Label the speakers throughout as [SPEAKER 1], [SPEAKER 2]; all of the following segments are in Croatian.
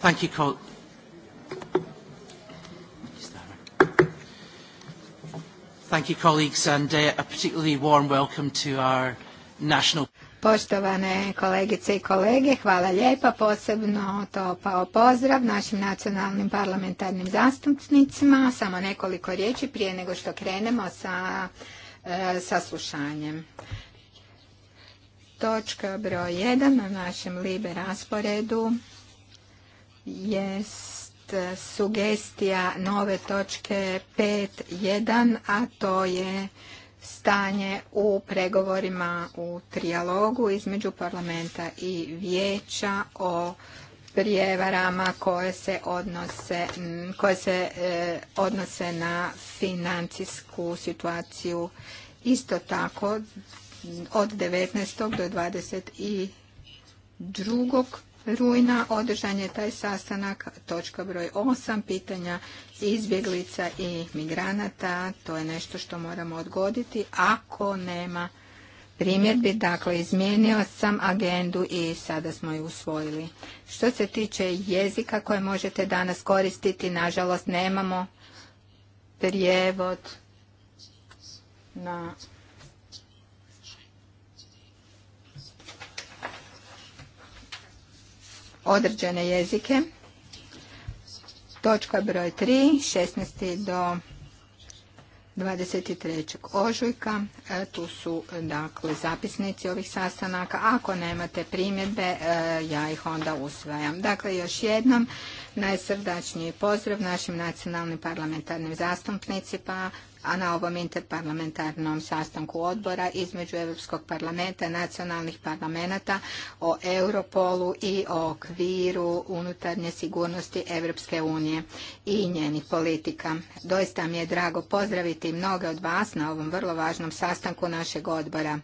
[SPEAKER 1] Thank you, Col. Thank you, colleagues, and uh, a particularly warm welcome to our national...
[SPEAKER 2] Poštovane kolegice i kolege, hvala lijepa, posebno topao pozdrav našim nacionalnim parlamentarnim zastupnicima. Samo nekoliko riječi prije nego što krenemo sa e, saslušanjem. Točka broj 1 na našem libe rasporedu jest sugestija nove točke 5.1, a to je stanje u pregovorima u trijalogu između parlamenta i vijeća o prijevarama koje se odnose, koje se e, odnose na financijsku situaciju isto tako od 19. do 22 rujna održan je taj sastanak, točka broj 8, pitanja izbjeglica i migranata. To je nešto što moramo odgoditi ako nema primjedbi. Dakle, izmijenio sam agendu i sada smo ju usvojili. Što se tiče jezika koje možete danas koristiti, nažalost nemamo prijevod na određene jezike. Točka broj 3, 16. do 23. ožujka. E, tu su dakle zapisnici ovih sastanaka. Ako nemate primjedbe, e, ja ih onda usvajam. Dakle, još jednom najsrdačniji pozdrav našim nacionalnim parlamentarnim zastupnicima a na ovom interparlamentarnom sastanku odbora između Europskog parlamenta, nacionalnih parlamenta o Europolu i o okviru unutarnje sigurnosti Europske unije i njenih politika. Doista mi je drago pozdraviti mnoge od vas na ovom vrlo važnom sastanku našeg odbora.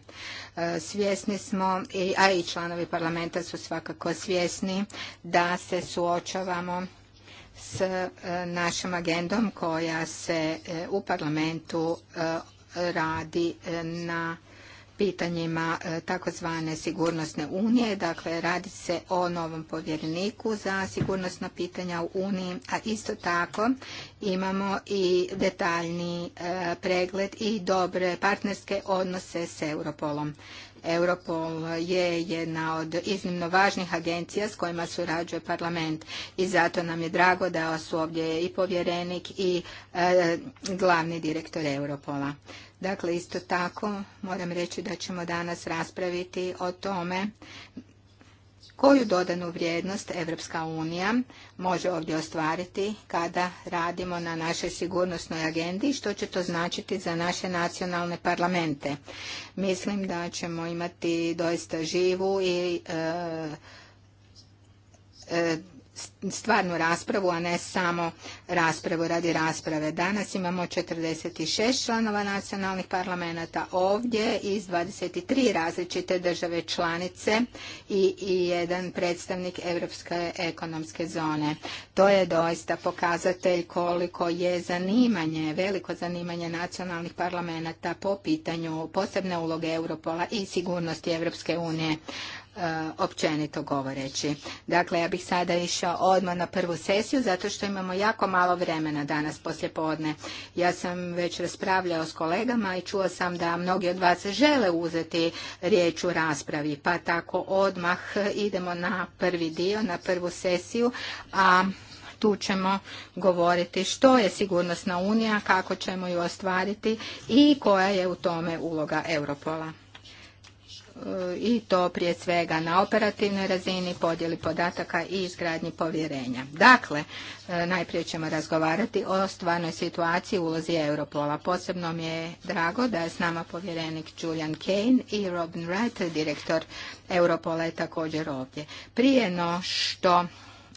[SPEAKER 2] E, svjesni smo, a i članovi parlamenta su svakako svjesni da se suočavamo s e, našom agendom koja se e, u parlamentu e, radi na pitanjima takozvane sigurnosne unije. Dakle, radi se o novom povjereniku za sigurnosna pitanja u Uniji, a isto tako imamo i detaljni pregled i dobre partnerske odnose s Europolom. Europol je jedna od iznimno važnih agencija s kojima surađuje parlament i zato nam je drago da su ovdje i povjerenik i e, glavni direktor Europola. Dakle, isto tako moram reći da ćemo danas raspraviti o tome koju dodanu vrijednost Evropska unija može ovdje ostvariti kada radimo na našoj sigurnosnoj agendi, što će to značiti za naše nacionalne parlamente. Mislim da ćemo imati doista živu i e, e, stvarnu raspravu, a ne samo raspravu radi rasprave. Danas imamo 46 članova nacionalnih parlamenta ovdje iz 23 različite države članice i, i jedan predstavnik Europske ekonomske zone. To je doista pokazatelj koliko je zanimanje, veliko zanimanje nacionalnih parlamenta po pitanju posebne uloge Europola i sigurnosti Europske unije. E, općenito govoreći. Dakle, ja bih sada išao odmah na prvu sesiju zato što imamo jako malo vremena danas poslje Ja sam već raspravljao s kolegama i čuo sam da mnogi od vas žele uzeti riječ u raspravi, pa tako odmah idemo na prvi dio, na prvu sesiju, a tu ćemo govoriti što je sigurnosna unija, kako ćemo ju ostvariti i koja je u tome uloga Europola i to prije svega na operativnoj razini, podjeli podataka i izgradnji povjerenja. Dakle, e, najprije ćemo razgovarati o stvarnoj situaciji ulozi Europola. Posebno mi je drago da je s nama povjerenik Julian Kane i Robin Wright, direktor Europola je također ovdje. Prije no što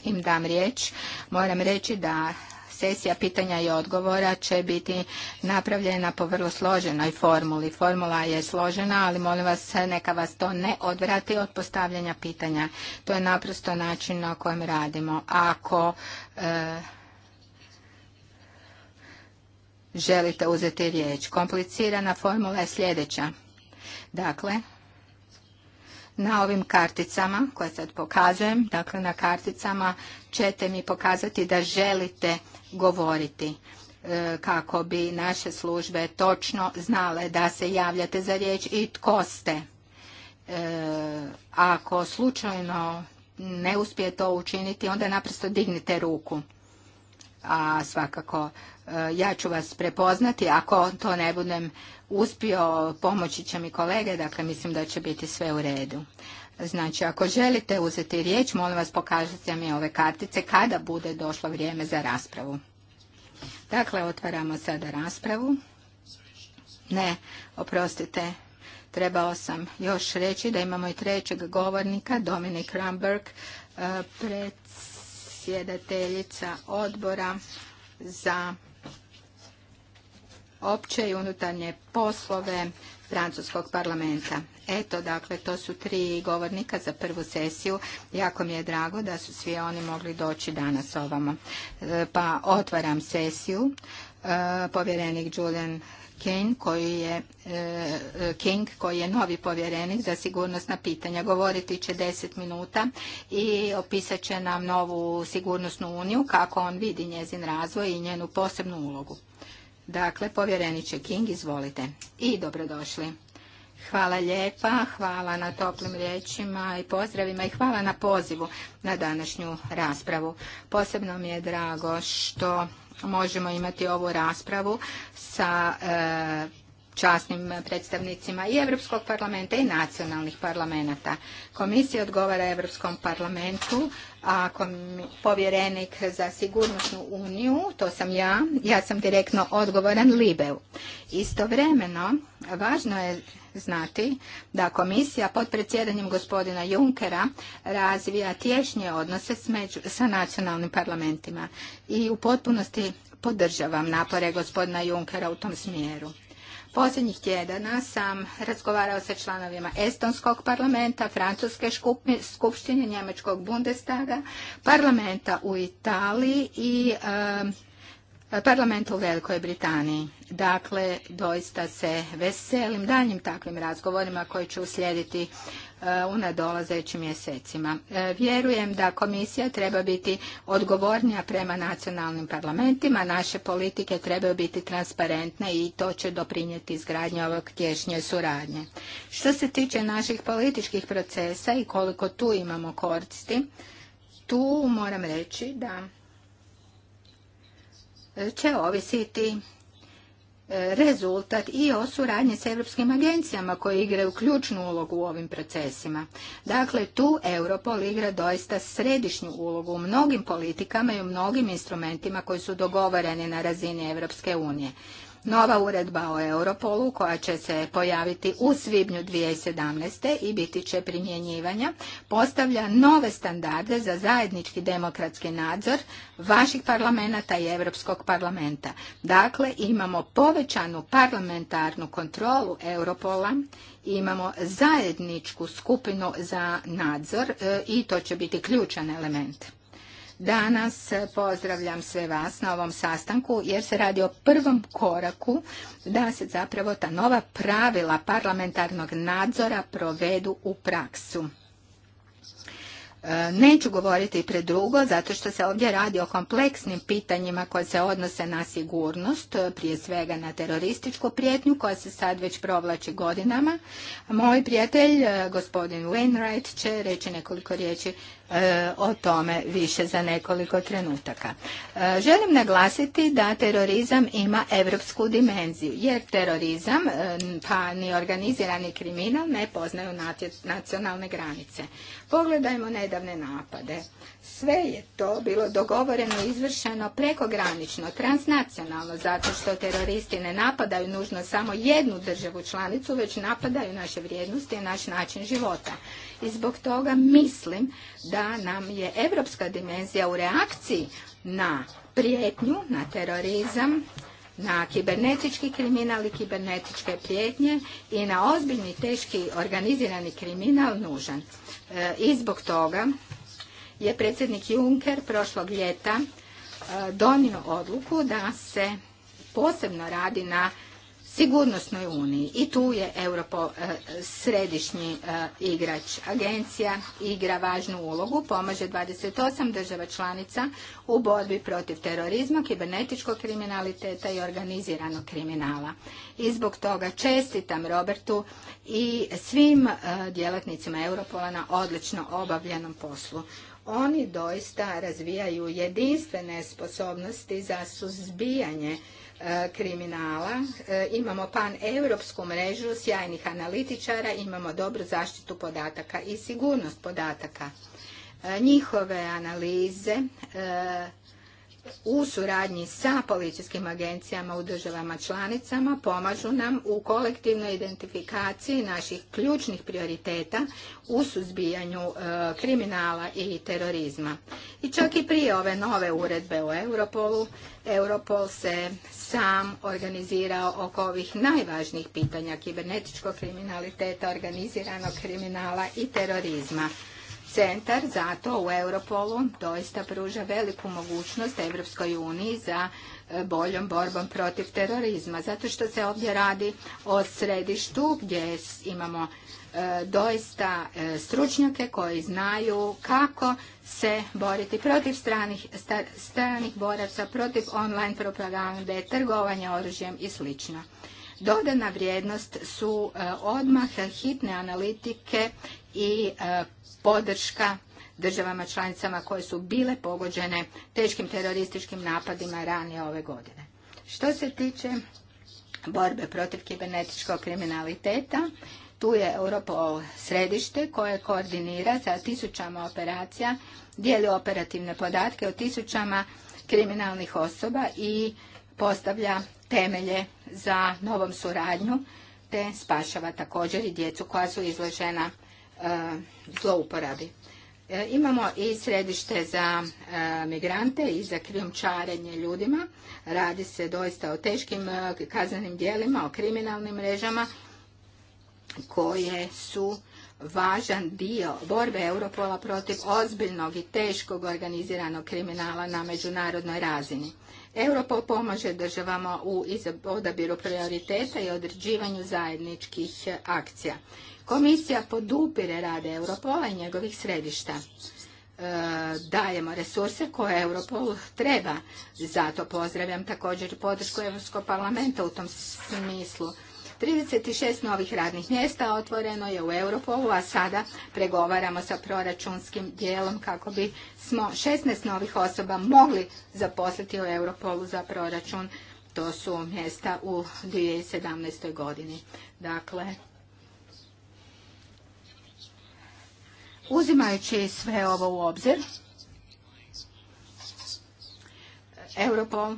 [SPEAKER 2] im dam riječ, moram reći da sesija pitanja i odgovora će biti napravljena po vrlo složenoj formuli. Formula je složena, ali molim vas neka vas to ne odvrati od postavljanja pitanja. To je naprosto način na kojem radimo. Ako e, želite uzeti riječ, komplicirana formula je sljedeća. Dakle, na ovim karticama koje sad pokazujem, dakle na karticama ćete mi pokazati da želite govoriti e, kako bi naše službe točno znale da se javljate za riječ i tko ste. E, ako slučajno ne uspije to učiniti, onda naprosto dignite ruku. A svakako, e, ja ću vas prepoznati, ako to ne budem uspio, pomoći će mi kolege, dakle mislim da će biti sve u redu. Znači, ako želite uzeti riječ, molim vas pokažite mi ove kartice kada bude došlo vrijeme za raspravu. Dakle, otvaramo sada raspravu. Ne, oprostite, trebao sam još reći da imamo i trećeg govornika, Dominik Ramberg, eh, predsjedateljica odbora za opće i unutarnje poslove francuskog parlamenta. Eto, dakle, to su tri govornika za prvu sesiju. Jako mi je drago da su svi oni mogli doći danas ovamo. E, pa otvaram sesiju. E, povjerenik Julian King koji je e, King koji je novi povjerenik za sigurnosna pitanja. Govoriti će 10 minuta i opisat će nam novu sigurnosnu uniju, kako on vidi njezin razvoj i njenu posebnu ulogu. Dakle, povjereniče King, izvolite. I dobrodošli. Hvala lijepa, hvala na toplim riječima i pozdravima i hvala na pozivu na današnju raspravu. Posebno mi je drago što možemo imati ovu raspravu sa e, časnim predstavnicima i Europskog parlamenta i nacionalnih parlamenta. Komisija odgovara Europskom parlamentu ako povjerenik za sigurnosnu uniju, to sam ja, ja sam direktno odgovoran Libeu. Istovremeno, važno je znati da komisija pod predsjedanjem gospodina Junkera razvija tješnje odnose s sa nacionalnim parlamentima i u potpunosti podržavam napore gospodina Junkera u tom smjeru. Posljednjih tjedana sam razgovarao sa članovima Estonskog parlamenta, Francuske skupštine, Njemačkog Bundestaga, parlamenta u Italiji i e, parlamenta u Velikoj Britaniji. Dakle, doista se veselim daljnjim takvim razgovorima koji će uslijediti u nadolazećim mjesecima. E, vjerujem da komisija treba biti odgovornija prema nacionalnim parlamentima, naše politike trebaju biti transparentne i to će doprinijeti izgradnji ovog tješnje suradnje. Što se tiče naših političkih procesa i koliko tu imamo koristi, tu moram reći da će ovisiti rezultat i o suradnji s europskim agencijama koje igraju ključnu ulogu u ovim procesima. Dakle, tu Europol igra doista središnju ulogu u mnogim politikama i u mnogim instrumentima koji su dogovoreni na razini Europske unije nova uredba o Europolu koja će se pojaviti u svibnju 2017. i biti će primjenjivanja, postavlja nove standarde za zajednički demokratski nadzor vaših parlamenta i Europskog parlamenta. Dakle, imamo povećanu parlamentarnu kontrolu Europola imamo zajedničku skupinu za nadzor e, i to će biti ključan element. Danas e, pozdravljam sve vas na ovom sastanku jer se radi o prvom koraku da se zapravo ta nova pravila parlamentarnog nadzora provedu u praksu. E, neću govoriti drugo zato što se ovdje radi o kompleksnim pitanjima koje se odnose na sigurnost, e, prije svega na terorističku prijetnju koja se sad već provlači godinama. Moj prijatelj, gospodin Wainwright, će reći nekoliko riječi E, o tome više za nekoliko trenutaka. E, želim naglasiti da terorizam ima evropsku dimenziju, jer terorizam e, pa ni organizirani kriminal ne poznaju nacionalne granice. Pogledajmo nedavne napade. Sve je to bilo dogovoreno i izvršeno prekogranično, transnacionalno, zato što teroristi ne napadaju nužno samo jednu državu članicu, već napadaju naše vrijednosti i naš način života. I zbog toga mislim da nam je evropska dimenzija u reakciji na prijetnju, na terorizam, na kibernetički kriminal i kibernetičke prijetnje i na ozbiljni teški organizirani kriminal nužan. E, I zbog toga je predsjednik Juncker prošlog ljeta e, donio odluku da se posebno radi na sigurnosnoj uniji i tu je europo e, središnji e, igrač. Agencija igra važnu ulogu, pomaže 28 država članica u borbi protiv terorizma, kibernetičkog kriminaliteta i organiziranog kriminala. I zbog toga čestitam Robertu i svim djelatnicima Europola na odlično obavljenom poslu. Oni doista razvijaju jedinstvene sposobnosti za suzbijanje e, kriminala. E, imamo pan-europsku mrežu sjajnih analitičara, imamo dobru zaštitu podataka i sigurnost podataka. E, njihove analize u suradnji sa policijskim agencijama u državama članicama pomažu nam u kolektivnoj identifikaciji naših ključnih prioriteta u suzbijanju e, kriminala i terorizma. I čak i prije ove nove uredbe u Europolu, Europol se sam organizirao oko ovih najvažnijih pitanja kibernetičkog kriminaliteta, organiziranog kriminala i terorizma. Centar zato u Europolu doista pruža veliku mogućnost Evropskoj uniji za e, boljom borbom protiv terorizma, zato što se ovdje radi o središtu gdje imamo e, doista e, stručnjake koji znaju kako se boriti protiv stranih, boravca, stranih boraca, protiv online propagande, trgovanja oružjem i sl. Dodana vrijednost su odmah hitne analitike i e, podrška državama članicama koje su bile pogođene teškim terorističkim napadima ranije ove godine. Što se tiče borbe protiv kibernetičkog kriminaliteta, tu je Europol središte koje koordinira sa tisućama operacija, dijeli operativne podatke o tisućama kriminalnih osoba i postavlja temelje za novom suradnju te spašava također i djecu koja su izložena E, zlouporabi. E, imamo i središte za e, migrante i za krijumčarenje ljudima. Radi se doista o teškim kaznenim dijelima, o kriminalnim mrežama koje su važan dio borbe Europola protiv ozbiljnog i teškog organiziranog kriminala na međunarodnoj razini. Europol pomaže državama u odabiru prioriteta i određivanju zajedničkih akcija. Komisija podupire rade Europola i njegovih središta. E, dajemo resurse koje Europol treba. Zato pozdravljam također podršku Europskog parlamenta u tom smislu. 36 novih radnih mjesta otvoreno je u Europolu, a sada pregovaramo sa proračunskim dijelom kako bi smo 16 novih osoba mogli zaposliti u Europolu za proračun. To su mjesta u 2017. godini. Dakle, uzimajući sve ovo u obzir, Europol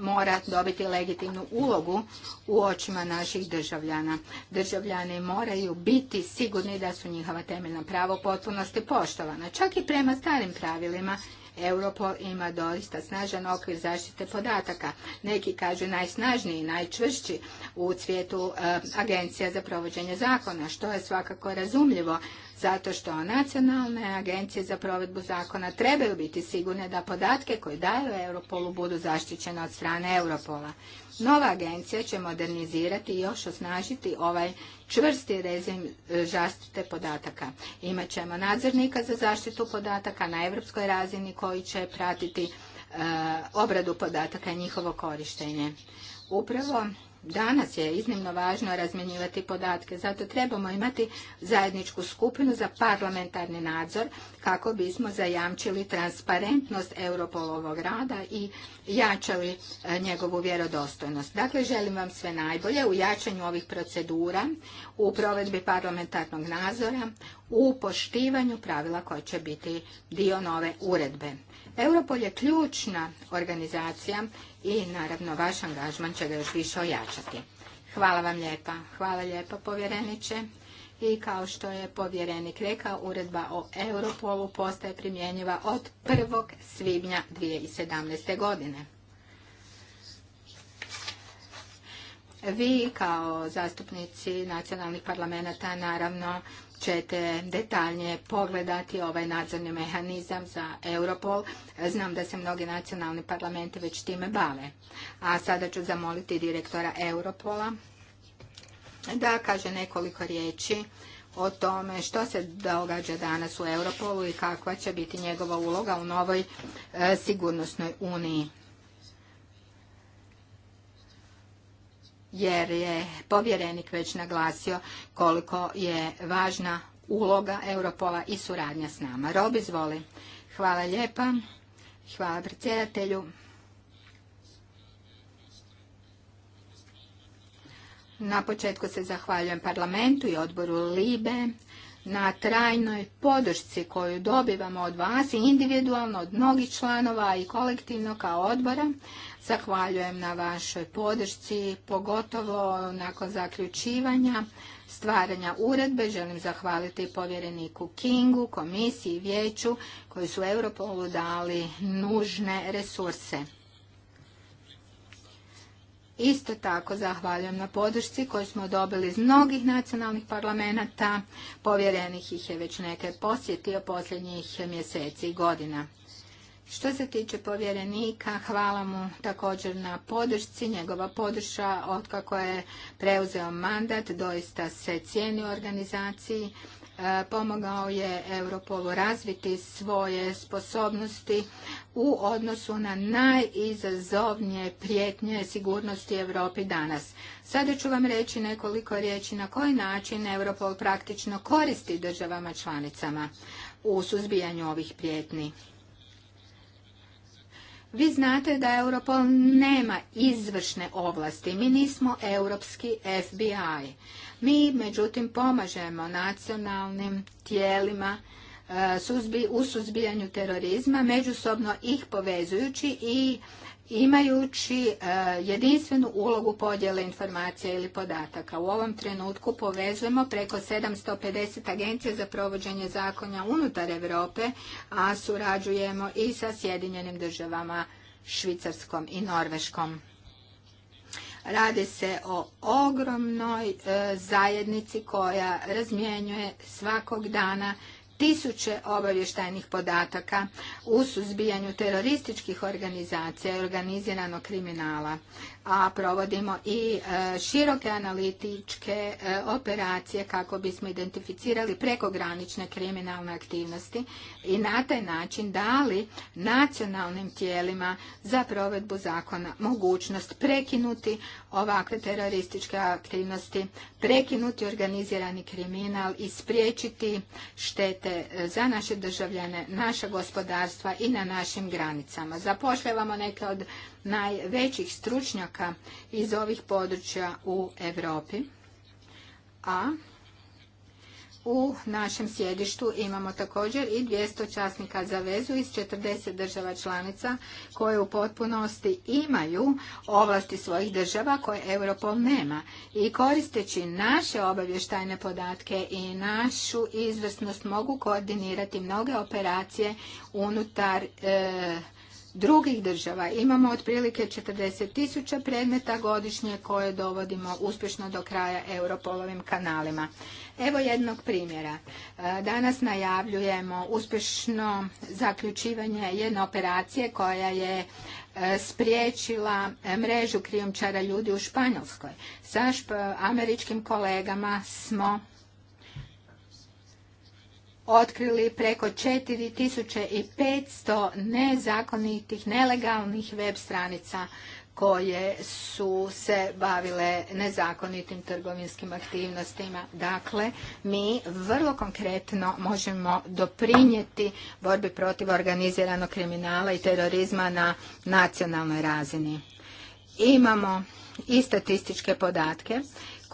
[SPEAKER 2] mora dobiti legitimnu ulogu u očima naših državljana. Državljani moraju biti sigurni da su njihova temeljna pravo potpunosti poštovana. Čak i prema starim pravilima Europol ima doista snažan okvir zaštite podataka. Neki kažu najsnažniji, najčvršći u cvijetu e, agencija za provođenje zakona, što je svakako razumljivo zato što nacionalne agencije za provedbu zakona trebaju biti sigurne da podatke koje daju Europolu budu zaštićene od strane Europola. Nova agencija će modernizirati i još osnažiti ovaj čvrsti rezim e, zaštite podataka. Imaćemo nadzornika za zaštitu podataka na europskoj razini koji će pratiti e, obradu podataka i njihovo korištenje. Upravo Danas je iznimno važno razmjenjivati podatke, zato trebamo imati zajedničku skupinu za parlamentarni nadzor kako bismo zajamčili transparentnost Europolovog rada i jačali e, njegovu vjerodostojnost. Dakle, želim vam sve najbolje u jačanju ovih procedura, u provedbi parlamentarnog nadzora, u poštivanju pravila koje će biti dio nove uredbe. Europol je ključna organizacija i naravno vaš angažman će ga još više ojačati. Hvala vam lijepa. Hvala lijepa povjereniče. I kao što je povjerenik rekao, uredba o Europolu postaje primjenjiva od 1. svibnja 2017. godine. Vi kao zastupnici nacionalnih parlamenta naravno ćete detaljnije pogledati ovaj nadzorni mehanizam za Europol. Znam da se mnogi nacionalni parlamenti već time bave. A sada ću zamoliti direktora Europola da kaže nekoliko riječi o tome što se događa danas u Europolu i kakva će biti njegova uloga u novoj e, sigurnosnoj uniji. jer je povjerenik već naglasio koliko je važna uloga Europola i suradnja s nama. Rob, izvoli. Hvala lijepa. Hvala predsjedatelju. Na početku se zahvaljujem parlamentu i odboru LIBE na trajnoj podršci koju dobivamo od vas i individualno od mnogih članova i kolektivno kao odbora, Zahvaljujem na vašoj podršci, pogotovo nakon zaključivanja stvaranja uredbe. Želim zahvaliti povjereniku Kingu, komisiji i vijeću koji su Europolu dali nužne resurse. Isto tako zahvaljujem na podršci koju smo dobili iz mnogih nacionalnih parlamenta. Povjerenih ih je već neke posjetio posljednjih mjeseci i godina. Što se tiče povjerenika, hvala mu također na podršci. Njegova podrša otkako je preuzeo mandat doista se cijeni organizaciji. E, pomogao je Europolu razviti svoje sposobnosti u odnosu na najizazovnije prijetnje sigurnosti Europi danas. Sada ću vam reći nekoliko riječi na koji način Europol praktično koristi državama članicama u suzbijanju ovih prijetnji. Vi znate da Europol nema izvršne ovlasti. Mi nismo europski FBI. Mi, međutim, pomažemo nacionalnim tijelima e, u suzbijanju terorizma, međusobno ih povezujući i imajući e, jedinstvenu ulogu podjele informacija ili podataka. U ovom trenutku povezujemo preko 750 agencija za provođenje zakonja unutar Europe, a surađujemo i sa Sjedinjenim državama, Švicarskom i Norveškom. Radi se o ogromnoj e, zajednici koja razmjenjuje svakog dana tisuće obavještajnih podataka u suzbijanju terorističkih organizacija i organiziranog kriminala a provodimo i e, široke analitičke e, operacije kako bismo identificirali prekogranične kriminalne aktivnosti i na taj način dali nacionalnim tijelima za provedbu zakona mogućnost prekinuti ovakve terorističke aktivnosti, prekinuti organizirani kriminal i spriječiti štete e, za naše državljane, naša gospodarstva i na našim granicama. Zapošljavamo neke od najvećih stručnjaka iz ovih područja u Europi, a u našem sjedištu imamo također i 200 časnika za vezu iz 40 država članica koje u potpunosti imaju ovlasti svojih država koje Europol nema. I koristeći naše obavještajne podatke i našu izvrsnost mogu koordinirati mnoge operacije unutar e, drugih država. Imamo otprilike 40 tisuća predmeta godišnje koje dovodimo uspješno do kraja Europolovim kanalima. Evo jednog primjera. E, danas najavljujemo uspješno zaključivanje jedne operacije koja je e, spriječila mrežu krijumčara ljudi u Španjolskoj. Sa američkim kolegama smo otkrili preko 4500 nezakonitih, nelegalnih web stranica koje su se bavile nezakonitim trgovinskim aktivnostima. Dakle, mi vrlo konkretno možemo doprinijeti borbi protiv organiziranog kriminala i terorizma na nacionalnoj razini. Imamo i statističke podatke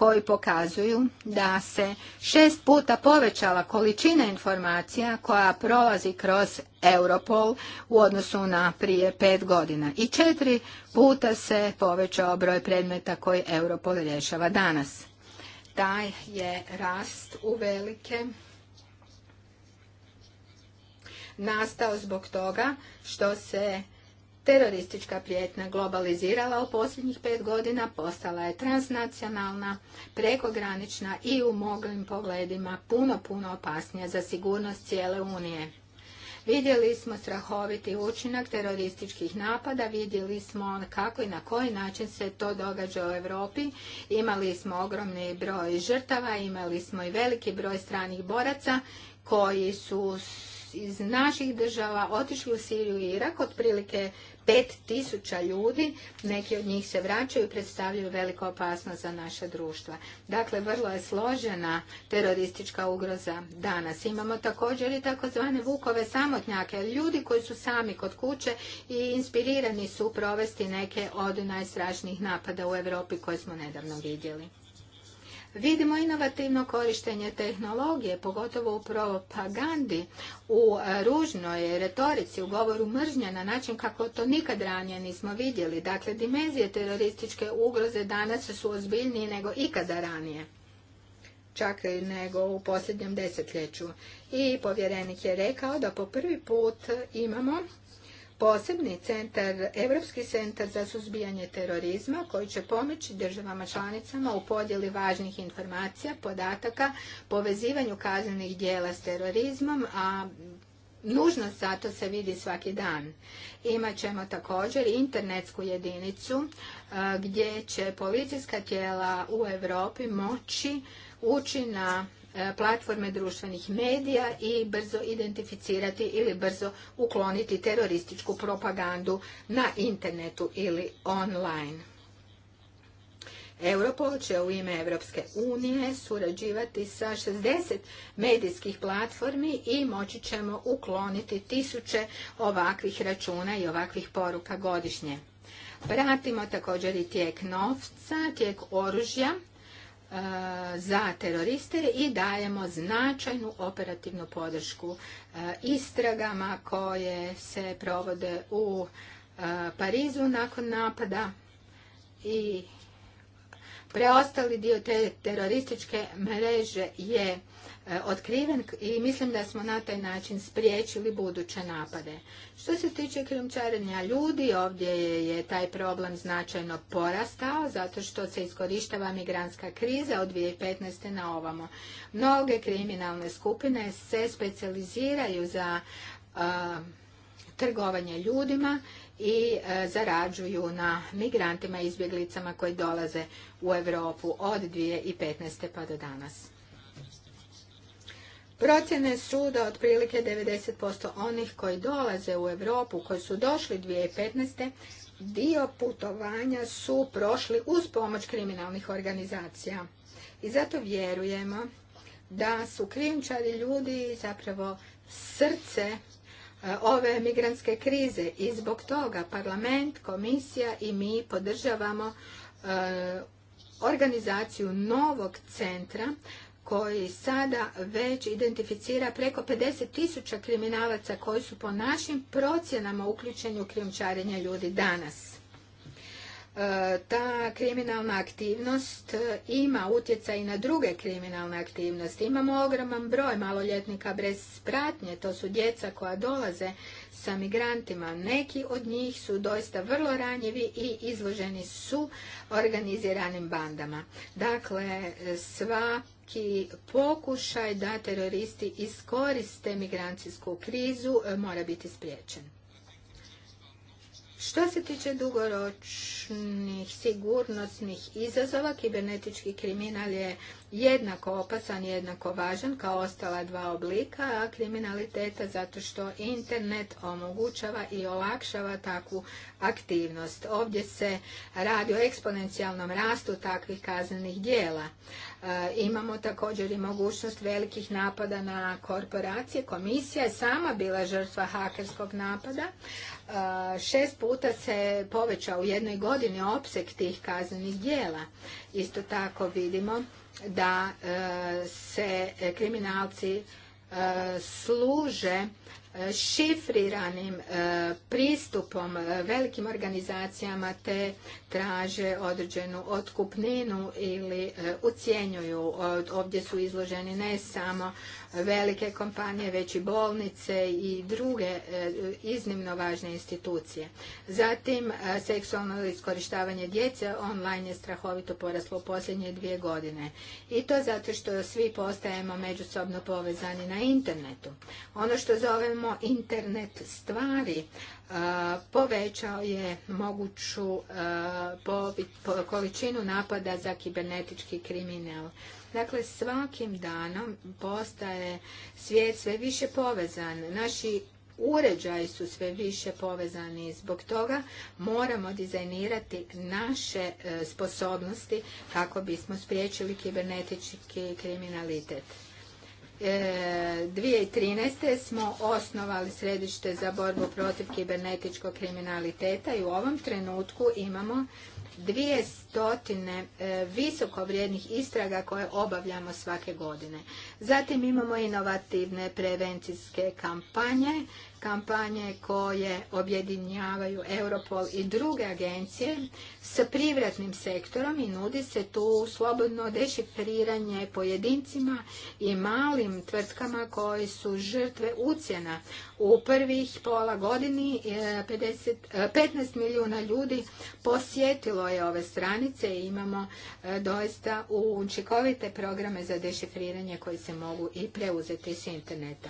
[SPEAKER 2] koji pokazuju da se šest puta povećala količina informacija koja prolazi kroz Europol u odnosu na prije pet godina i četiri puta se povećao broj predmeta koji Europol rješava danas. Taj je rast u velike nastao zbog toga što se Teroristička prijetna globalizirala u posljednjih pet godina, postala je transnacionalna, prekogranična i u moglim pogledima puno, puno opasnija za sigurnost cijele Unije. Vidjeli smo strahoviti učinak terorističkih napada, vidjeli smo kako i na koji način se to događa u Europi. Imali smo ogromni broj žrtava, imali smo i veliki broj stranih boraca koji su iz naših država otišli u Siriju i Irak, otprilike 5000 ljudi, neki od njih se vraćaju i predstavljaju veliku opasnost za naše društva. Dakle, vrlo je složena teroristička ugroza danas. Imamo također i takozvane vukove samotnjake, ljudi koji su sami kod kuće i inspirirani su provesti neke od najstrašnijih napada u Europi koje smo nedavno vidjeli. Vidimo inovativno korištenje tehnologije, pogotovo u propagandi, u e, ružnoj retorici, u govoru mržnje na način kako to nikad ranije nismo vidjeli. Dakle, dimenzije terorističke ugroze danas su ozbiljnije nego ikada ranije čak i nego u posljednjem desetljeću. I povjerenik je rekao da po prvi put imamo posebni centar, Europski centar za suzbijanje terorizma koji će pomoći državama članicama u podjeli važnih informacija, podataka, povezivanju kaznenih dijela s terorizmom, a Nužnost za to se vidi svaki dan. Imaćemo također internetsku jedinicu e, gdje će policijska tijela u Europi moći ući na E, platforme društvenih medija i brzo identificirati ili brzo ukloniti terorističku propagandu na internetu ili online. Europol će u ime Evropske unije surađivati sa 60 medijskih platformi i moći ćemo ukloniti tisuće ovakvih računa i ovakvih poruka godišnje. Pratimo također i tijek novca, tijek oružja Eh, za teroriste i dajemo značajnu operativnu podršku eh, istragama koje se provode u eh, Parizu nakon napada i Preostali dio te terorističke mreže je e, otkriven i mislim da smo na taj način spriječili buduće napade. Što se tiče krijumčarenja ljudi, ovdje je taj problem značajno porastao zato što se iskorištava migrantska kriza od 2015. na ovamo. Mnoge kriminalne skupine se specijaliziraju za e, trgovanje ljudima i e, zarađuju na migrantima i izbjeglicama koji dolaze u Europu od 2015. pa do danas. Procjene su da otprilike 90% onih koji dolaze u Europu, koji su došli 2015. dio putovanja su prošli uz pomoć kriminalnih organizacija. I zato vjerujemo da su krimčari ljudi zapravo srce E, ove migrantske krize i zbog toga parlament, komisija i mi podržavamo e, organizaciju novog centra koji sada već identificira preko 50.000 tisuća kriminalaca koji su po našim procjenama uključeni u krijumčarenje ljudi danas. E, ta kriminalna aktivnost ima utjecaj na druge kriminalne aktivnosti. Imamo ogroman broj maloljetnika bez pratnje, to su djeca koja dolaze sa migrantima. Neki od njih su doista vrlo ranjivi i izloženi su organiziranim bandama. Dakle, svaki pokušaj da teroristi iskoriste migrancijsku krizu e, mora biti spriječen. Što se tiče dugoročnih sigurnosnih izazova, kibernetički kriminal je jednako opasan, jednako važan kao ostala dva oblika kriminaliteta zato što internet omogućava i olakšava takvu aktivnost. Ovdje se radi o eksponencijalnom rastu takvih kaznenih dijela. E, imamo također i mogućnost velikih napada na korporacije. Komisija je sama bila žrtva hakerskog napada. E, šest puta se povećao u jednoj godini opseg tih kaznenih djela. Isto tako vidimo da e, se kriminalci služe E, šifriranim e, pristupom e, velikim organizacijama te traže određenu otkupninu ili ucijenjuju. Ovdje su izloženi ne samo velike kompanije, već i bolnice i druge iznimno važne institucije. Zatim, seksualno iskorištavanje djece online je strahovito poraslo u posljednje dvije godine. I to zato što svi postajemo međusobno povezani na internetu. Ono što zovemo internet stvari povećao je moguću količinu napada za kibernetički kriminal. Dakle, svakim danom postaje svijet sve više povezan. Naši uređaji su sve više povezani. Zbog toga moramo dizajnirati naše e, sposobnosti kako bismo spriječili kibernetički kriminalitet. 2013. E, smo osnovali središte za borbu protiv kibernetičkog kriminaliteta i u ovom trenutku imamo dvije stotine e, visoko vrijednih istraga koje obavljamo svake godine. Zatim imamo inovativne prevencijske kampanje kampanje koje objedinjavaju Europol i druge agencije s privratnim sektorom i nudi se tu slobodno dešifriranje pojedincima i malim tvrtkama koji su žrtve ucjena. U prvih pola godini 15 e, e, milijuna ljudi posjetilo je ove stranice i imamo e, doista učinkovite programe za dešifriranje koji se mogu i preuzeti s interneta.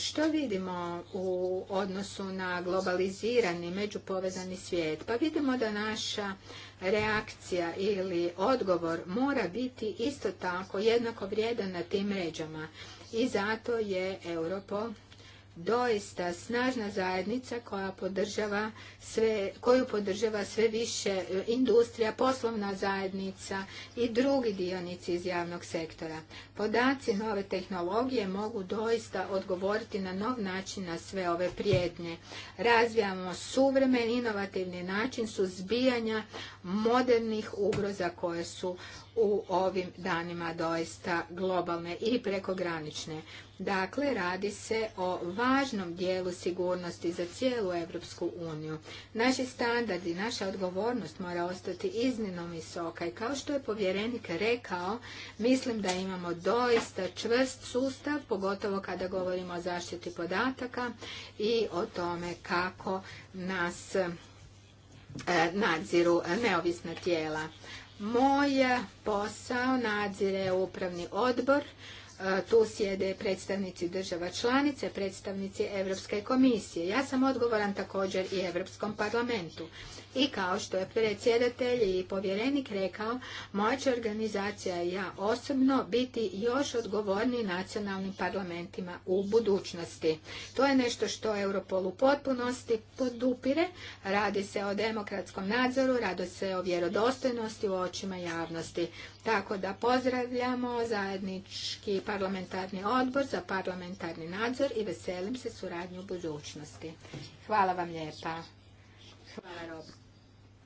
[SPEAKER 2] Što vidimo u odnosu na globalizirani, međupovezani svijet? Pa vidimo da naša reakcija ili odgovor mora biti isto tako jednako vrijedan na tim ređama I zato je Europol doista snažna zajednica koja podržava sve, koju podržava sve više e, industrija, poslovna zajednica i drugi dionici iz javnog sektora. Podaci nove tehnologije mogu doista odgovoriti na nov način na sve ove prijetnje. Razvijamo suvremen, inovativni način suzbijanja modernih ugroza koje su u ovim danima doista globalne i prekogranične. Dakle, radi se o važnom dijelu sigurnosti za cijelu Europsku uniju. Naši standardi, naša odgovornost mora ostati iznimno visoka i kao što je povjerenik rekao, mislim da imamo doista čvrst sustav, pogotovo kada govorimo o zaštiti podataka i o tome kako nas eh, nadziru neovisna tijela. Moj posao nadzire upravni odbor, E, tu sjede predstavnici država članice, predstavnici Europske komisije. Ja sam odgovoran također i Europskom parlamentu. I kao što je predsjedatelj i povjerenik rekao, moja će organizacija i ja osobno biti još odgovorni nacionalnim parlamentima u budućnosti. To je nešto što Europol u potpunosti podupire. Radi se o demokratskom nadzoru, radi se o vjerodostojnosti u očima javnosti. Tako da pozdravljamo zajednički parlamentarni odbor za parlamentarni nadzor i veselim se suradnju u budućnosti. Hvala vam lijepa. Hvala Rob.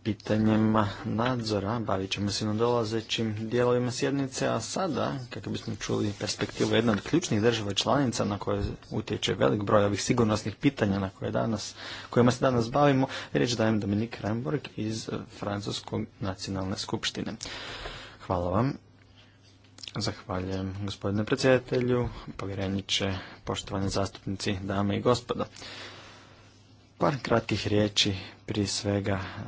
[SPEAKER 3] Pitanjima nadzora bavit ćemo se na dolazećim dijelovima sjednice, a sada, kako bismo čuli perspektivu jedna od ključnih država članica na koje utječe velik broj ovih sigurnosnih pitanja na koje danas, kojima se danas bavimo, reći dajem Dominik Remborg iz Francuskog nacionalne skupštine. Hvala vam. Zahvaljujem gospodine predsjedatelju, povjereniče, poštovani zastupnici, dame i gospodo. Par kratkih riječi, prije svega, e,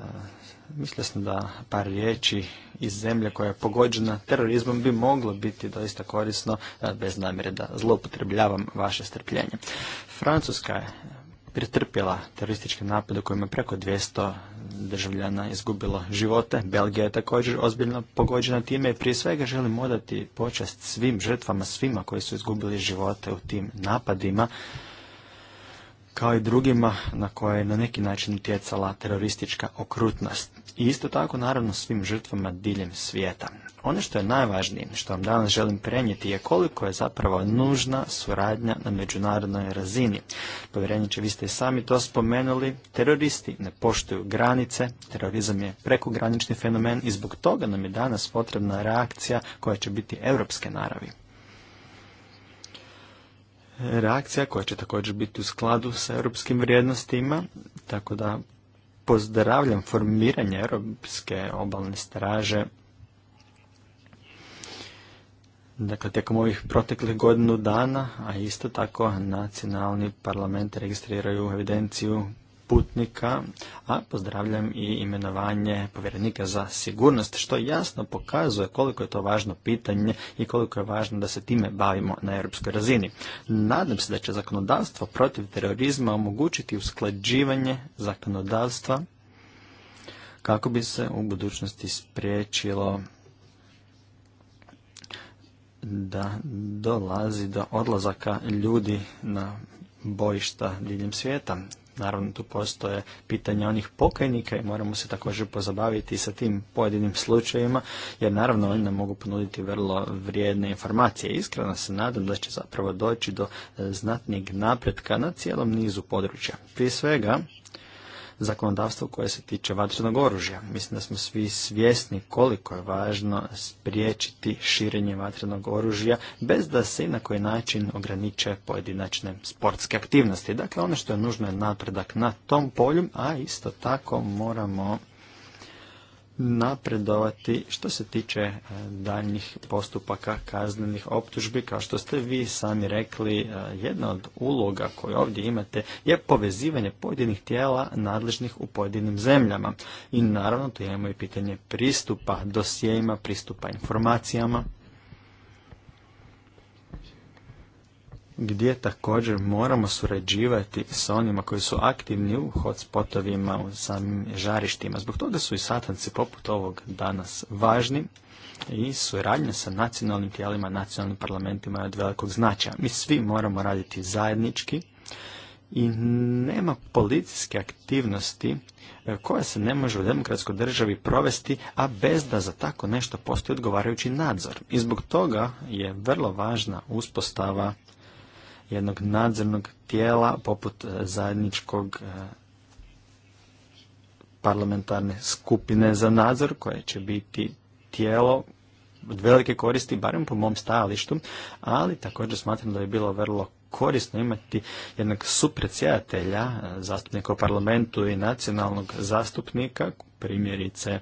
[SPEAKER 3] mislio sam da par riječi iz zemlje koja je pogođena terorizmom bi moglo biti doista korisno, e, bez namjere da zloupotrebljavam vaše strpljenje. Francuska je pretrpjela terorističke napade u kojima je preko 200 državljana izgubilo živote. Belgija je također ozbiljno pogođena time i prije svega želim odati počast svim žrtvama, svima koji su izgubili živote u tim napadima, kao i drugima na koje je na neki način utjecala teroristička okrutnost. I isto tako, naravno, svim žrtvama diljem svijeta. Ono što je najvažnije, što vam danas želim prenijeti, je koliko je zapravo nužna suradnja na međunarodnoj razini. Povjereniče, vi ste i sami to spomenuli, teroristi ne poštuju granice, terorizam je prekogranični fenomen i zbog toga nam je danas potrebna reakcija koja će biti europske naravi. Reakcija koja će također biti u skladu sa europskim vrijednostima, tako da pozdravljam formiranje Europske obalne straže. Dakle, tijekom ovih proteklih godinu dana, a isto tako nacionalni parlament registriraju evidenciju putnika, a pozdravljam i imenovanje povjerenika za sigurnost, što jasno pokazuje koliko je to važno pitanje i koliko je važno da se time bavimo na europskoj razini. Nadam se da će zakonodavstvo protiv terorizma omogućiti usklađivanje zakonodavstva kako bi se u budućnosti spriječilo da dolazi do odlazaka ljudi na bojišta diljem svijeta. Naravno, tu postoje pitanja onih pokajnika i moramo se također pozabaviti sa tim pojedinim slučajevima, jer naravno oni nam mogu ponuditi vrlo vrijedne informacije. Iskreno se nadam da će zapravo doći do e, znatnijeg napretka na cijelom nizu područja. Prije svega, zakonodavstvo koje se tiče vatrenog oružja. Mislim da smo svi svjesni koliko je važno spriječiti širenje vatrenog oružja bez da se i na koji način ograniče pojedinačne sportske aktivnosti. Dakle, ono što je nužno je napredak na tom polju, a isto tako moramo napredovati što se tiče e, daljnjih postupaka kaznenih optužbi. Kao što ste vi sami rekli, e, jedna od uloga koju ovdje imate je povezivanje pojedinih tijela nadležnih u pojedinim zemljama. I naravno tu imamo i pitanje pristupa dosjejima, pristupa informacijama. gdje također moramo surađivati sa onima koji su aktivni u hotspotovima, u samim žarištima. Zbog toga su i satanci poput ovog danas važni i suradnja sa nacionalnim tijelima, nacionalnim parlamentima je od velikog značaja. Mi svi moramo raditi zajednički i nema policijske aktivnosti e, koja se ne može u demokratskoj državi provesti, a bez da za tako nešto postoji odgovarajući nadzor. I zbog toga je vrlo važna uspostava jednog nadzornog tijela poput e, zajedničkog e, parlamentarne skupine za nadzor koje će biti tijelo od velike koristi, barem po mom stajalištu, ali također smatram da je bilo vrlo korisno imati jednog supredsjedatelja, e, zastupnika u parlamentu i nacionalnog zastupnika, primjerice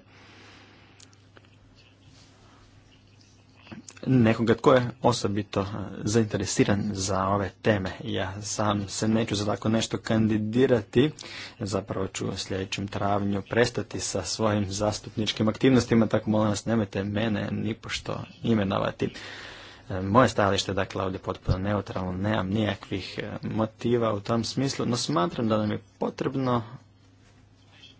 [SPEAKER 3] nekoga tko je osobito e, zainteresiran za ove teme. Ja sam se neću za tako nešto kandidirati, zapravo ću u sljedećem travnju prestati sa svojim zastupničkim aktivnostima, tako molim vas nemojte mene nipošto imenovati. E, moje stajalište je dakle ovdje potpuno neutralno, nemam nijakvih e, motiva u tom smislu, no smatram da nam je potrebno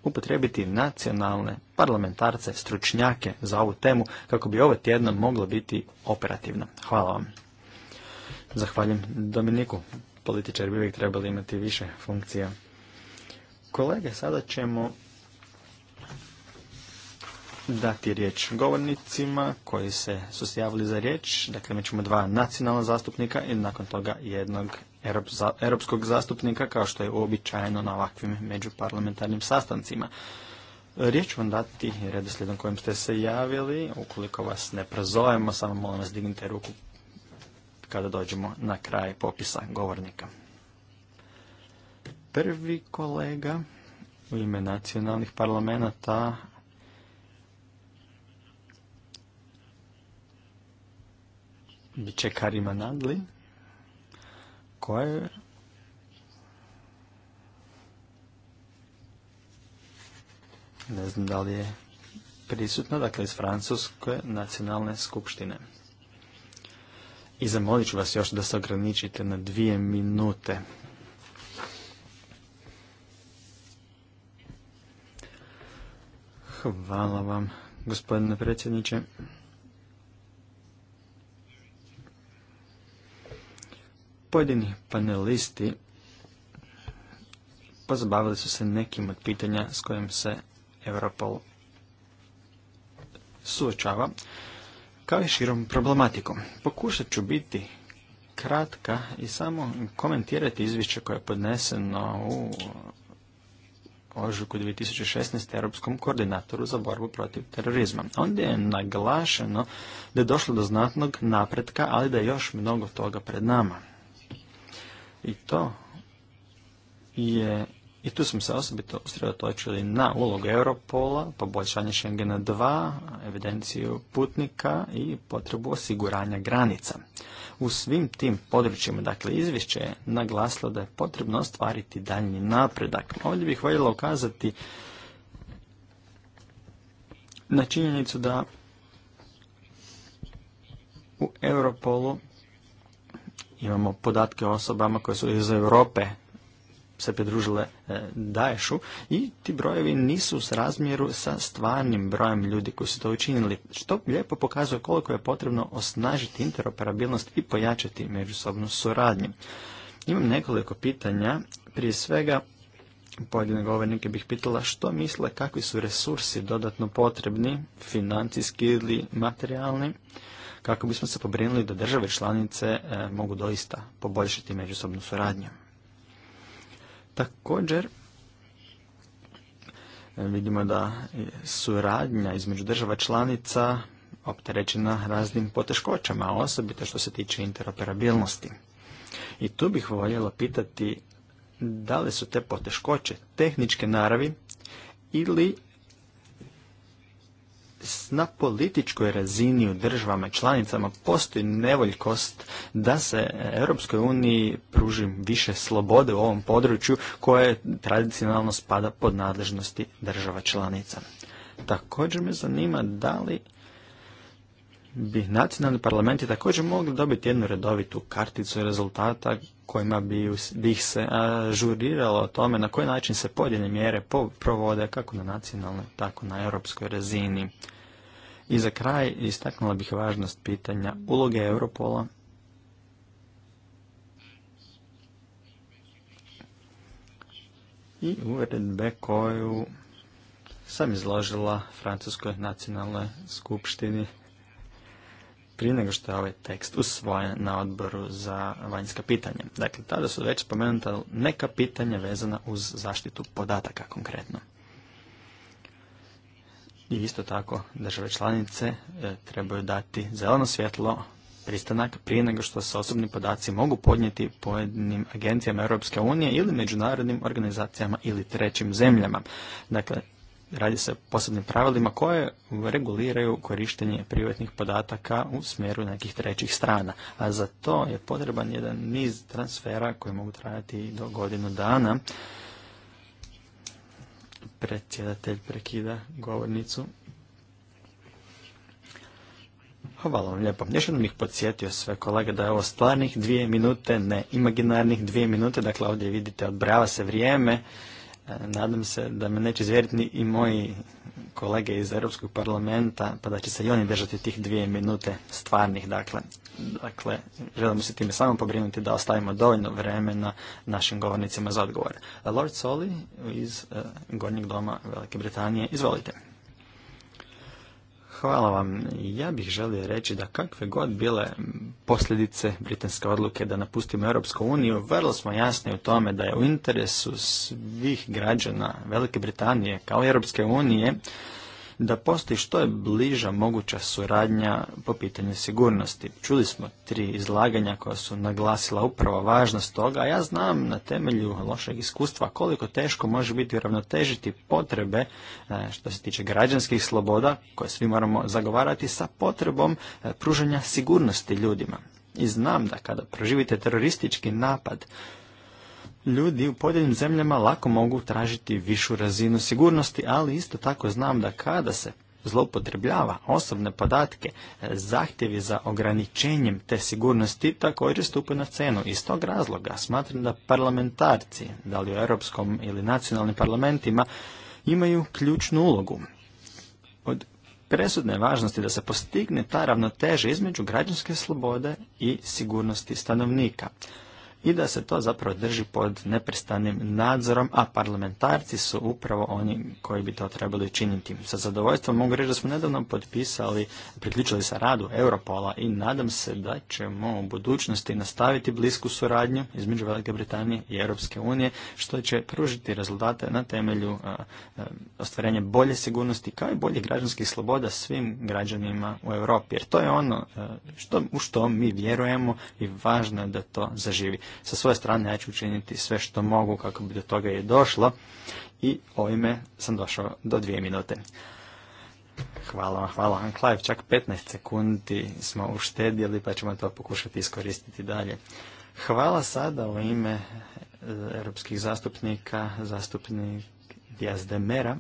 [SPEAKER 3] upotrijebiti nacionalne parlamentarce, stručnjake za ovu temu kako bi ovo ovaj tjedno moglo biti operativno. Hvala vam. Zahvaljujem Dominiku. Političari bi uvijek trebali imati više funkcija. Kolege, sada ćemo dati riječ govornicima koji se su se za riječ. Dakle, mi ćemo dva nacionalna zastupnika i nakon toga jednog europskog zastupnika kao što je uobičajeno na ovakvim međuparlamentarnim sastancima. Riječ vam dati redoslijedom kojim ste se javili. Ukoliko vas ne prozovemo, samo molim vas dignite ruku kada dođemo na kraj popisa govornika. Prvi kolega u ime nacionalnih parlamenta biće Čekarima Nadli koje ne znam da li je prisutno, dakle iz Francuske nacionalne skupštine. I zamolit ću vas još da se ograničite na dvije minute. Hvala vam, gospodine predsjedniče. Pojedini panelisti pozabavili su se nekim od pitanja s kojim se Europol suočava, kao i širom problematikom. Pokušat ću biti kratka i samo komentirati izvješće koje je podneseno u ožujku 2016. Europskom koordinatoru za borbu protiv terorizma. Ondje je naglašeno da je došlo do znatnog napretka, ali da je još mnogo toga pred nama. I to je, i tu smo se osobito usredotočili na ulogu Europola, poboljšanje Schengena 2, evidenciju putnika i potrebu osiguranja granica. U svim tim područjima, dakle, izvješće je naglasilo da je potrebno ostvariti daljnji napredak. Ovdje bih voljela ukazati na činjenicu da u Europolu imamo podatke o osobama koje su iz Europe se pridružile e, Daješu i ti brojevi nisu s srazmjeru sa stvarnim brojem ljudi koji su to učinili, što lijepo pokazuje koliko je potrebno osnažiti interoperabilnost i pojačati međusobnu suradnju. Imam nekoliko pitanja, prije svega pojedine govornike bih pitala što misle kakvi su resursi dodatno potrebni, financijski ili materijalni, kako bismo se pobrinuli da države članice e, mogu doista poboljšati međusobnu suradnju. Također, e, vidimo da suradnja između država članica opterećena raznim poteškoćama, osobito što se tiče interoperabilnosti. I tu bih voljela pitati da li su te poteškoće tehničke naravi ili na političkoj razini u državama članicama postoji nevoljkost da se Europskoj uniji pruži više slobode u ovom području koje tradicionalno spada pod nadležnosti država članica. Također me zanima da li bi nacionalni parlamenti također mogli dobiti jednu redovitu karticu rezultata kojima bi, ih se ažuriralo o tome na koji način se pojedine mjere provode kako na nacionalnoj, tako na europskoj razini. I za kraj istaknula bih važnost pitanja uloge Europola i uredbe koju sam izložila Francuskoj nacionalnoj skupštini prije nego što je ovaj tekst usvojen na odboru za vanjska pitanja. Dakle, tada su već spomenuta neka pitanja vezana uz zaštitu podataka konkretno. I isto tako države članice e, trebaju dati zeleno svjetlo pristanak prije nego što se osobni podaci mogu podnijeti pojedinim agencijama Europske unije ili međunarodnim organizacijama ili trećim zemljama. Dakle, radi se o posebnim pravilima koje reguliraju korištenje privatnih podataka u smjeru nekih trećih strana. A za to je potreban jedan niz transfera koji mogu trajati do godinu dana. Predsjedatelj prekida govornicu. Hvala vam lijepo. Još jednom bih podsjetio sve kolege da je ovo stvarnih dvije minute, ne imaginarnih dvije minute. Dakle, ovdje vidite odbrava se vrijeme. E, nadam se da me neće zvjeriti i moji kolege iz Europskog parlamenta, pa da će se i oni držati tih dvije minute stvarnih, dakle. Dakle, želimo se time samo pobrinuti da ostavimo dovoljno vremena našim govornicima za odgovor. Lord Soli iz e, Gornjeg doma Velike Britanije, izvolite. Hvala vam. Ja bih želio reći da kakve god bile posljedice britanske odluke da napustimo Europsku uniju, vrlo smo jasni u tome da je u interesu svih građana Velike Britanije kao Europske unije da postoji što je bliža moguća suradnja po pitanju sigurnosti. Čuli smo tri izlaganja koja su naglasila upravo važnost toga, a ja znam na temelju lošeg iskustva koliko teško može biti uravnotežiti potrebe e, što se tiče građanskih sloboda koje svi moramo zagovarati sa potrebom e, pružanja sigurnosti ljudima. I znam da kada proživite teroristički napad, ljudi u pojedinim zemljama lako mogu tražiti višu razinu sigurnosti, ali isto tako znam da kada se zloupotrebljava osobne podatke, zahtjevi za ograničenjem te sigurnosti također stupe na cenu. Iz tog razloga smatram da parlamentarci, da li u europskom ili nacionalnim parlamentima, imaju ključnu ulogu. Od presudne važnosti da se postigne ta ravnoteža između građanske slobode i sigurnosti stanovnika i da se to zapravo drži pod neprestanim nadzorom, a parlamentarci su upravo oni koji bi to trebali činiti. Sa zadovoljstvom mogu reći da smo nedavno potpisali, priključili sa radu Europola i nadam se da ćemo u budućnosti nastaviti blisku suradnju između Velike Britanije i Europske unije, što će pružiti rezultate na temelju ostvarenja bolje sigurnosti kao i bolje građanskih sloboda svim građanima u Europi. Jer to je ono što, u što mi vjerujemo i važno je da to zaživi. Sa svoje strane ja ću učiniti sve što mogu kako bi do toga je došlo i ovime sam došao do dvije minute. Hvala vam, hvala vam. čak 15 sekundi smo uštedjeli pa ćemo to pokušati iskoristiti dalje. Hvala sada u ime eh, europskih zastupnika, zastupnik Diaz de Mera,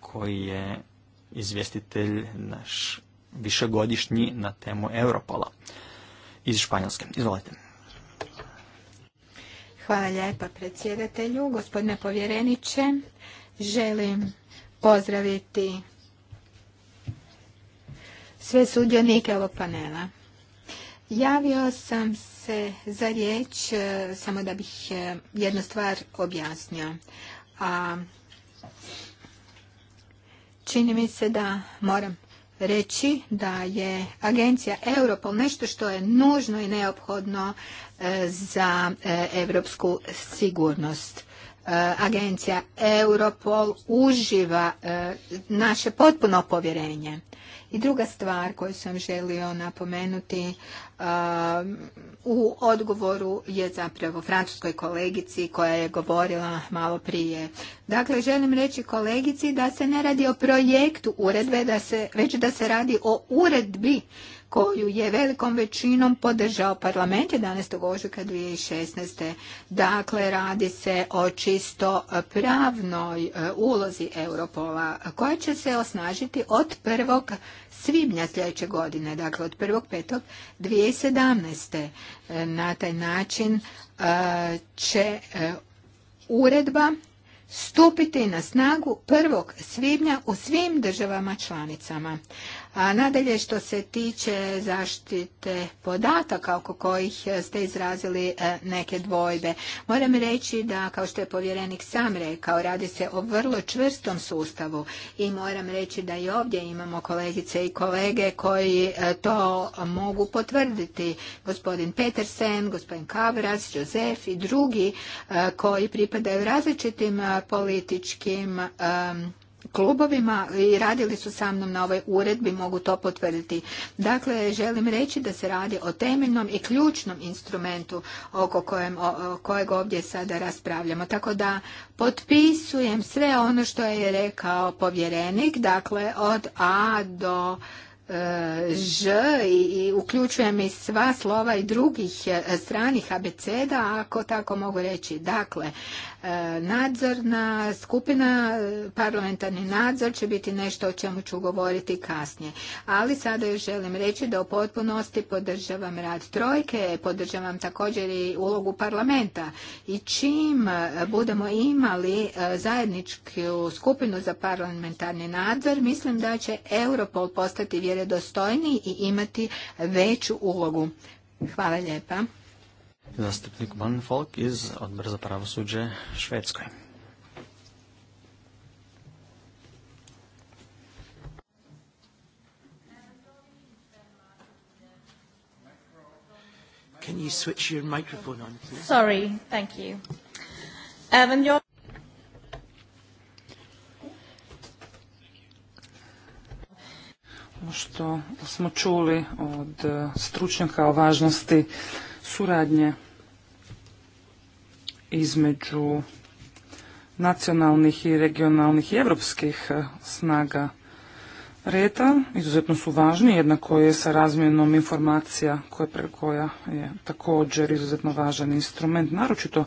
[SPEAKER 3] koji je izvjestitelj naš višegodišnji na temu Europola iz Španjolske. Izvolite.
[SPEAKER 2] Hvala lijepa predsjedatelju. Gospodine povjereniče, želim pozdraviti sve sudionike ovog panela. Javio sam se za riječ e, samo da bih e, jednu stvar objasnio. A, čini mi se da moram reći da je agencija Europol nešto što je nužno i neophodno e, za europsku sigurnost. E, agencija Europol uživa e, naše potpuno povjerenje. I druga stvar koju sam želio napomenuti um, u odgovoru je zapravo francuskoj kolegici koja je govorila malo prije. Dakle, želim reći kolegici da se ne radi o projektu uredbe, već da se radi o uredbi koju je velikom većinom podržao parlament 11. ožujka 2016. Dakle, radi se o čisto pravnoj e, ulozi Europola koja će se osnažiti od 1. svibnja sljedeće godine, dakle od 2017. E, na taj način e, će uredba stupiti na snagu 1. svibnja u svim državama članicama. A nadalje što se tiče zaštite podataka oko kojih ste izrazili e, neke dvojbe, moram reći da kao što je povjerenik sam rekao, radi se o vrlo čvrstom sustavu i moram reći da i ovdje imamo kolegice i kolege koji e, to mogu potvrditi. Gospodin Petersen, gospodin Kavras, Jozef i drugi e, koji pripadaju različitim političkim klubovima i radili su sa mnom na ovoj uredbi, mogu to potvrditi. Dakle, želim reći da se radi o temeljnom i ključnom instrumentu oko kojem, kojeg ovdje sada raspravljamo. Tako da potpisujem sve ono što je rekao povjerenik, dakle od A do e, Ž i, i uključujem i sva slova i drugih e, stranih abeceda, ako tako mogu reći. Dakle, nadzorna skupina, parlamentarni nadzor će biti nešto o čemu ću govoriti kasnije. Ali sada još želim reći da u potpunosti podržavam rad trojke, podržavam također i ulogu parlamenta. I čim budemo imali e, zajedničku skupinu za parlamentarni nadzor, mislim da će Europol postati vjerodostojniji i imati veću ulogu. Hvala lijepa
[SPEAKER 3] zastupnik Van Folk iz Odbora za pravosuđe Švedskoj.
[SPEAKER 1] Can you switch your microphone on, please?
[SPEAKER 2] Sorry, thank you. Evan, um, your...
[SPEAKER 4] Ono što smo čuli od uh, stručnjaka o važnosti suradnje između nacionalnih i regionalnih i evropskih eh, snaga reta Izuzetno su važni, jednako je sa razmjenom informacija koja, koja je također izuzetno važan instrument, naročito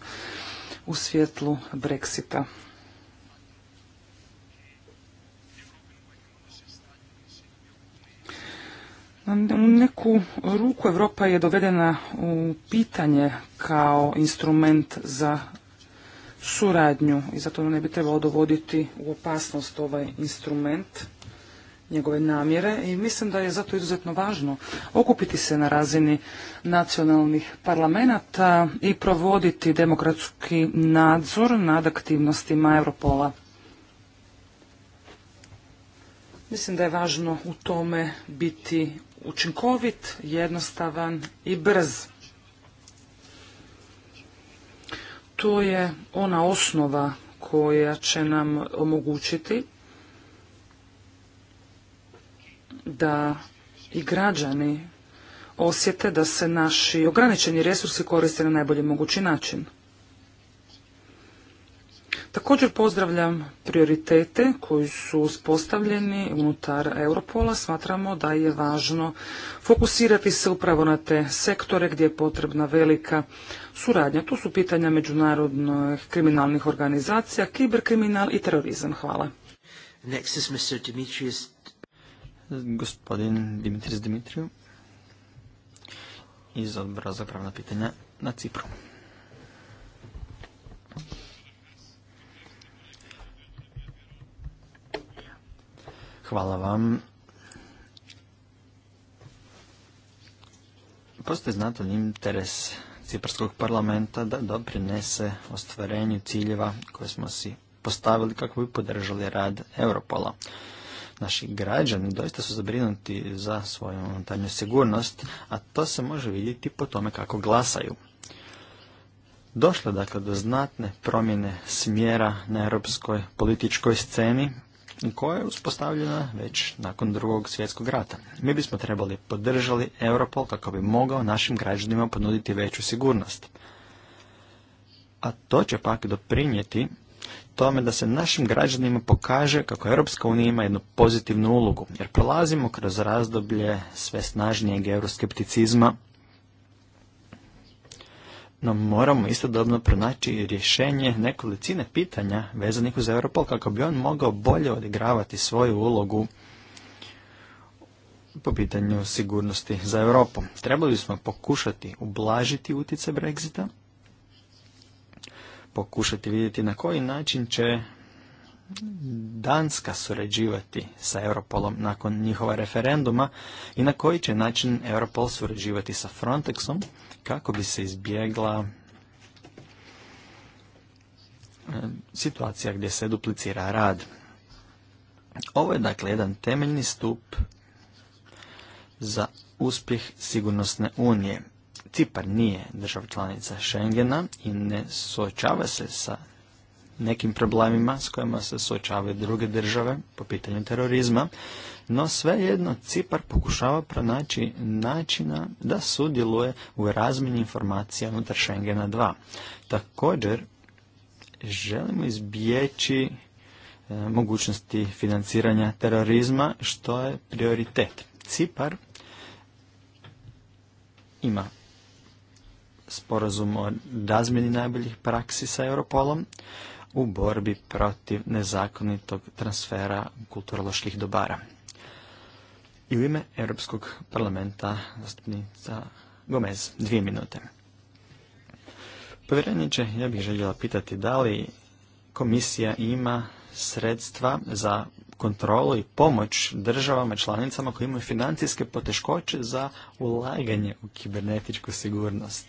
[SPEAKER 4] u svjetlu Brexita. U neku ruku Europa je dovedena u pitanje kao instrument za suradnju i zato ne bi trebalo dovoditi u opasnost ovaj instrument njegove namjere i mislim da je zato izuzetno važno okupiti se na razini nacionalnih parlamenata i provoditi demokratski nadzor nad aktivnostima Europola. Mislim da je važno u tome biti učinkovit, jednostavan i brz. To je ona osnova koja će nam omogućiti da i građani osjete da se naši ograničeni resursi koriste na najbolji mogući način. Također pozdravljam prioritete koji su uspostavljeni unutar Europola. Smatramo da je važno fokusirati se upravo na te sektore gdje je potrebna velika suradnja. Tu su pitanja međunarodnih kriminalnih organizacija, kiberkriminal i terorizam. Hvala.
[SPEAKER 3] Gospodin Dimitris Dimitriju iz odbora za pravna pitanja na Cipru. Hvala vam. Postoji znatan interes Ciparskog parlamenta da doprinese ostvarenju ciljeva koje smo si postavili kako bi podržali rad Europola. Naši građani doista su zabrinuti za svoju unutarnju sigurnost, a to se može vidjeti po tome kako glasaju. Došlo je dakle do znatne promjene smjera na europskoj političkoj sceni, koja je uspostavljena već nakon drugog svjetskog rata. Mi bismo trebali podržali Europol kako bi mogao našim građanima ponuditi veću sigurnost. A to će pak doprinijeti tome da se našim građanima pokaže kako Europska unija ima jednu pozitivnu ulogu, jer prolazimo kroz razdoblje sve snažnijeg euroskepticizma no moramo istodobno pronaći rješenje nekolicine pitanja vezanih uz Europol kako bi on mogao bolje odigravati svoju ulogu po pitanju sigurnosti za Europu. Trebali bismo pokušati ublažiti utjece Brexita, pokušati vidjeti na koji način će Danska surađivati sa Europolom nakon njihova referenduma i na koji će način Europol surađivati sa Frontexom kako bi se izbjegla e, situacija gdje se duplicira rad. Ovo je dakle jedan temeljni stup za uspjeh sigurnosne unije. Cipar nije država članica Schengena i ne suočava se sa nekim problemima s kojima se suočavaju druge države po pitanju terorizma, no svejedno Cipar pokušava pronaći načina da sudjeluje u razmjeni informacija unutar Schengena 2. Također, želimo izbjeći e, mogućnosti financiranja terorizma, što je prioritet. Cipar ima sporazum o razmjeni najboljih praksi sa Europolom, u borbi protiv nezakonitog transfera kulturoloških dobara. I u ime Europskog parlamenta zastupnica Gomez, dvije minute. Povjereniče, ja bih željela pitati da li komisija ima sredstva za kontrolu i pomoć državama članicama koji imaju financijske poteškoće za ulaganje u kibernetičku sigurnost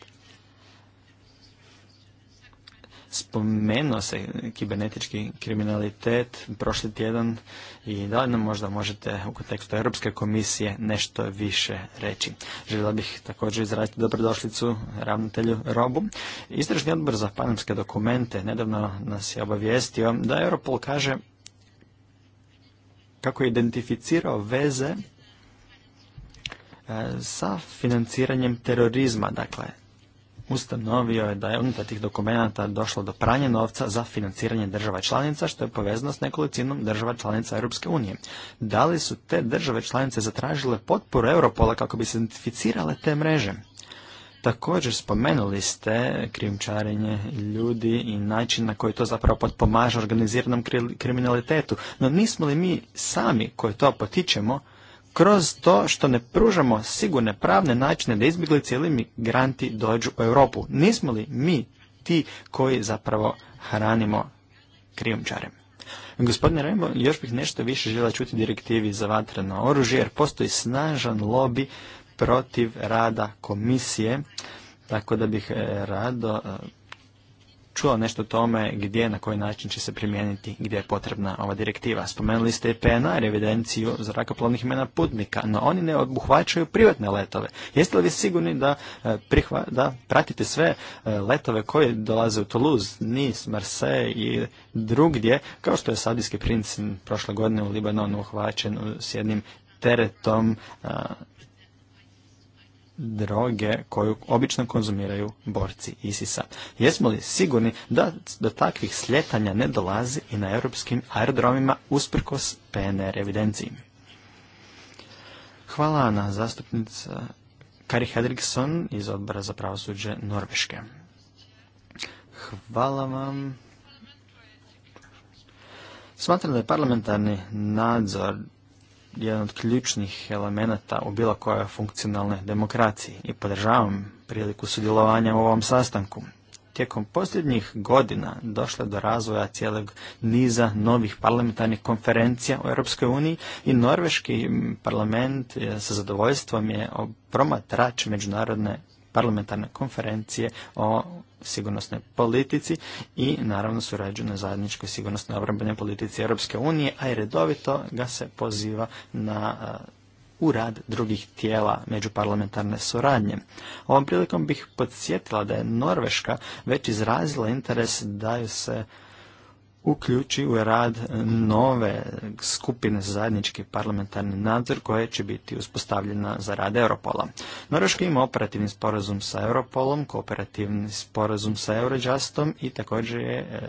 [SPEAKER 3] spomenuo se kibernetički kriminalitet prošli tjedan i da li nam možda možete u kontekstu Europske komisije nešto više reći. Željela bih također izraziti dobrodošlicu ravnatelju Robu. Istražni odbor za panamske dokumente nedavno nas je obavijestio da Europol kaže kako je identificirao veze e, sa financiranjem terorizma, dakle ustanovio je da je unutar tih dokumenata došlo do pranja novca za financiranje država članica, što je povezano s nekolicinom država članica Europske unije. Da li su te države članice zatražile potporu Europola kako bi se identificirale te mreže? Također spomenuli ste krijumčarenje ljudi i način na koji to zapravo potpomaže organiziranom kriminalitetu, no nismo li mi sami koji to potičemo kroz to što ne pružamo sigurne pravne načine da izbjeglice ili migranti dođu u Europu. Nismo li mi ti koji zapravo hranimo krijumčarem? Gospodine Rembo, još bih nešto više žela čuti direktivi za vatreno oružje, jer postoji snažan lobby protiv rada komisije, tako da bih e, rado e, čuo nešto o tome gdje, na koji način će se primijeniti, gdje je potrebna ova direktiva. Spomenuli ste i PNR, evidenciju zrakoplovnih imena putnika, no oni ne obuhvaćaju privatne letove. Jeste li vi sigurni da, e, prihva, da pratite sve e, letove koji dolaze u Toulouse, Nice, Marseille i drugdje, kao što je Sadijski princ prošle godine u Libanonu uhvaćen s jednim teretom e, droge koju obično konzumiraju borci ISIS-a. Jesmo li sigurni da do takvih sljetanja ne dolazi i na europskim aerodromima usprkos PNR evidenciji? Hvala na zastupnica Kari Hedrikson iz odbora za pravosuđe Norveške. Hvala vam. Smatram da je parlamentarni nadzor jedan od ključnih elemenata u bilo kojoj funkcionalnoj demokraciji i podržavam priliku sudjelovanja u ovom sastanku. Tijekom posljednjih godina došlo do razvoja cijelog niza novih parlamentarnih konferencija u Europskoj uniji i norveški parlament sa zadovoljstvom je promatrač međunarodne parlamentarne konferencije o sigurnosnoj politici i naravno surađuju na zajedničkoj sigurnosnoj obrambenoj politici Europske unije, a i redovito ga se poziva na uh, u rad drugih tijela međuparlamentarne suradnje. Ovom prilikom bih podsjetila da je Norveška već izrazila interes da ju se uključi u rad nove skupine za zajednički parlamentarni nadzor koja će biti uspostavljena za rad Europola. Norveška ima operativni sporazum sa Europolom, kooperativni sporazum sa Eurojustom i također je e,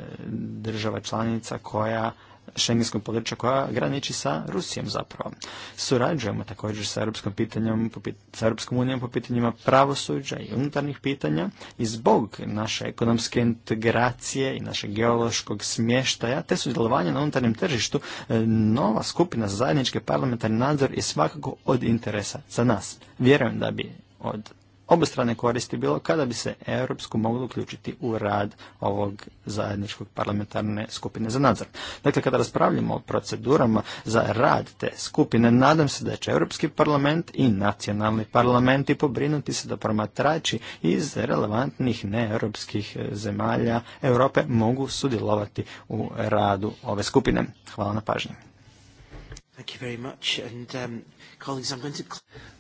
[SPEAKER 3] država članica koja šengenskog područja koja graniči sa Rusijom zapravo. Surađujemo također sa Europskom, pitanjem, sa Europskom unijom po pitanjima pravosuđa i unutarnjih pitanja i zbog naše ekonomske integracije i našeg geološkog smještaja te sudjelovanja na unutarnjem tržištu e, nova skupina za zajednički parlamentarni nadzor je svakako od interesa za nas. Vjerujem da bi od obostrane koristi bilo kada bi se Europsku moglo uključiti u rad ovog zajedničkog parlamentarne skupine za nadzor. Dakle, kada raspravljamo o procedurama za rad te skupine, nadam se da će Europski parlament i nacionalni parlamenti pobrinuti se da promatrači iz relevantnih neeuropskih zemalja Europe mogu sudjelovati u radu ove skupine. Hvala na pažnji.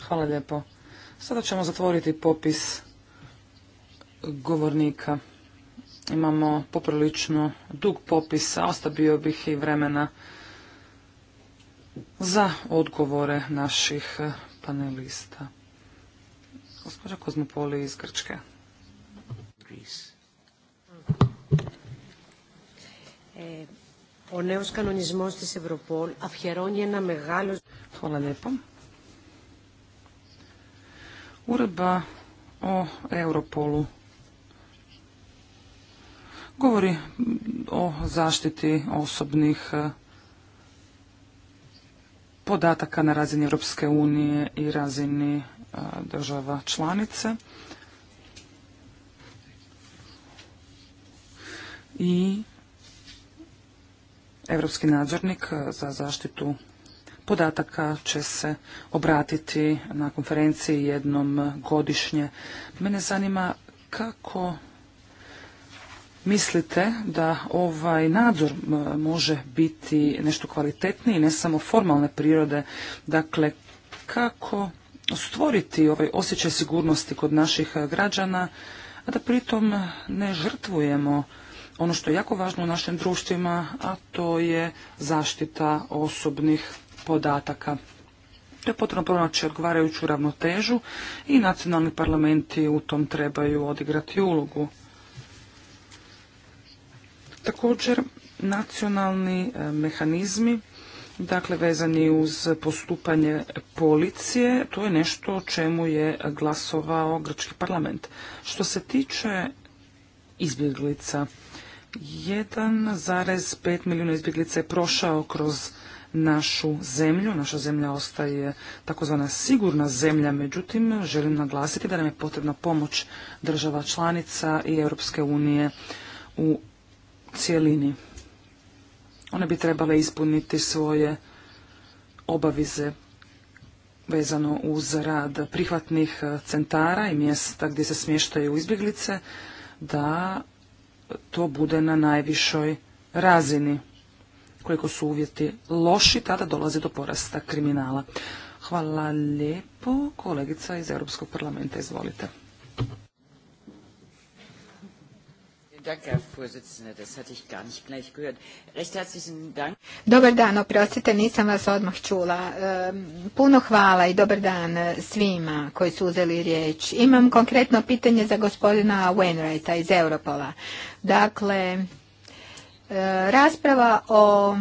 [SPEAKER 4] Hvala lijepo. Sada ćemo zatvoriti popis govornika. Imamo poprilično dug popis, a ostavio bih i vremena za odgovore naših eh, panelista. Gospođa Kozmopoli iz Grčke.
[SPEAKER 5] Eh, o kanonizmos
[SPEAKER 4] Hvala lijepo. Uredba o Europolu govori o zaštiti osobnih e, podataka na razini Europske unije i razini e, država članice. I Europski nadzornik za zaštitu podataka će se obratiti na konferenciji jednom godišnje. Mene zanima kako mislite da ovaj nadzor može biti nešto kvalitetniji, ne samo formalne prirode, dakle kako stvoriti ovaj osjećaj sigurnosti kod naših građana, a da pritom ne žrtvujemo ono što je jako važno u našim društvima, a to je zaštita osobnih podataka. To je potrebno pronaći odgovarajuću ravnotežu i nacionalni parlamenti u tom trebaju odigrati ulogu. Također, nacionalni e, mehanizmi dakle vezani uz postupanje policije, to je nešto o čemu je glasovao grčki parlament. Što se tiče izbjeglica, 1,5 milijuna izbjeglica je prošao kroz našu zemlju. Naša zemlja ostaje takozvana sigurna zemlja, međutim želim naglasiti da nam je potrebna pomoć država članica i Europske unije u cjelini. One bi trebale ispuniti svoje obavize vezano uz rad prihvatnih centara i mjesta gdje se smještaju izbjeglice, da to bude na najvišoj razini koliko su uvjeti loši, tada dolazi do porasta kriminala. Hvala lijepo. Kolegica iz Europskog parlamenta, izvolite.
[SPEAKER 2] Dobar dan, oprostite, nisam vas odmah čula. Puno hvala i dobar dan svima koji su uzeli riječ. Imam konkretno pitanje za gospodina Wainwrighta iz Europola. Dakle, E, rasprava o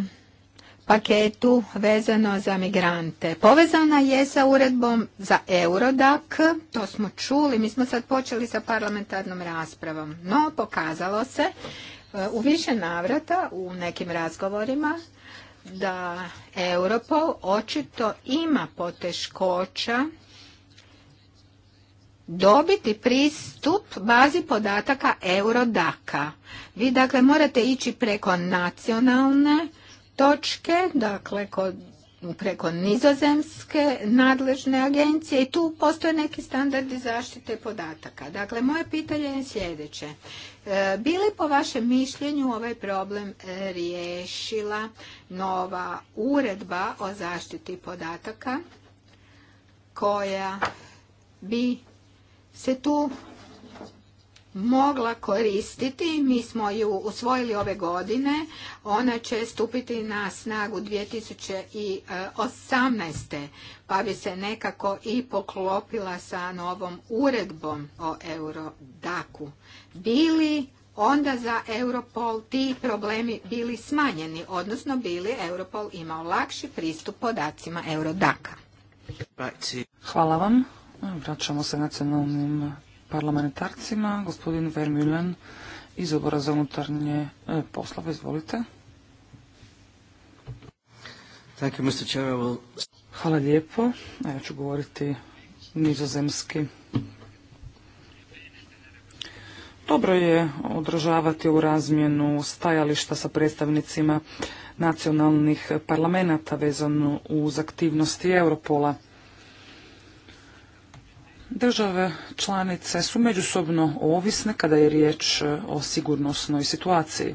[SPEAKER 2] paketu vezano za migrante. Povezana je sa uredbom za Eurodak, to smo čuli, mi smo sad počeli sa parlamentarnom raspravom, no pokazalo se e, u više navrata u nekim razgovorima da Europol očito ima poteškoća dobiti pristup bazi podataka Eurodaka. Vi dakle morate ići preko nacionalne točke, dakle kod preko nizozemske nadležne agencije i tu postoje neki standardi zaštite podataka. Dakle, moje pitanje je sljedeće. E, bili li po vašem mišljenju ovaj problem e, riješila nova uredba o zaštiti podataka koja bi se tu mogla koristiti. Mi smo ju usvojili ove godine. Ona će stupiti na snagu 2018. pa bi se nekako i poklopila sa novom uredbom o Eurodaku. Bili onda za Europol ti problemi bili smanjeni, odnosno bili Europol imao lakši pristup podacima Eurodaka.
[SPEAKER 4] Hvala vam. Vraćamo se nacionalnim parlamentarcima. Gospodin Vermeulen iz Obora za unutarnje e, poslove. Izvolite. Hvala lijepo. Ja ću govoriti nizozemski. Dobro je održavati u razmjenu stajališta sa predstavnicima nacionalnih parlamenta vezano uz aktivnosti Europola. Države članice su međusobno ovisne kada je riječ e, o sigurnosnoj situaciji.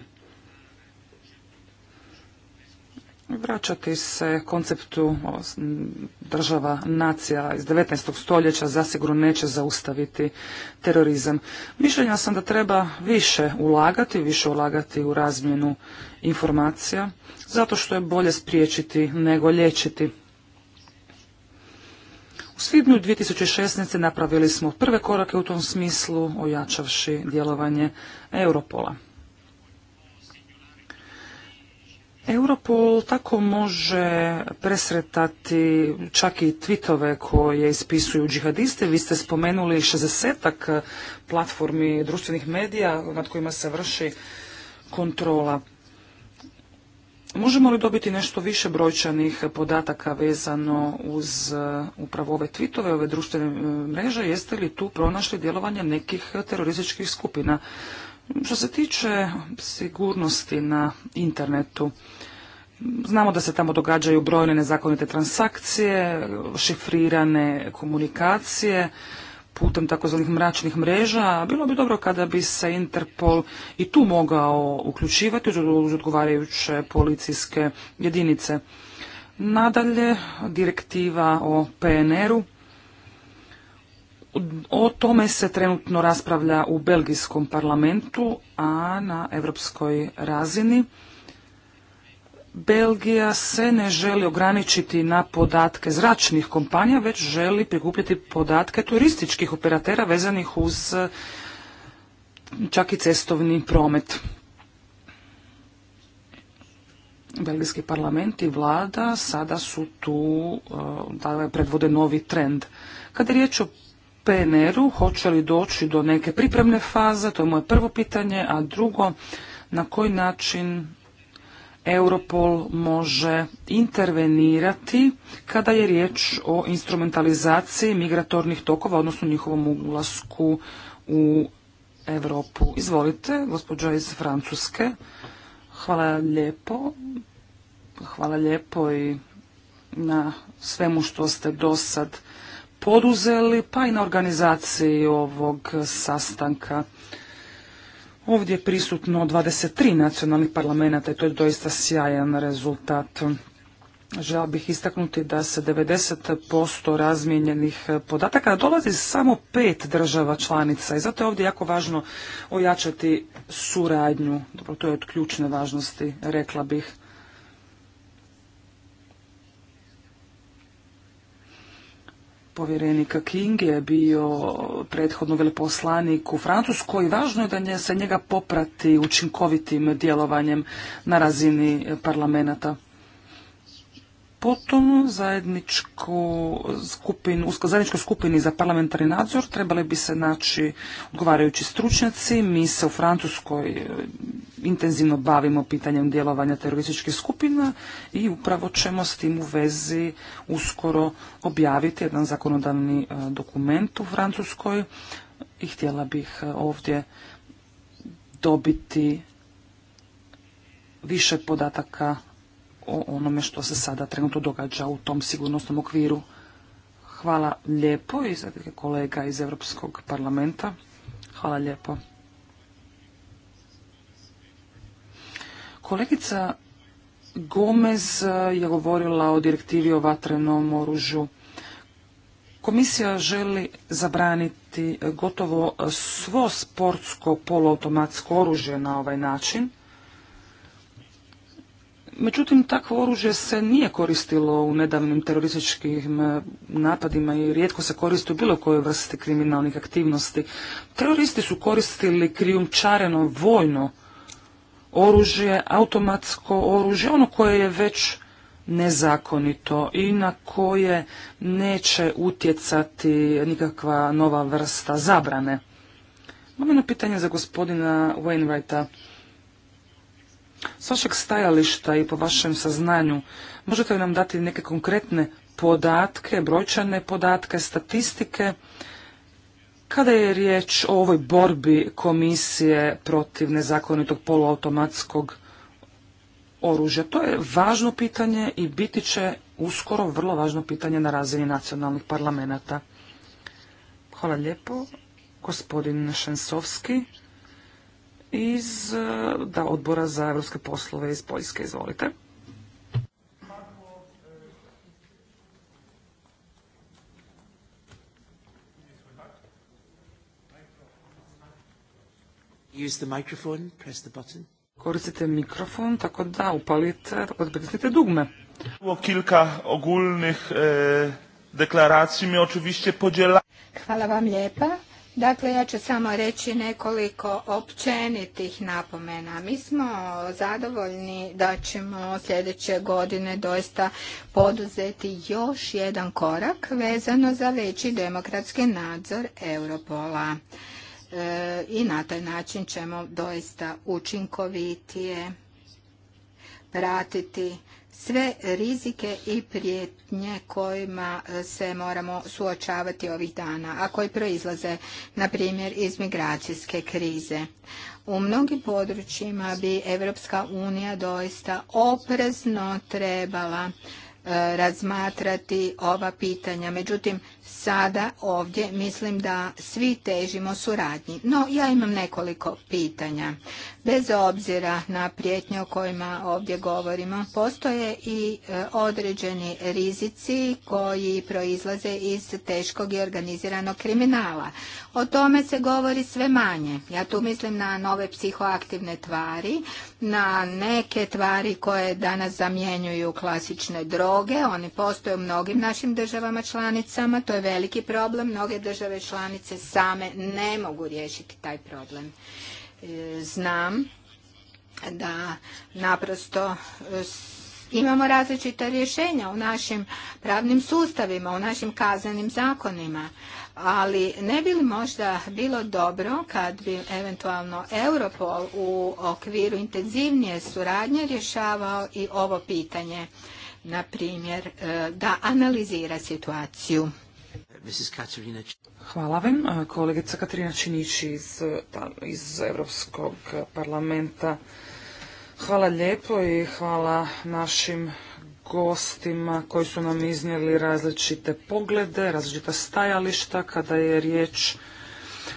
[SPEAKER 4] Vraćati se konceptu država nacija iz 19. stoljeća zasigurno neće zaustaviti terorizam. Mišljenja sam da treba više ulagati, više ulagati u razmjenu informacija, zato što je bolje spriječiti nego liječiti. U svibnju 2016. napravili smo prve korake u tom smislu, ojačavši djelovanje Europola. Europol tako može presretati čak i tvitove koje ispisuju džihadiste. Vi ste spomenuli 60 platformi društvenih medija nad kojima se vrši kontrola. Možemo li dobiti nešto više brojčanih podataka vezano uz e, upravo ove tweetove, ove društvene e, mreže? Jeste li tu pronašli djelovanje nekih terorističkih skupina? Što se tiče sigurnosti na internetu, Znamo da se tamo događaju brojne nezakonite transakcije, šifrirane komunikacije, putem takozvanih mračnih mreža. Bilo bi dobro kada bi se Interpol i tu mogao uključivati uz odgovarajuće policijske jedinice. Nadalje, direktiva o PNR-u. O tome se trenutno raspravlja u Belgijskom parlamentu, a na europskoj razini Belgija se ne želi ograničiti na podatke zračnih kompanija, već želi prikupljati podatke turističkih operatera vezanih uz eh, čak i cestovni promet. Belgijski parlament i vlada sada su tu, eh, da predvode novi trend. Kada je riječ o PNR-u, hoće li doći do neke pripremne faze, to je moje prvo pitanje, a drugo, na koji način Europol može intervenirati kada je riječ o instrumentalizaciji migratornih tokova, odnosno njihovom ulasku u Europu. Izvolite, gospođa iz Francuske. Hvala lijepo. Hvala lijepo i na svemu što ste do sad poduzeli, pa i na organizaciji ovog sastanka. Ovdje je prisutno 23 nacionalnih parlamenta i to je doista sjajan rezultat. Žela bih istaknuti da se 90% razmijenjenih podataka dolazi samo pet država članica i zato je ovdje jako važno ojačati suradnju. Dobro, to je od ključne važnosti, rekla bih. povjerenika King je bio prethodno veleposlanik u Francuskoj i važno je da se njega poprati učinkovitim djelovanjem na razini parlamenta. Potom zajedničku skupinu, zajedničkoj skupini za parlamentarni nadzor trebali bi se naći odgovarajući stručnjaci. Mi se u Francuskoj e, intenzivno bavimo pitanjem djelovanja terorističkih skupina i upravo ćemo s tim u vezi uskoro objaviti jedan zakonodavni e, dokument u Francuskoj i htjela bih e, ovdje dobiti više podataka o onome što se sada trenutno događa u tom sigurnosnom okviru. Hvala lijepo i kolega iz Europskog parlamenta. Hvala lijepo. Kolegica Gomez je govorila o direktivi o vatrenom oružju. Komisija želi zabraniti gotovo svo sportsko poluautomatsko oružje na ovaj način. Međutim, takvo oružje se nije koristilo u nedavnim terorističkim e, napadima i rijetko se koristi u bilo kojoj vrsti kriminalnih aktivnosti. Teroristi su koristili krijumčareno vojno oružje, automatsko oružje, ono koje je već nezakonito i na koje neće utjecati nikakva nova vrsta zabrane. Imam jedno pitanje za gospodina Wainwrighta. S vašeg stajališta i po vašem saznanju, možete li nam dati neke konkretne podatke, brojčane podatke, statistike, kada je riječ o ovoj borbi komisije protiv nezakonitog poluautomatskog oružja? To je važno pitanje i biti će uskoro vrlo važno pitanje na razini nacionalnih parlamenta. Hvala lijepo. Gospodin Šensovski iz e, da, odbora za evropske poslove iz Poljske. Izvolite.
[SPEAKER 1] Use the microphone, press the button.
[SPEAKER 4] Koristite mikrofon, tako da upalite, tako da pritisnite dugme. Było kilka ogólnych e, deklaracji, my oczywiście podzielamy.
[SPEAKER 2] Hvala vam lijepa. Dakle, ja ću samo reći nekoliko općenitih napomena. Mi smo zadovoljni da ćemo sljedeće godine doista poduzeti još jedan korak vezano za veći demokratski nadzor Europola. E, I na taj način ćemo doista učinkovitije pratiti sve rizike i prijetnje kojima e, se moramo suočavati ovih dana, a koji proizlaze, na primjer, iz migracijske krize. U mnogim područjima bi Evropska unija doista oprezno trebala e, razmatrati ova pitanja. Međutim, sada ovdje mislim da svi težimo suradnji. No, ja imam nekoliko pitanja. Bez obzira na prijetnje o kojima ovdje govorimo, postoje i e, određeni rizici koji proizlaze iz teškog i organiziranog kriminala. O tome se govori sve manje. Ja tu mislim na nove psihoaktivne tvari, na neke tvari koje danas zamjenjuju klasične droge. Oni postoje u mnogim našim državama članicama. To je veliki problem. Mnoge države članice same ne mogu riješiti taj problem. E, znam da naprosto imamo različita rješenja u našim pravnim sustavima, u našim kaznenim zakonima ali ne bi li možda bilo dobro kad bi eventualno Europol u okviru intenzivnije suradnje rješavao i ovo pitanje, na primjer, e, da analizira situaciju.
[SPEAKER 4] Hvala vam. E, kolegica Katrina Činić iz, iz Europskog parlamenta. Hvala lijepo i hvala našim gostima koji su nam iznijeli različite poglede, različita stajališta kada je riječ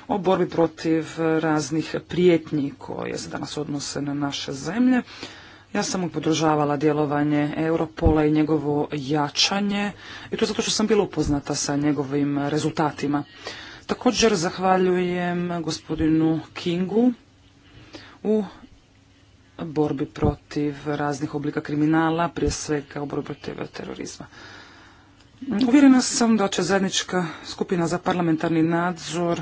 [SPEAKER 4] o borbi protiv raznih prijetnji koje se danas odnose na naše zemlje. Ja sam podržavala djelovanje Europola i njegovo jačanje i to zato što sam bila upoznata sa njegovim rezultatima. Također zahvaljujem gospodinu Kingu u borbi protiv raznih oblika kriminala, prije svega u borbi protiv terorizma. Uvjerena sam da će zajednička skupina za parlamentarni nadzor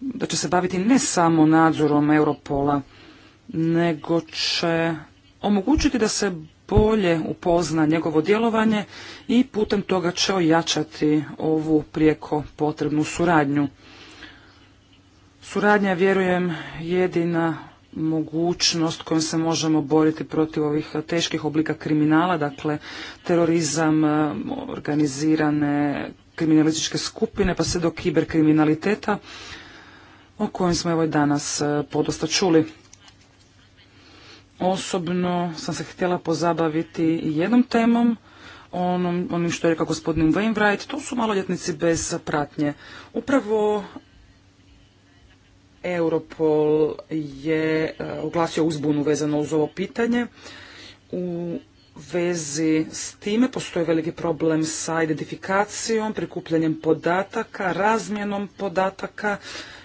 [SPEAKER 4] da će se baviti ne samo nadzorom Europola, nego će omogućiti da se bolje upozna njegovo djelovanje i putem toga će ojačati ovu prijeko potrebnu suradnju. Suradnja, vjerujem, jedina mogućnost kojom se možemo boriti protiv ovih teških oblika kriminala, dakle terorizam, eh, organizirane kriminalističke skupine, pa sve do kiberkriminaliteta o kojem smo evo danas eh, podosta čuli. Osobno sam se htjela pozabaviti jednom temom, onim što je rekao gospodin Wainwright, to su maloljetnici bez pratnje. Upravo Europol je e, oglasio uzbunu vezano uz ovo pitanje. U vezi s time postoji veliki problem sa identifikacijom, prikupljanjem podataka, razmjenom podataka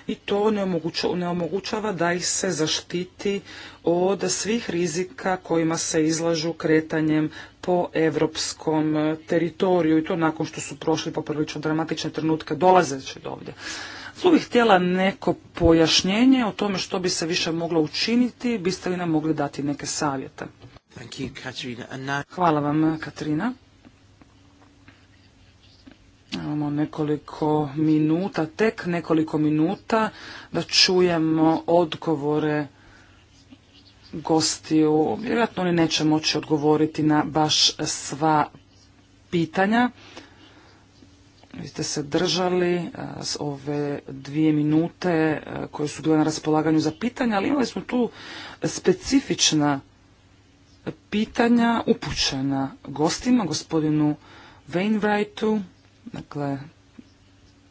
[SPEAKER 4] i to ne omogućava da ih se zaštiti od svih rizika kojima se izlažu kretanjem po evropskom e, teritoriju i to nakon što su prošli poprilično dramatične trenutke dolazeći do ovdje. Tu bih htjela neko pojašnjenje o tome što bi se više moglo učiniti, biste li nam mogli dati neke savjete? Hvala vam, Katrina. Imamo nekoliko minuta, tek nekoliko minuta da čujemo odgovore gostiju. Vjerojatno oni neće moći odgovoriti na baš sva pitanja. Vi ste se držali e, s ove dvije minute e, koje su bile na raspolaganju za pitanja, ali imali smo tu specifična pitanja upućena gostima, gospodinu Wainwrightu, dakle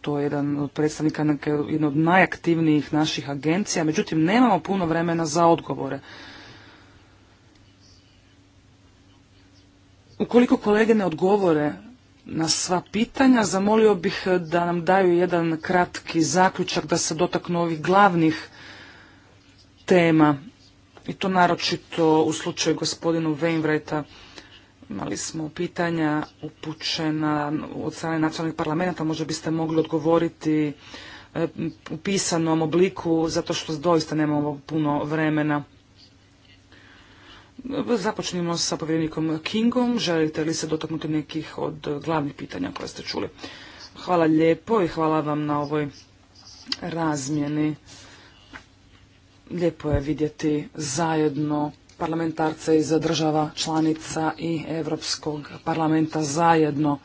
[SPEAKER 4] to je jedan od predstavnika jedne od najaktivnijih naših agencija, međutim nemamo puno vremena za odgovore. Ukoliko kolege ne odgovore na sva pitanja. Zamolio bih da nam daju jedan kratki zaključak da se dotaknu ovih glavnih tema. I to naročito u slučaju gospodinu Wainwrighta. Imali smo pitanja upućena od strane nacionalnih parlamenta, možda biste mogli odgovoriti e, u pisanom obliku, zato što doista nemamo puno vremena. Započnimo sa povjerenikom Kingom. Želite li se dotaknuti nekih od glavnih pitanja koje ste čuli? Hvala lijepo i hvala vam na ovoj razmjeni. Lijepo je vidjeti zajedno parlamentarce iz država članica i Europskog parlamenta zajedno.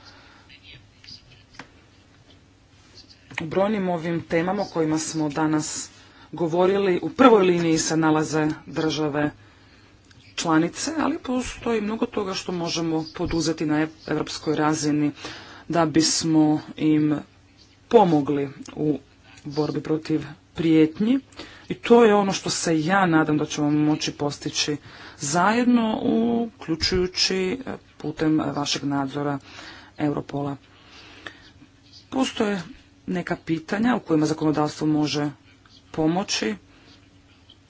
[SPEAKER 4] U brojnim ovim temama o kojima smo danas govorili u prvoj liniji se nalaze države članice, ali postoji mnogo toga što možemo poduzeti na europskoj razini da bismo im pomogli u borbi protiv prijetnji. I to je ono što se ja nadam da ćemo moći postići zajedno, uključujući e, putem vašeg nadzora Europola. Postoje neka pitanja u kojima zakonodavstvo može pomoći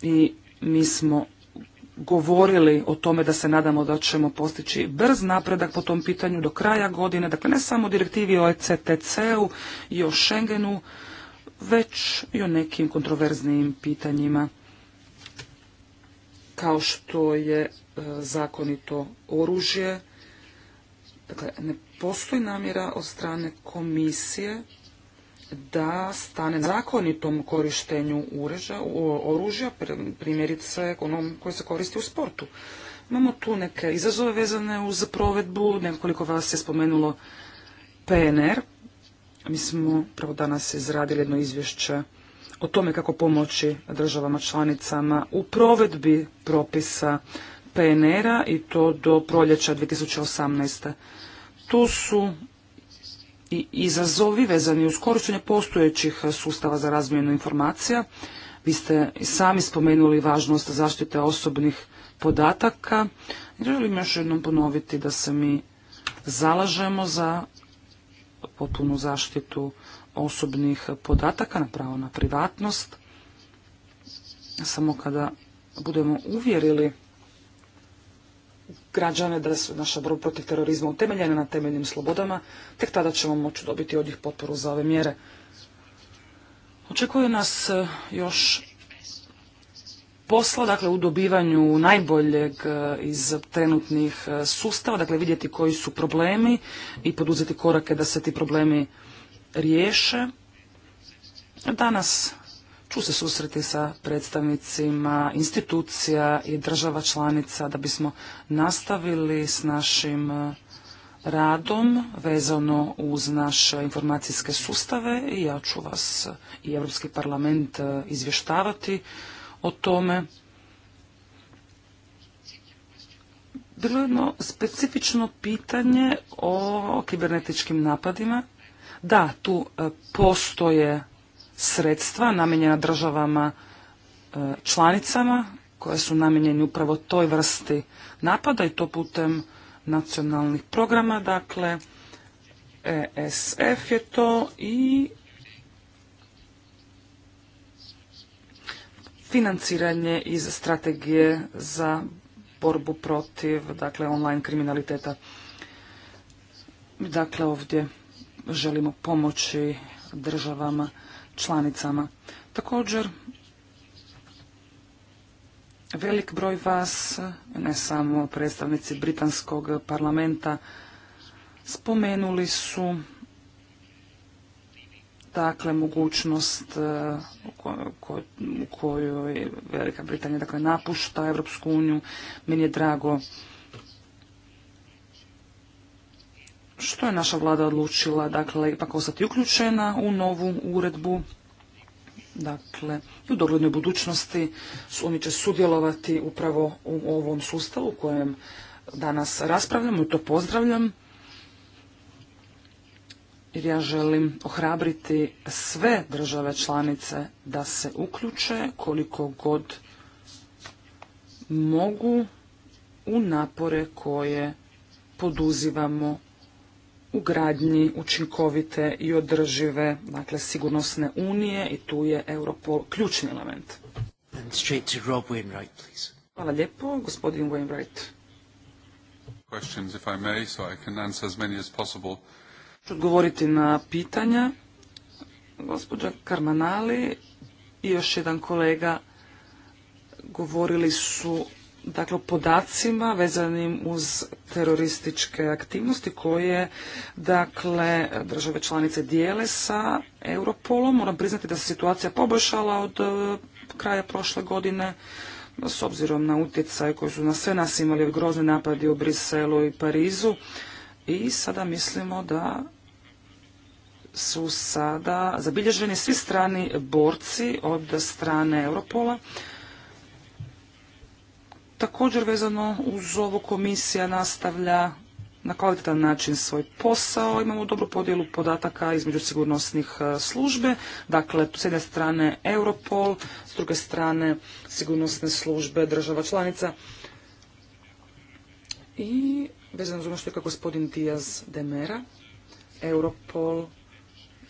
[SPEAKER 4] i mi smo govorili o tome da se nadamo da ćemo postići brz napredak po tom pitanju do kraja godine, dakle ne samo direktivi o ECTC-u i o Schengenu, već i o nekim kontroverznim pitanjima kao što je e, zakonito oružje. Dakle, ne postoji namjera od strane komisije da stane zakonitom korištenju oružja, primjerice onom koji se koristi u sportu. Imamo tu neke izazove vezane uz provedbu, nekoliko vas je spomenulo PNR. Mi smo pravo danas izradili jedno izvješće o tome kako pomoći državama članicama u provedbi propisa PNR-a i to do proljeća 2018. Tu su i izazovi vezani uz korištenje postojećih sustava za razmjenu informacija. Vi ste i sami spomenuli važnost zaštite osobnih podataka. Želim još jednom ponoviti da se mi zalažemo za potpunu zaštitu osobnih podataka na pravo na privatnost. Samo kada budemo uvjerili građane, da su naša borba protiv terorizma utemeljena na temeljnim slobodama, tek tada ćemo moći dobiti od njih potporu za ove mjere. Očekuje nas e, još posla, dakle u dobivanju najboljeg e, iz trenutnih e, sustava, dakle vidjeti koji su problemi i poduzeti korake da se ti problemi riješe. Danas ću se susreti sa predstavnicima institucija i država članica da bismo nastavili s našim e, radom vezano uz naše informacijske sustave i ja ću vas i Europski parlament e, izvještavati o tome. Bilo je jedno specifično pitanje o kibernetičkim napadima. Da, tu e, postoje sredstva namijenjena državama e, članicama koje su namijenjeni upravo toj vrsti napada i to putem nacionalnih programa, dakle ESF je to i financiranje iz strategije za borbu protiv dakle online kriminaliteta. Dakle ovdje želimo pomoći državama članicama. Također, velik broj vas, ne samo predstavnici Britanskog parlamenta, spomenuli su dakle mogućnost e, u kojoj Velika Britanija dakle napušta Europsku uniju. Meni je drago što je naša vlada odlučila, dakle, ipak ostati uključena u novu uredbu, dakle, i u doglednoj budućnosti oni će sudjelovati upravo u ovom sustavu u kojem danas raspravljamo i to pozdravljam, jer ja želim ohrabriti sve države članice da se uključe koliko god mogu u napore koje poduzivamo ugradnji učinkovite i održive dakle, sigurnosne unije i tu je Europol ključni element. Hvala lijepo, gospodin Wainwright.
[SPEAKER 1] Questions, if I may,
[SPEAKER 4] I odgovoriti na pitanja. Gospođa Karmanali i još jedan kolega govorili su dakle, podacima vezanim uz terorističke aktivnosti koje dakle, države članice dijele sa Europolom. Moram priznati da se situacija poboljšala od e, kraja prošle godine s obzirom na utjecaj koji su na sve nas imali grozni napadi u Briselu i Parizu i sada mislimo da su sada zabilježeni svi strani borci od strane Europola Također vezano uz ovo komisija nastavlja na kvalitetan način svoj posao. Imamo dobru podjelu podataka između sigurnosnih e, službe, dakle s jedne strane Europol, s druge strane sigurnosne službe država članica. I vezano uz ono što je kao gospodin Diaz Mera, Europol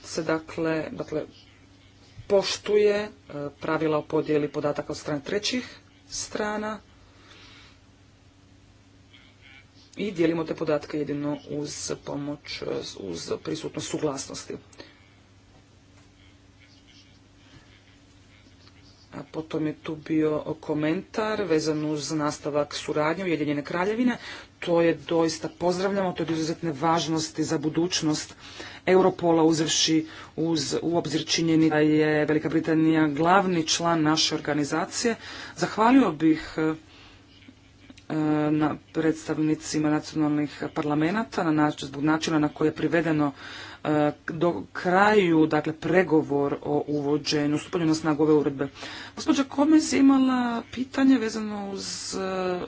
[SPEAKER 4] se dakle, dakle poštuje e, pravila o podjeli podataka od strane trećih strana, i dijelimo te podatke jedino uz pomoć, uz prisutnost suglasnosti. A potom je tu bio komentar vezan uz nastavak suradnje Ujedinjene kraljevine. To je doista pozdravljamo, to je izuzetne važnosti za budućnost Europola uzevši uz, u obzir činjeni da je Velika Britanija glavni član naše organizacije. Zahvalio bih E, na predstavnicima nacionalnih parlamenata na način, zbog načina na koji je privedeno e, do kraju, dakle, pregovor o uvođenju, stupanju na snagu ove uredbe. Gospođa Komis je imala pitanje vezano uz e,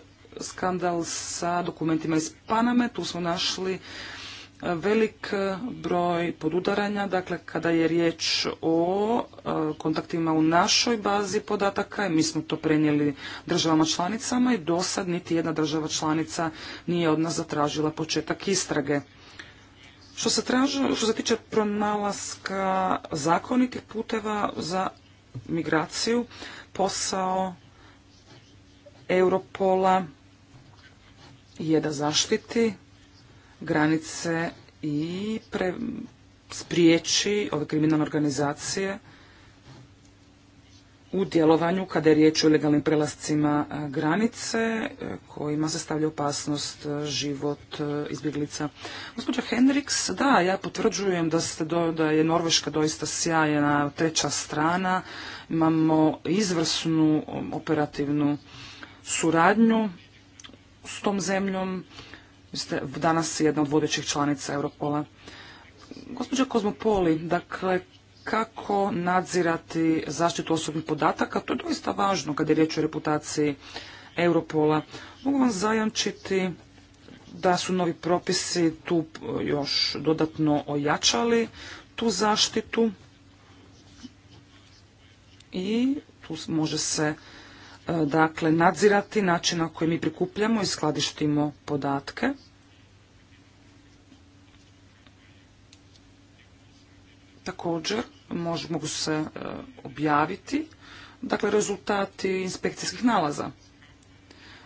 [SPEAKER 4] skandal sa dokumentima iz Paname. Tu smo našli velik broj podudaranja, dakle kada je riječ o e, kontaktima u našoj bazi podataka mi smo to prenijeli državama članicama i do sad niti jedna država članica nije od nas zatražila početak istrage. Što se, traži, što se tiče pronalaska zakonitih puteva za migraciju, posao Europola je da zaštiti granice i spriječi ove kriminalne organizacije u djelovanju kada je riječ o ilegalnim prelascima e, granice e, kojima se stavlja opasnost e, život izbjeglica. Gospođa Hendriks, da, ja potvrđujem da, da je Norveška doista sjajna treća strana. Imamo izvrsnu operativnu suradnju s tom zemljom ste danas jedna od vodećih članica Europola. Gospođa Kozmopoli, dakle, kako nadzirati zaštitu osobnih podataka, to je doista važno kad je riječ o reputaciji Europola. Mogu vam zajamčiti da su novi propisi tu još dodatno ojačali tu zaštitu i tu može se e, dakle nadzirati način na koji mi prikupljamo i skladištimo podatke. također mogu se e, objaviti dakle rezultati inspekcijskih nalaza.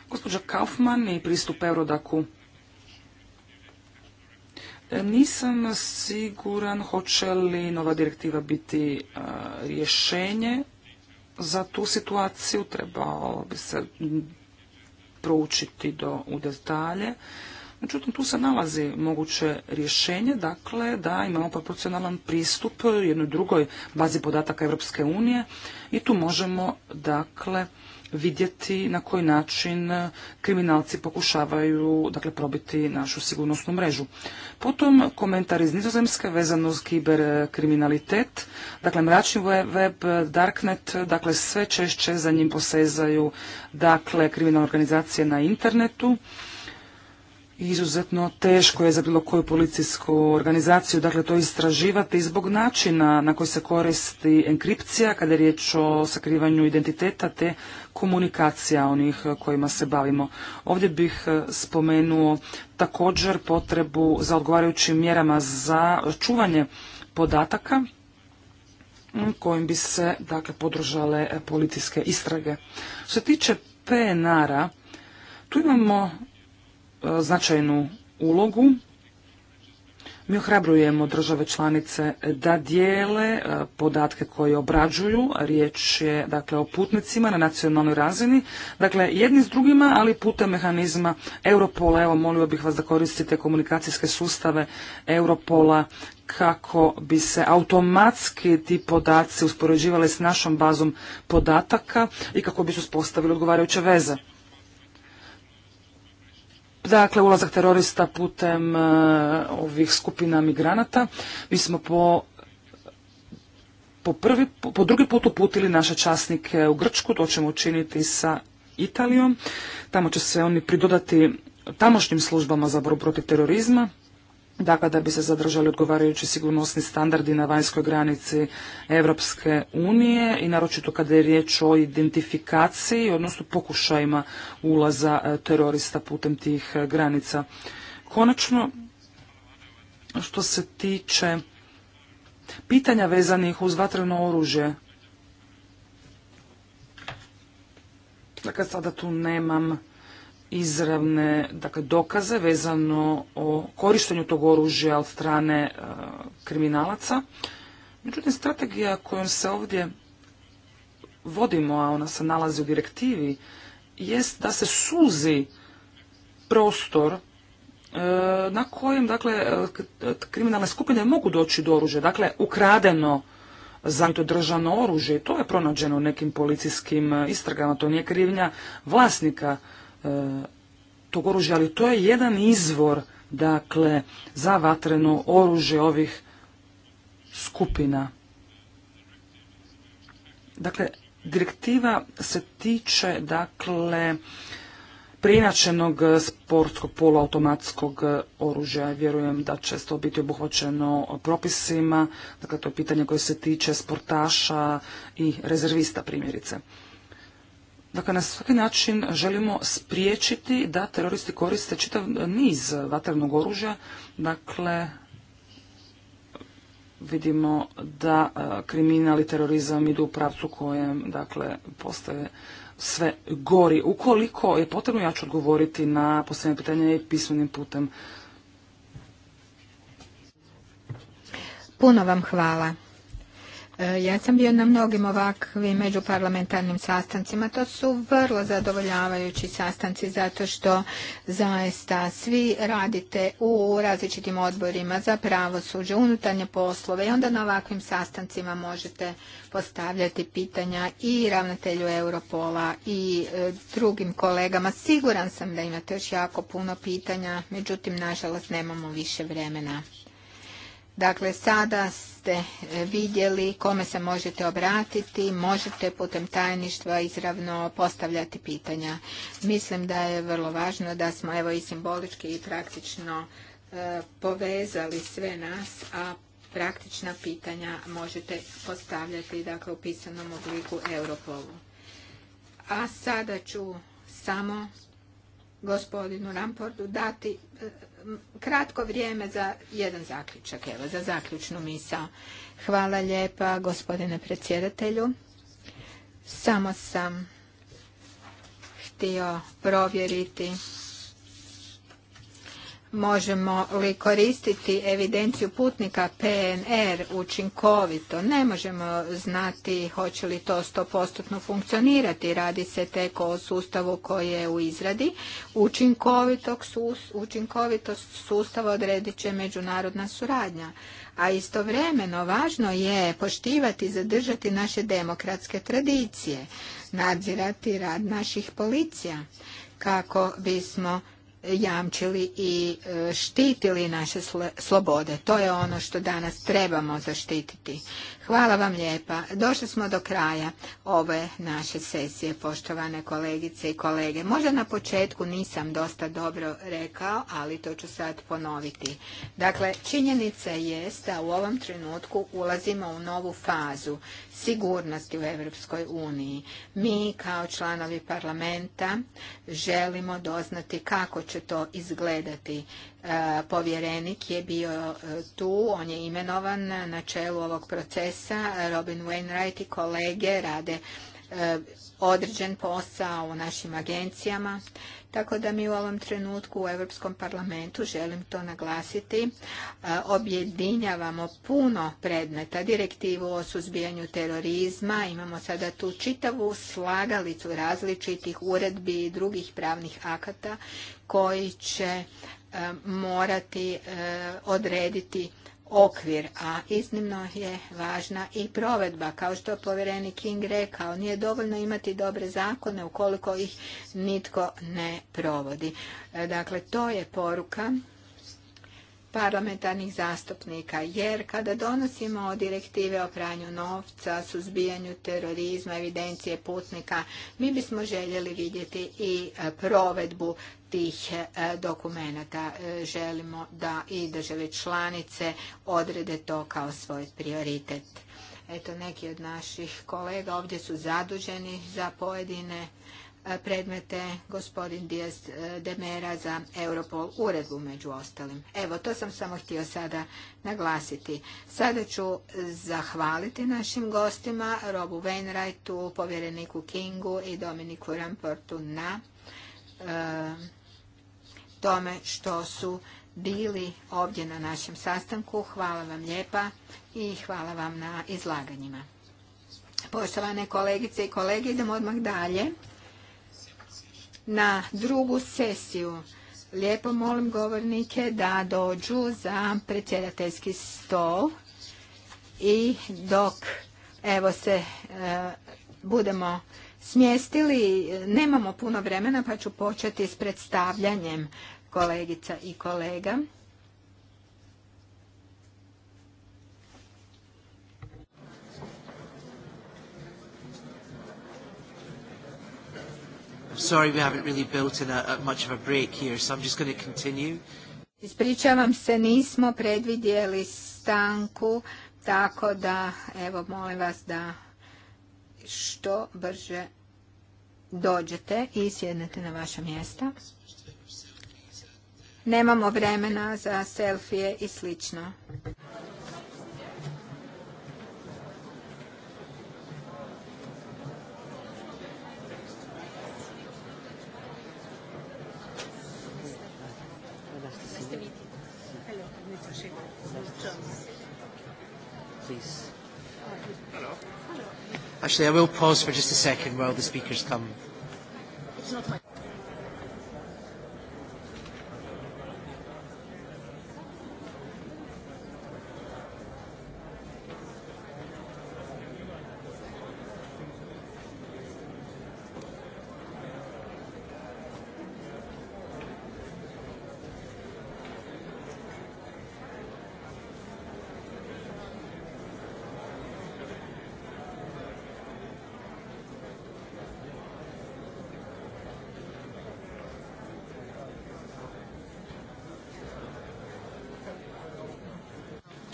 [SPEAKER 4] Gospođa Kaufman i pristup Eurodaku. E, nisam siguran hoće li nova direktiva biti e, rješenje za tu situaciju. Trebalo bi se proučiti do, u detalje. Međutim, tu se nalazi moguće rješenje, dakle, da imamo proporcionalan pristup jednoj drugoj bazi podataka Europske unije i tu možemo, dakle, vidjeti na koji način kriminalci pokušavaju dakle, probiti našu sigurnosnu mrežu. Potom komentar iz nizozemske vezano uz kiberkriminalitet, dakle mračni web, darknet, dakle sve češće za njim posezaju dakle kriminalne organizacije na internetu izuzetno teško je za bilo koju policijsku organizaciju dakle to istraživati zbog načina na koji se koristi enkripcija kada je riječ o sakrivanju identiteta te komunikacija onih kojima se bavimo. Ovdje bih spomenuo također potrebu za odgovarajućim mjerama za čuvanje podataka kojim bi se dakle podržale policijske istrage. Što se tiče PNR-a tu imamo značajnu ulogu. Mi ohrabrujemo države članice da dijele e, podatke koje obrađuju, riječ je dakle o putnicima na nacionalnoj razini, dakle jedni s drugima, ali putem mehanizma Europola, evo molio bih vas da koristite komunikacijske sustave Europola kako bi se automatski ti podaci uspoređivali s našom bazom podataka i kako bi se uspostavili odgovarajuće veze dakle ulazak terorista putem e, ovih skupina migranata. Mi smo po po, prvi, po drugi put uputili naše časnike u Grčku, to ćemo učiniti sa Italijom. Tamo će se oni pridodati tamošnjim službama za borbu protiv terorizma dakle da bi se zadržali odgovarajući sigurnosni standardi na vanjskoj granici Europske unije i naročito kada je riječ o identifikaciji, odnosno pokušajima ulaza e, terorista putem tih e, granica. Konačno, što se tiče pitanja vezanih uz vatreno oružje, dakle sada tu nemam izravne dakle, dokaze vezano o korištenju tog oružja od strane e, kriminalaca. Međutim, strategija kojom se ovdje vodimo, a ona se nalazi u direktivi, jest da se suzi prostor e, na kojem dakle, e, kriminalne skupine mogu doći do oružja. Dakle, ukradeno to državno oružje to je pronađeno u nekim policijskim istragama. To nije krivnja vlasnika E, tog oružja, ali to je jedan izvor dakle za vatreno oružje ovih skupina. Dakle, direktiva se tiče dakle preinačenog sportskog poluautomatskog oružja. Vjerujem da će to biti obuhvaćeno propisima. Dakle, to je pitanje koje se tiče sportaša i rezervista primjerice. Dakle, na svaki način želimo spriječiti da teroristi koriste čitav niz vatrenog oružja. Dakle, vidimo da e, kriminal i terorizam idu u pravcu kojem dakle, postaje sve gori. Ukoliko je potrebno, ja ću odgovoriti na posljednje pitanje i pismenim putem.
[SPEAKER 2] Puno vam hvala. E, ja sam bio na mnogim ovakvim međuparlamentarnim sastancima. To su vrlo zadovoljavajući sastanci zato što zaista svi radite u različitim odborima za pravosuđe, unutarnje poslove i onda na ovakvim sastancima možete postavljati pitanja i ravnatelju Europola i e, drugim kolegama. Siguran sam da imate još jako puno pitanja, međutim, nažalost, nemamo više vremena. Dakle, sada ste vidjeli kome se možete obratiti, možete putem tajništva izravno postavljati pitanja. Mislim da je vrlo važno da smo evo i simbolički i praktično e, povezali sve nas, a praktična pitanja možete postavljati dakle, u pisanom obliku Europolu. A sada ću samo gospodinu Rampordu dati e, kratko vrijeme za jedan zaključak, evo, za zaključnu misao. Hvala lijepa gospodine predsjedatelju. Samo sam htio provjeriti Možemo li koristiti evidenciju putnika PNR učinkovito? Ne možemo znati hoće li to stopostotno funkcionirati. Radi se tek o sustavu koji je u izradi. Učinkovitost sustava odredit će međunarodna suradnja. A istovremeno važno je poštivati i zadržati naše demokratske tradicije, nadzirati rad naših policija kako bismo jamčili i e, štitili naše slobode. To je ono što danas trebamo zaštititi. Hvala vam lijepa. Došli smo do kraja ove naše sesije, poštovane kolegice i kolege. Možda na početku nisam dosta dobro rekao, ali to ću sad ponoviti. Dakle, činjenica je da u ovom trenutku ulazimo u novu fazu sigurnosti u Europskoj uniji. Mi kao članovi parlamenta želimo doznati kako će to izgledati E, povjerenik je bio e, tu, on je imenovan na čelu ovog procesa. Robin Wainwright i kolege rade e, određen posao u našim agencijama. Tako da mi u ovom trenutku u Europskom parlamentu, želim to naglasiti, objedinjavamo puno predmeta. Direktivu o suzbijanju terorizma, imamo sada tu čitavu slagalicu različitih uredbi i drugih pravnih akata koji će E, morati e, odrediti okvir, a iznimno je važna i provedba. Kao što je povjerenik King rekao, nije dovoljno imati dobre zakone ukoliko ih nitko ne provodi. E, dakle, to je poruka parlamentarnih zastupnika, jer kada donosimo direktive o pranju novca, suzbijanju terorizma, evidencije putnika, mi bismo željeli vidjeti i e, provedbu tih e, dokumenata. E, želimo da i države članice odrede to kao svoj prioritet. Eto, neki od naših kolega ovdje su zaduženi za pojedine E, predmete gospodin e, de Demera za Europol uredbu među ostalim. Evo, to sam samo htio sada naglasiti. Sada ću zahvaliti našim gostima, Robu Wainwrightu, povjereniku Kingu i Dominiku Ramportu na e, tome što su bili ovdje na našem sastanku. Hvala vam lijepa i hvala vam na izlaganjima. Poštovane kolegice i kolege, idemo odmah dalje na drugu sesiju. Lijepo molim govornike da dođu za predsjedateljski stol i dok evo se e, budemo smjestili, nemamo puno vremena pa ću početi s predstavljanjem kolegica i kolega.
[SPEAKER 1] sorry we haven't really built in a, a much of a break here, so I'm just going to continue.
[SPEAKER 2] Ispričavam se, nismo predvidjeli stanku, tako da, evo, molim vas da što brže dođete i sjednete na vaša mjesta. Nemamo vremena za selfije i slično.
[SPEAKER 1] Actually, I will pause for just a second while the speakers come. It's not my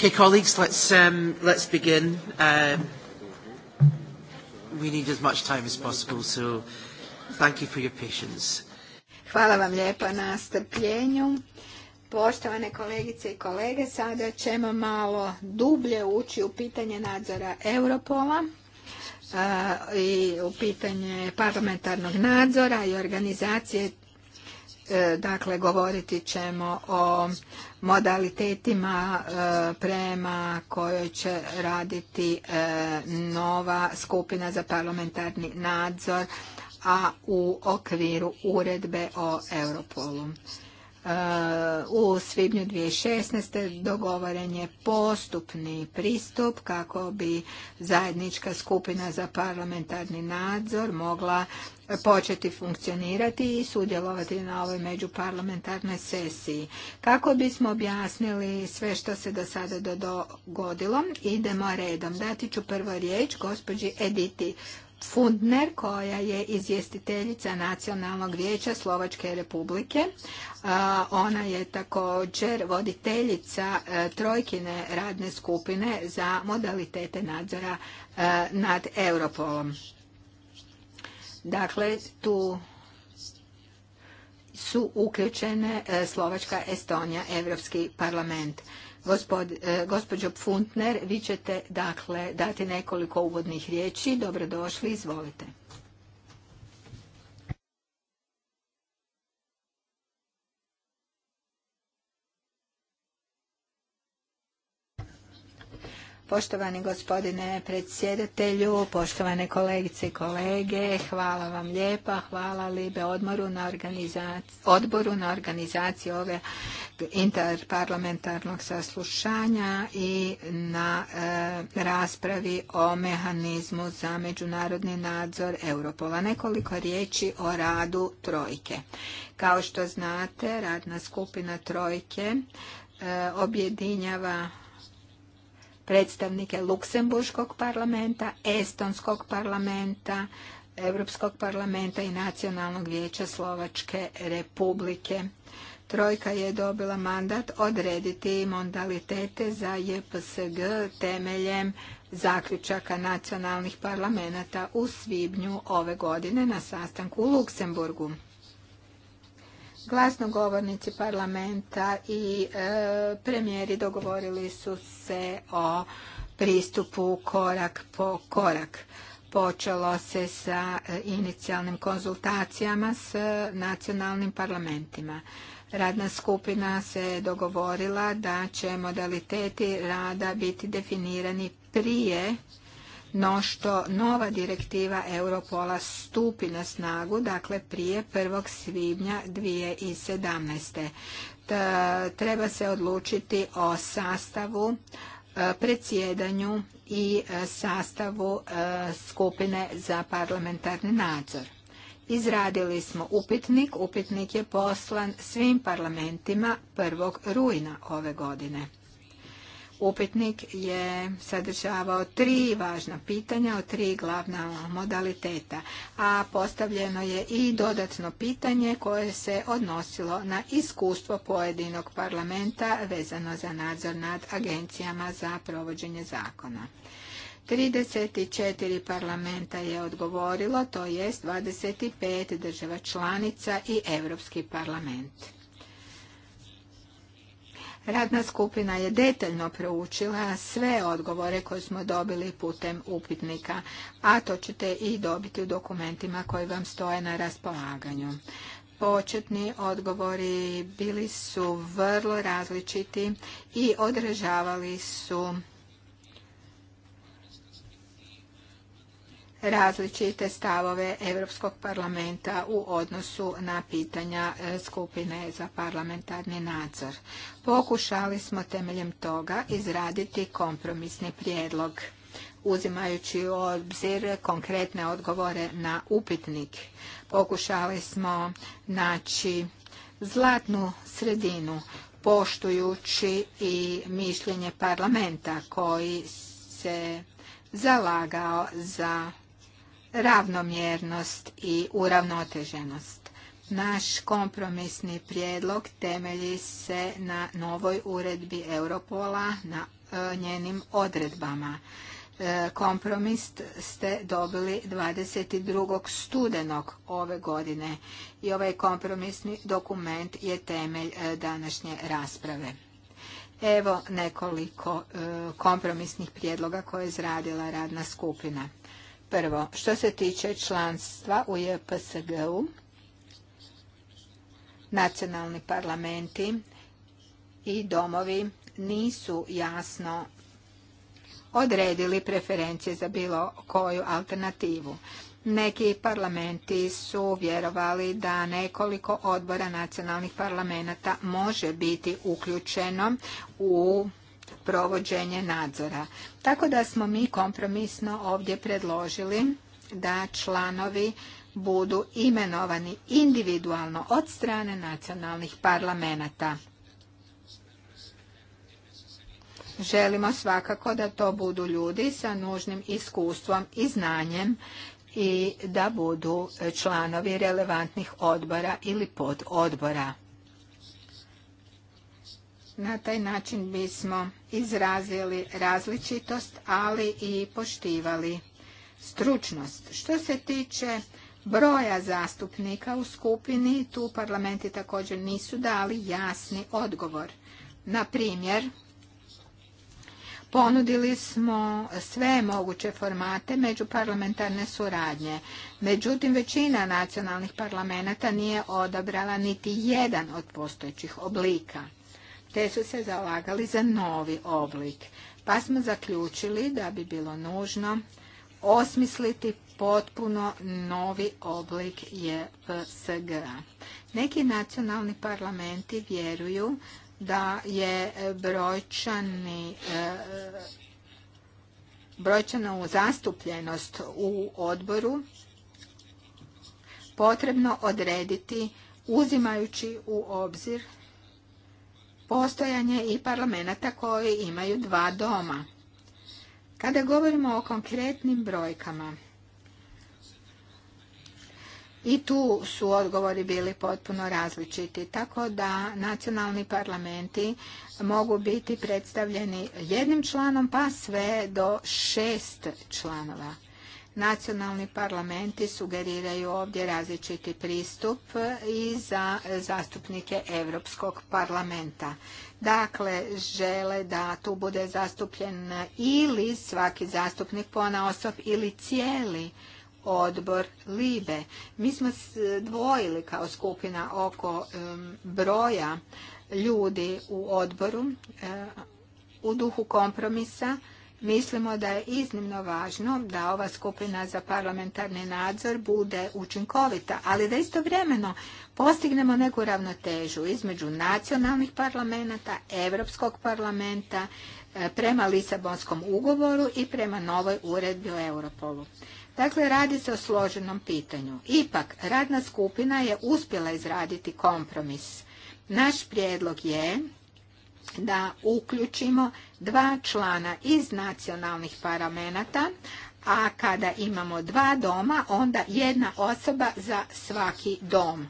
[SPEAKER 1] Okay, colleagues, let's, um, let's begin. Um, we need as much time as possible, so thank you for your patience.
[SPEAKER 2] Hvala vam lijepa na strpljenju. Poštovane kolegice i kolege, sada ćemo malo dublje ući u pitanje nadzora Europola uh, i u pitanje parlamentarnog nadzora i organizacije E, dakle, govoriti ćemo o modalitetima e, prema kojoj će raditi e, nova skupina za parlamentarni nadzor, a u okviru uredbe o Europolu u svibnju 2016. dogovoren je postupni pristup kako bi zajednička skupina za parlamentarni nadzor mogla početi funkcionirati i sudjelovati na ovoj međuparlamentarnoj sesiji. Kako bismo objasnili sve što se do sada dogodilo, idemo redom. Dati ću prvo riječ gospođi Editi Fundner koja je izvjestiteljica Nacionalnog vijeća Slovačke republike. Ona je također voditeljica e, trojkine radne skupine za modalitete nadzora e, nad Europolom. Dakle, tu su uključene e, Slovačka, Estonija, Europski parlament. E, gospođo Pfuntner, vi ćete dakle dati nekoliko uvodnih riječi. Dobrodošli, izvolite. Poštovani gospodine predsjedatelju, poštovane kolegice i kolege, hvala vam lijepa, hvala Libe odmoru na odboru na organizaciji ove interparlamentarnog saslušanja i na e, raspravi o mehanizmu za međunarodni nadzor Europola. Nekoliko riječi o radu Trojke. Kao što znate, radna skupina Trojke e, objedinjava predstavnike Luksemburškog parlamenta, Estonskog parlamenta, Europskog parlamenta i Nacionalnog vijeća Slovačke republike. Trojka je dobila mandat odrediti modalitete za JPSG temeljem zaključaka nacionalnih parlamenta u svibnju ove godine na sastanku u Luksemburgu. Glasnogovornici parlamenta i e, premijeri dogovorili su se o pristupu korak po korak. Počelo se sa e, inicijalnim konzultacijama s nacionalnim parlamentima. Radna skupina se dogovorila da će modaliteti rada biti definirani prije no što nova direktiva Europola stupi na snagu, dakle prije 1. svibnja 2017. treba se odlučiti o sastavu, e, predsjedanju i e, sastavu e, skupine za parlamentarni nadzor. Izradili smo upitnik, upitnik je poslan svim parlamentima 1. rujna ove godine. Upitnik je sadržavao tri važna pitanja o tri glavna modaliteta, a postavljeno je i dodatno pitanje koje se odnosilo na iskustvo pojedinog parlamenta vezano za nadzor nad agencijama za provođenje zakona. 34 parlamenta je odgovorilo, to jest 25 država članica i Europski parlament. Radna skupina je detaljno proučila sve odgovore koje smo dobili putem upitnika, a to ćete i dobiti u dokumentima koji vam stoje na raspolaganju. Početni odgovori bili su vrlo različiti i odražavali su različite stavove Europskog parlamenta u odnosu na pitanja e, skupine za parlamentarni nadzor. Pokušali smo temeljem toga izraditi kompromisni prijedlog uzimajući u obzir konkretne odgovore na upitnik. Pokušali smo naći zlatnu sredinu poštujući i mišljenje parlamenta koji se zalagao za ravnomjernost i uravnoteženost. Naš kompromisni prijedlog temelji se na novoj uredbi Europola, na e, njenim odredbama. E, kompromis ste dobili 22. studenog ove godine i ovaj kompromisni dokument je temelj e, današnje rasprave. Evo nekoliko kompromisnih prijedloga koje je izradila radna skupina. Prvo, što se tiče članstva u JPSG-u, nacionalni parlamenti i domovi nisu jasno odredili preferencije za bilo koju alternativu. Neki parlamenti su vjerovali da nekoliko odbora nacionalnih parlamenta može biti uključeno u provođenje nadzora. Tako da smo mi kompromisno ovdje predložili da članovi budu imenovani individualno od strane nacionalnih parlamenata. Želimo svakako da to budu ljudi sa nužnim iskustvom i znanjem i da budu članovi relevantnih odbora ili pododbora. Na taj način bismo izrazili različitost, ali i poštivali stručnost. Što se tiče broja zastupnika u skupini, tu parlamenti također nisu dali jasni odgovor. Na primjer, ponudili smo sve moguće formate međuparlamentarne suradnje. Međutim, većina nacionalnih parlamenta nije odabrala niti jedan od postojećih oblika te su se zalagali za novi oblik. Pa smo zaključili da bi bilo nužno osmisliti potpuno novi oblik JPSG-a. Neki nacionalni parlamenti vjeruju da je brojčani uzastupljenost e, zastupljenost u odboru potrebno odrediti uzimajući u obzir postojanje i parlamenta koji imaju dva doma. Kada govorimo o konkretnim brojkama, i tu su odgovori bili potpuno različiti, tako da nacionalni parlamenti mogu biti predstavljeni jednim članom pa sve do šest članova. Nacionalni parlamenti sugeriraju ovdje različiti pristup i za zastupnike Europskog parlamenta. Dakle, žele da tu bude zastupljen ili svaki zastupnik osob ili cijeli odbor Libe. Mi smo dvojili kao skupina oko broja ljudi u odboru u duhu kompromisa Mislimo da je iznimno važno da ova skupina za parlamentarni nadzor bude učinkovita, ali da istovremeno postignemo neku ravnotežu između nacionalnih parlamenta, Europskog parlamenta, e, prema Lisabonskom ugovoru i prema novoj uredbi o Europolu. Dakle, radi se o složenom pitanju. Ipak, radna skupina je uspjela izraditi kompromis. Naš prijedlog je da uključimo dva člana iz nacionalnih paramenata, a kada imamo dva doma, onda jedna osoba za svaki dom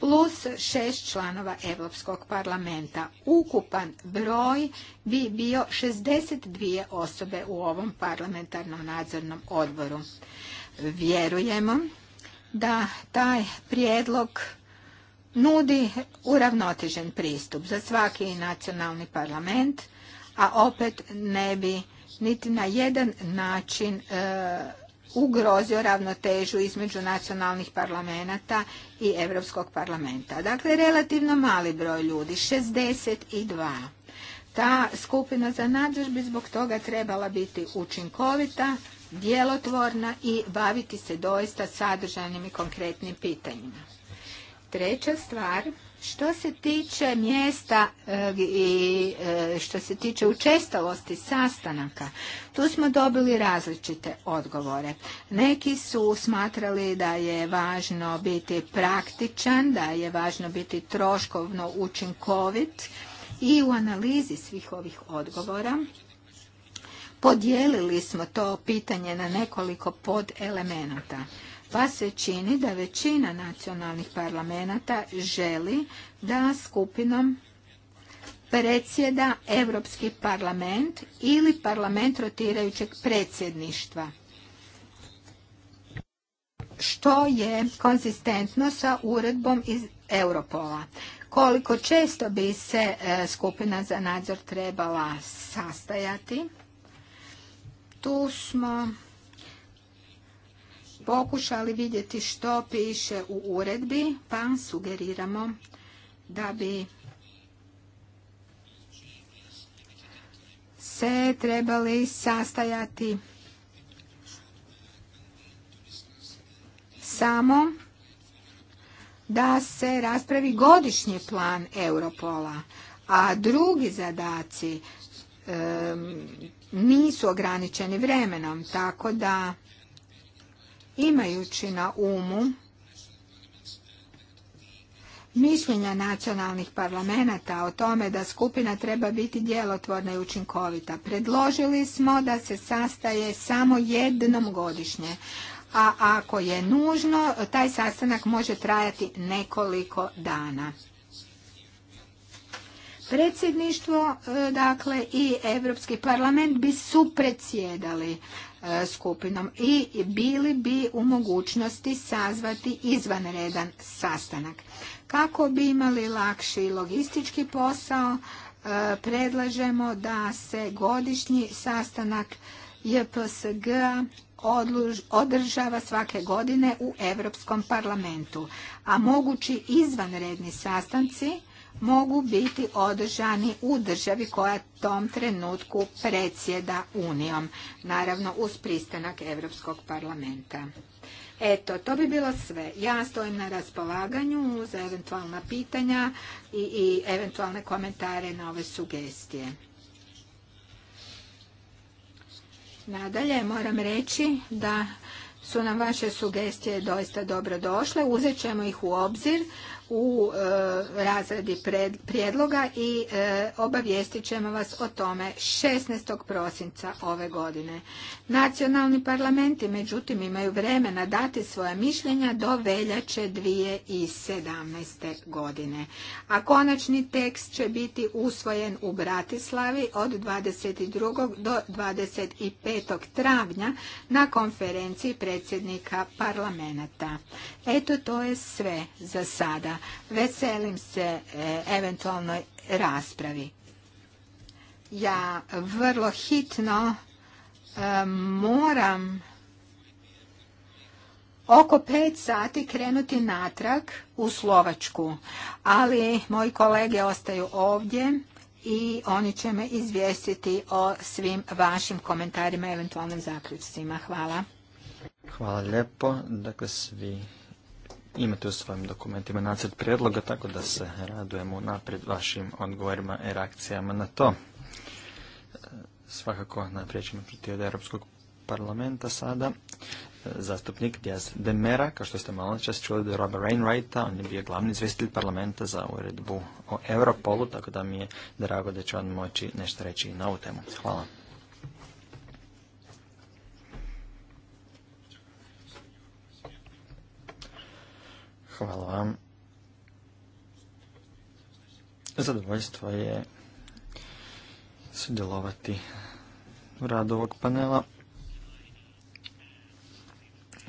[SPEAKER 2] plus šest članova Europskog parlamenta. Ukupan broj bi bio 62 osobe u ovom parlamentarnom nadzornom odboru. Vjerujemo da taj prijedlog nudi uravnotežen pristup za svaki nacionalni parlament, a opet ne bi niti na jedan način e, ugrozio ravnotežu između nacionalnih parlamenta i Europskog parlamenta. Dakle, relativno mali broj ljudi, 62. Ta skupina za nadzor bi zbog toga trebala biti učinkovita, djelotvorna i baviti se doista sadržajnim i konkretnim pitanjima treća stvar, što se tiče mjesta e, i e, što se tiče učestalosti sastanaka, tu smo dobili različite odgovore. Neki su smatrali da je važno biti praktičan, da je važno biti troškovno učinkovit i u analizi svih ovih odgovora podijelili smo to pitanje na nekoliko podelemenata pa se čini da većina nacionalnih parlamenata želi da skupinom predsjeda Europski parlament ili parlament rotirajućeg predsjedništva što je konzistentno sa uredbom iz Europola. Koliko često bi se e, skupina za nadzor trebala sastajati? Tu smo pokušali vidjeti što piše u uredbi, pa sugeriramo da bi se trebali sastajati samo da se raspravi godišnji plan Europola, a drugi zadaci nisu ograničeni vremenom, tako da Imajući na umu mišljenja nacionalnih parlamenta o tome da skupina treba biti djelotvorna i učinkovita. Predložili smo da se sastaje samo jednom godišnje, a ako je nužno, taj sastanak može trajati nekoliko dana. Predsjedništvo, e, dakle, i Europski parlament bi su predsjedali E, skupinom i bili bi u mogućnosti sazvati izvanredan sastanak. Kako bi imali lakši logistički posao, e, predlažemo da se godišnji sastanak JPSG održava svake godine u Europskom parlamentu, a mogući izvanredni sastanci mogu biti održani u državi koja tom trenutku predsjeda Unijom, naravno uz pristanak Europskog parlamenta. Eto, to bi bilo sve. Ja stojim na raspolaganju za eventualna pitanja i, i eventualne komentare na ove sugestije. Nadalje, moram reći da su nam vaše sugestije doista dobro došle. Uzet ćemo ih u obzir u e, razradi prijedloga i e, obavijestit ćemo vas o tome 16. prosinca ove godine. Nacionalni parlamenti međutim imaju vremena dati svoje mišljenja do veljače 2017. godine. A konačni tekst će biti usvojen u Bratislavi od 22. do 25. travnja na konferenciji predsjednika parlamenta. Eto to je sve za sada. Veselim se e, eventualnoj raspravi. Ja vrlo hitno e, moram oko pet sati krenuti natrag u Slovačku, ali moji kolege ostaju ovdje i oni će me izvijestiti o svim vašim komentarima i eventualnim zaključcima. Hvala.
[SPEAKER 3] Hvala lijepo. Dakle, svi imate u svojim dokumentima nacrt prijedloga, tako da se radujemo napred vašim odgovorima i reakcijama na to. E, svakako naprijed ćemo čuti od Europskog parlamenta sada e, zastupnik Diaz de Mera, kao što ste malo čas čuli od Roba Rainwrighta, on je bio glavni izvjestitelj parlamenta za uredbu o Europolu, tako da mi je drago da će on moći nešto reći i na ovu temu. Hvala. Hvala vam. Zadovoljstvo je sudjelovati u radu ovog panela.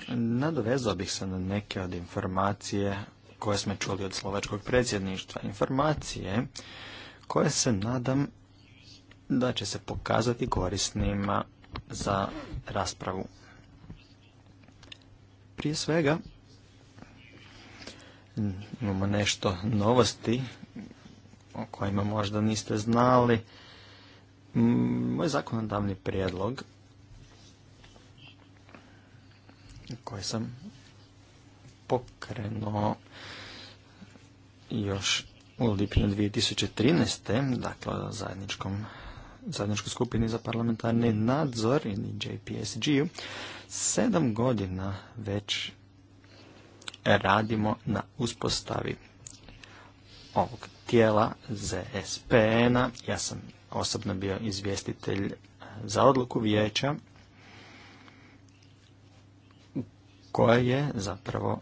[SPEAKER 3] Nadovezao bih se na neke od informacije koje smo čuli od slovačkog predsjedništva. Informacije koje se nadam da će se pokazati korisnima za raspravu. Prije svega, imamo nešto novosti o kojima možda niste znali. Mm, moj zakonodavni prijedlog koji sam pokrenuo još u lipnju 2013. dakle o zajedničkom zajedničkoj skupini za parlamentarni nadzor in JPSG-u sedam godina već radimo na uspostavi ovog tijela ZSPN-a. Ja sam osobno bio izvjestitelj e, za odluku vijeća koja je zapravo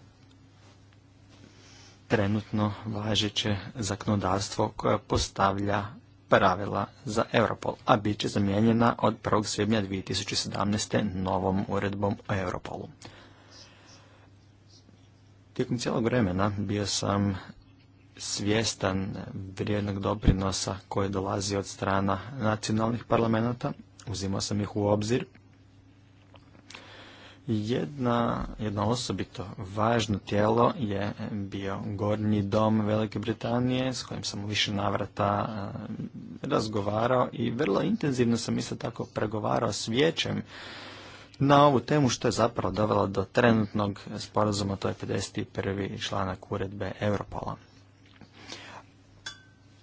[SPEAKER 3] trenutno važeće zakonodavstvo koje postavlja pravila za Europol, a bit će zamijenjena od 1. svibnja 2017. novom uredbom o Europolu. Tijekom cijelog vremena bio sam svjestan vrijednog doprinosa koji dolazi od strana nacionalnih parlamenta, uzimao sam ih u obzir. Jedna, jedno osobito važno tijelo je bio Gornji dom Velike Britanije s kojim sam u više navrata eh, razgovarao i vrlo intenzivno sam isto tako pregovarao s vijećem na ovu temu što je zapravo dovelo do trenutnog sporazuma, to je 51. članak uredbe Europola.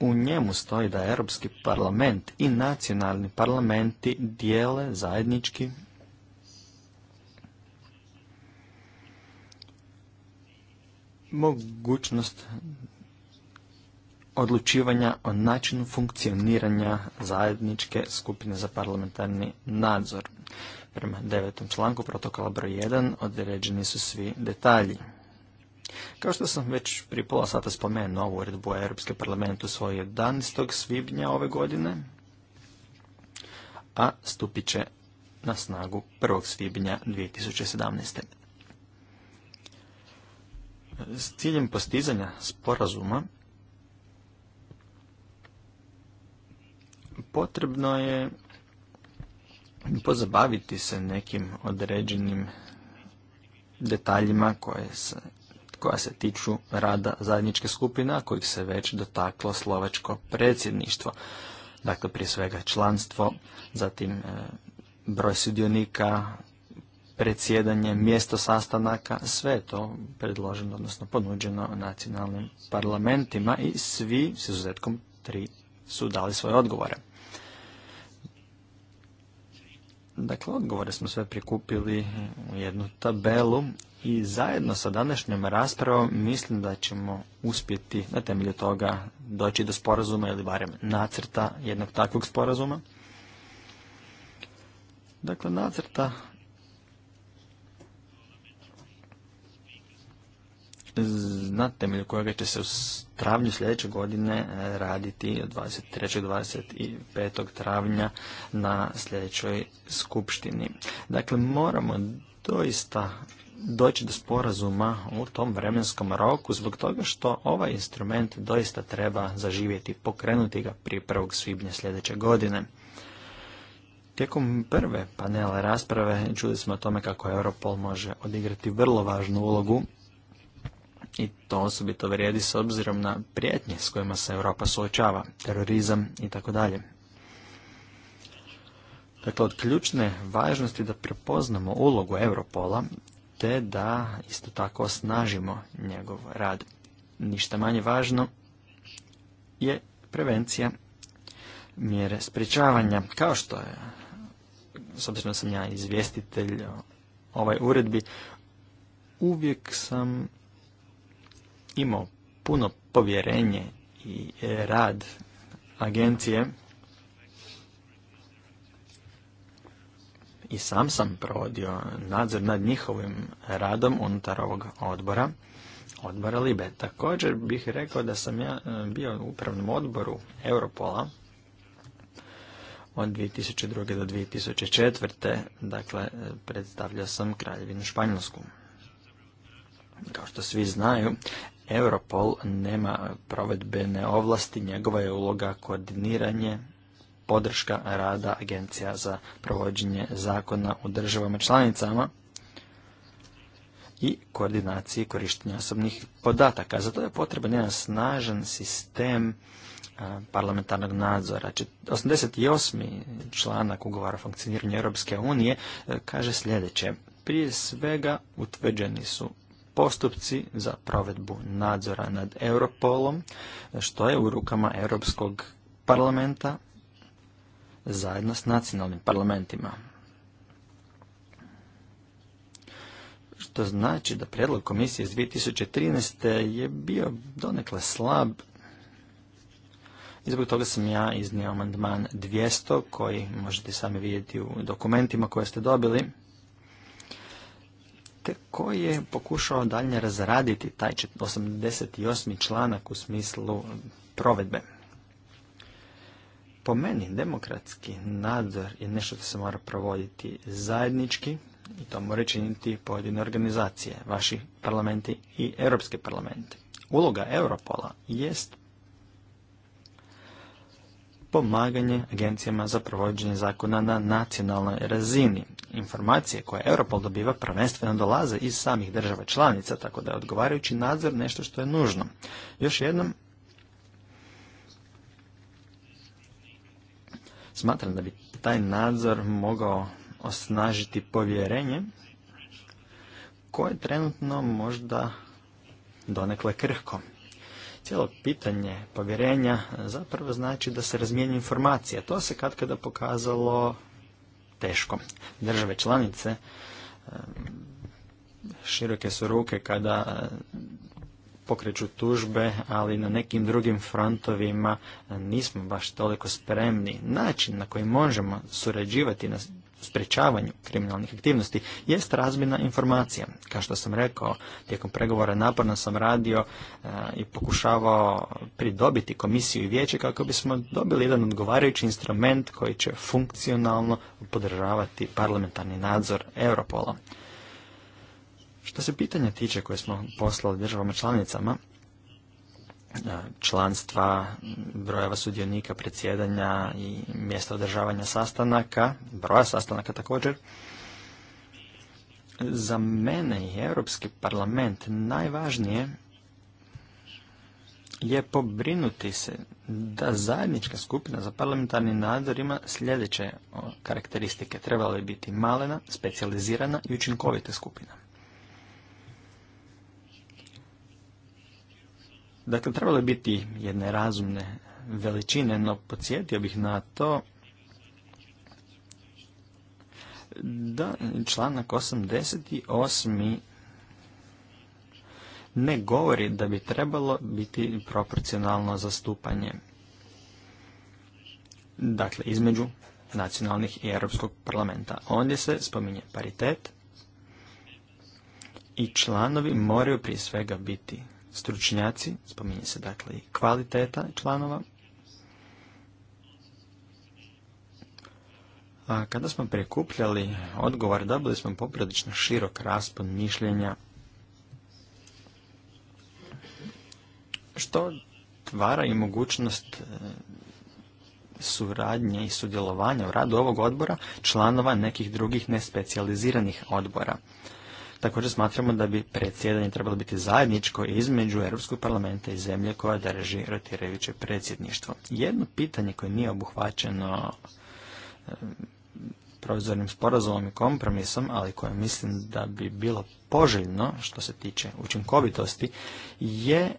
[SPEAKER 3] U njemu stoji da Europski parlament i nacionalni parlamenti dijele zajednički mogućnost odlučivanja o načinu funkcioniranja zajedničke skupine za parlamentarni nadzor. Prema devetom članku protokola broj 1 određeni su svi detalji. Kao što sam već pri pola sata spomenuo, ovu uredbu je Europski parlament usvojio 11. svibnja ove godine, a stupit će na snagu 1. svibnja 2017. S ciljem postizanja sporazuma potrebno je pozabaviti se nekim određenim detaljima koje se, koja se tiču rada zajedničke skupina kojih se već dotaklo slovačko predsjedništvo. Dakle, prije svega članstvo, zatim e, broj sudionika, predsjedanje, mjesto sastanaka, sve je to predloženo, odnosno ponuđeno nacionalnim parlamentima i svi, s izuzetkom tri, su dali svoje odgovore. Dakle, odgovore smo sve prikupili u jednu tabelu i zajedno sa današnjom raspravom mislim da ćemo uspjeti na temelju toga doći do sporazuma ili barem nacrta jednog takvog sporazuma. Dakle, nacrta na temelju kojega će se u travnju sljedeće godine e, raditi od 23. i 25. travnja na sljedećoj skupštini. Dakle, moramo doista doći do sporazuma u tom vremenskom roku zbog toga što ovaj instrument doista treba zaživjeti, pokrenuti ga prije 1. svibnja sljedeće godine. Tijekom prve panele rasprave čuli smo o tome kako Europol može odigrati vrlo važnu ulogu i to osobito vrijedi s obzirom na prijetnje s kojima se Europa suočava, terorizam i tako dalje. Dakle, od ključne važnosti da prepoznamo ulogu Europola, te da isto tako osnažimo njegov rad. Ništa manje važno je prevencija mjere sprječavanja, kao što je, s obzirom sam ja izvjestitelj o ovaj uredbi, uvijek sam imao puno povjerenje i e, rad agencije i sam sam provodio nadzor nad njihovim radom unutar ovog odbora, odbora Libe. Također bih rekao da sam ja e, bio u upravnom odboru Europola od 2002. do 2004. Dakle, e, predstavljao sam Kraljevinu Španjolsku. Kao što svi znaju, Europol nema provedbene ovlasti, njegova je uloga koordiniranje, podrška rada agencija za provođenje zakona u državama članicama i koordinaciji korištenja osobnih podataka. Zato je potreban jedan snažan sistem parlamentarnog nadzora. 88. članak ugovora o funkcioniranju Europske unije e, kaže sljedeće. Prije svega utvrđeni su postupci za provedbu nadzora nad Europolom, što je u rukama Europskog parlamenta zajedno s nacionalnim parlamentima. Što znači da predlog komisije iz 2013. je bio donekle slab i zbog toga sam ja iznio amandman 200 koji možete sami vidjeti u dokumentima koje ste dobili te koji je pokušao dalje razraditi taj 88. članak u smislu provedbe. Po meni, demokratski nadzor je nešto što se mora provoditi zajednički i to mora činiti pojedine organizacije, vaši parlamenti i europski parlamenti. Uloga Europola jest pomaganje agencijama za provođenje zakona na nacionalnoj razini. Informacije koje Europol dobiva prvenstveno dolaze iz samih država članica, tako da je odgovarajući nadzor nešto što je nužno. Još jednom, smatram da bi taj nadzor mogao osnažiti povjerenje koje trenutno možda donekle krhko. Cijelo pitanje povjerenja zapravo znači da se razmjenjuju informacije To se kad kada pokazalo teško. Države članice široke su ruke kada pokreću tužbe, ali na nekim drugim frontovima nismo baš toliko spremni. Način na koji možemo surađivati na sprečavanju kriminalnih aktivnosti jest razmjena informacija. Kao što sam rekao, tijekom pregovora naporno sam radio e, i pokušavao pridobiti komisiju i vijeće kako bismo dobili jedan odgovarajući instrument koji će funkcionalno podržavati parlamentarni nadzor Europola. Što se pitanja tiče koje smo poslali državama članicama, članstva, brojeva sudionika, predsjedanja i mjesta održavanja sastanaka, broja sastanaka također. Za mene i Europski parlament najvažnije je pobrinuti se
[SPEAKER 5] da zajednička
[SPEAKER 3] skupina za parlamentarni nadzor ima sljedeće karakteristike. Trebala bi biti malena, specijalizirana i učinkovita skupina. Dakle, trebalo je biti jedne razumne veličine, no podsjetio bih na to da članak 88. ne govori da bi trebalo biti proporcionalno zastupanje. Dakle, između nacionalnih i europskog parlamenta. Ondje se spominje paritet i članovi moraju prije svega biti stručnjaci, spominje se dakle i kvaliteta članova. kada smo prikupljali odgovor, dobili smo poprilično širok raspon mišljenja, što tvara i mogućnost e, suradnje i sudjelovanja u radu ovog odbora članova nekih drugih nespecijaliziranih odbora. Također smatramo da bi predsjedanje trebalo biti zajedničko između Europskog parlamenta i zemlje koja drži rotirajuće predsjedništvo. Jedno pitanje koje nije obuhvaćeno eh, provizornim sporazumom i kompromisom, ali koje mislim da bi bilo poželjno što se tiče učinkovitosti, je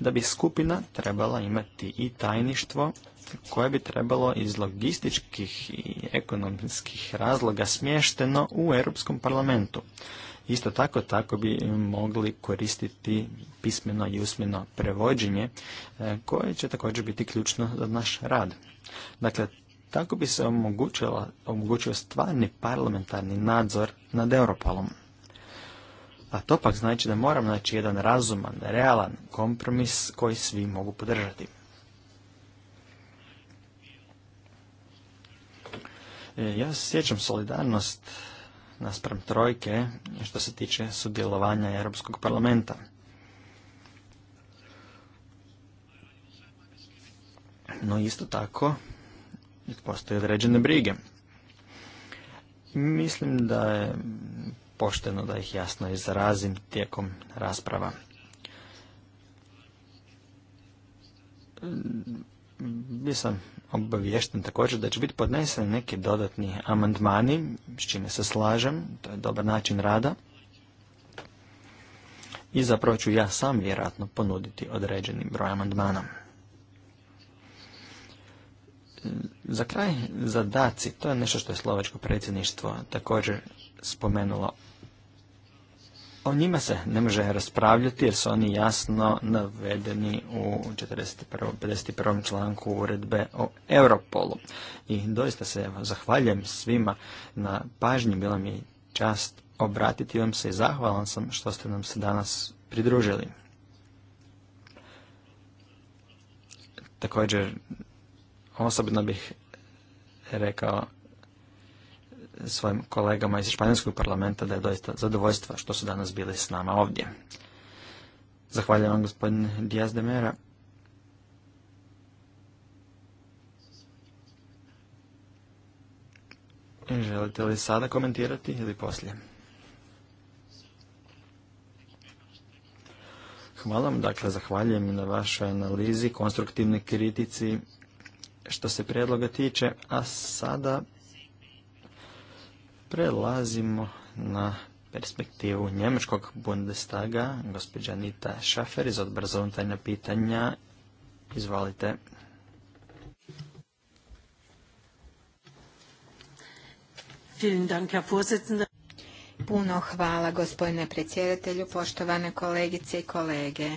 [SPEAKER 3] da bi skupina trebala imati i tajništvo koje bi trebalo iz logističkih i ekonomskih razloga smješteno u Europskom parlamentu. Isto tako, tako bi mogli koristiti pismeno i usmeno prevođenje e, koje će također biti ključno za naš rad. Dakle, tako bi se omogućila, omogućio stvarni parlamentarni nadzor nad Europalom. A to pak znači da moram naći jedan razuman, realan kompromis koji svi mogu podržati. E, ja se sjećam solidarnost naspram trojke što se tiče sudjelovanja Europskog parlamenta. No isto tako postoje određene brige. Mislim da je pošteno da ih jasno izrazim tijekom rasprava. Bio sam obaviješten također da će biti podneseni neki dodatni amandmani, s čime se slažem, to je dobar način rada. I zapravo ću ja sam vjerojatno ponuditi određeni broj amandmana. Za kraj, zadaci, to je nešto što je slovačko predsjedništvo također spomenulo o njima se ne može raspravljati jer su oni jasno navedeni u 41. 51. članku uredbe o Europolu. I doista se zahvaljujem svima na pažnji, bila mi čast obratiti vam se i zahvalan sam što ste nam se danas pridružili. Također, osobno bih rekao svojim kolegama iz Španjolskog parlamenta da je doista zadovoljstva što su danas bili s nama ovdje. Zahvaljujem vam gospodin Diaz de Mera. Želite li sada komentirati ili poslije? Hvala vam, dakle, zahvaljujem na vašoj analizi, konstruktivnoj kritici što se predloga tiče, a sada Prelazimo na perspektivu njemačkog Bundestaga, gospođa Anita Šafer iz odbora za unutarnja pitanja. Izvolite.
[SPEAKER 2] Vielen Dank, Herr Vorsitzender. Puno hvala gospodine predsjedatelju, poštovane kolegice i kolege.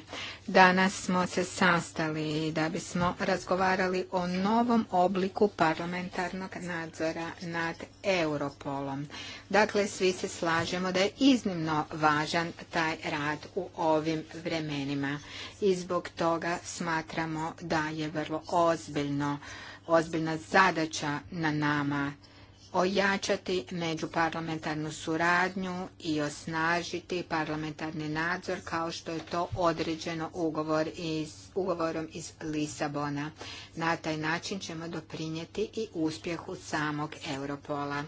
[SPEAKER 2] Danas smo se sastali da bismo razgovarali o novom obliku parlamentarnog nadzora nad Europolom. Dakle, svi se slažemo da je iznimno važan taj rad u ovim vremenima i zbog toga smatramo da je vrlo ozbiljno, ozbiljna zadaća na nama ojačati međuparlamentarnu suradnju i osnažiti parlamentarni nadzor kao što je to određeno ugovor iz, ugovorom iz Lisabona. Na taj način ćemo doprinijeti i uspjehu samog Europola.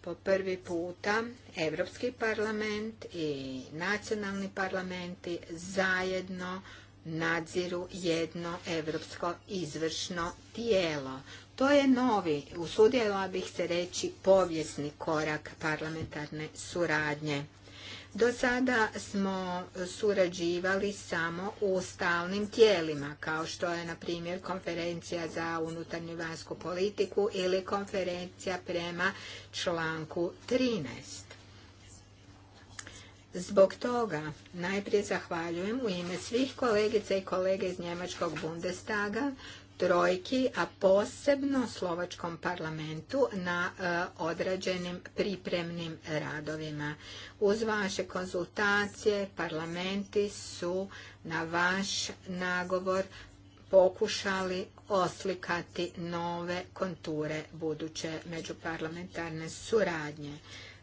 [SPEAKER 2] Po prvi puta Europski parlament i nacionalni parlamenti zajedno nadziru jedno europsko izvršno tijelo to je novi, usudjela bih se reći, povijesni korak parlamentarne suradnje. Do sada smo surađivali samo u stalnim tijelima, kao što je, na primjer, konferencija za unutarnju vanjsku politiku ili konferencija prema članku 13. Zbog toga najprije zahvaljujem u ime svih kolegica i kolege iz Njemačkog Bundestaga trojki, a posebno slovačkom parlamentu na e, odrađenim pripremnim radovima. Uz vaše konzultacije parlamenti su na vaš nagovor pokušali oslikati nove konture buduće međuparlamentarne suradnje.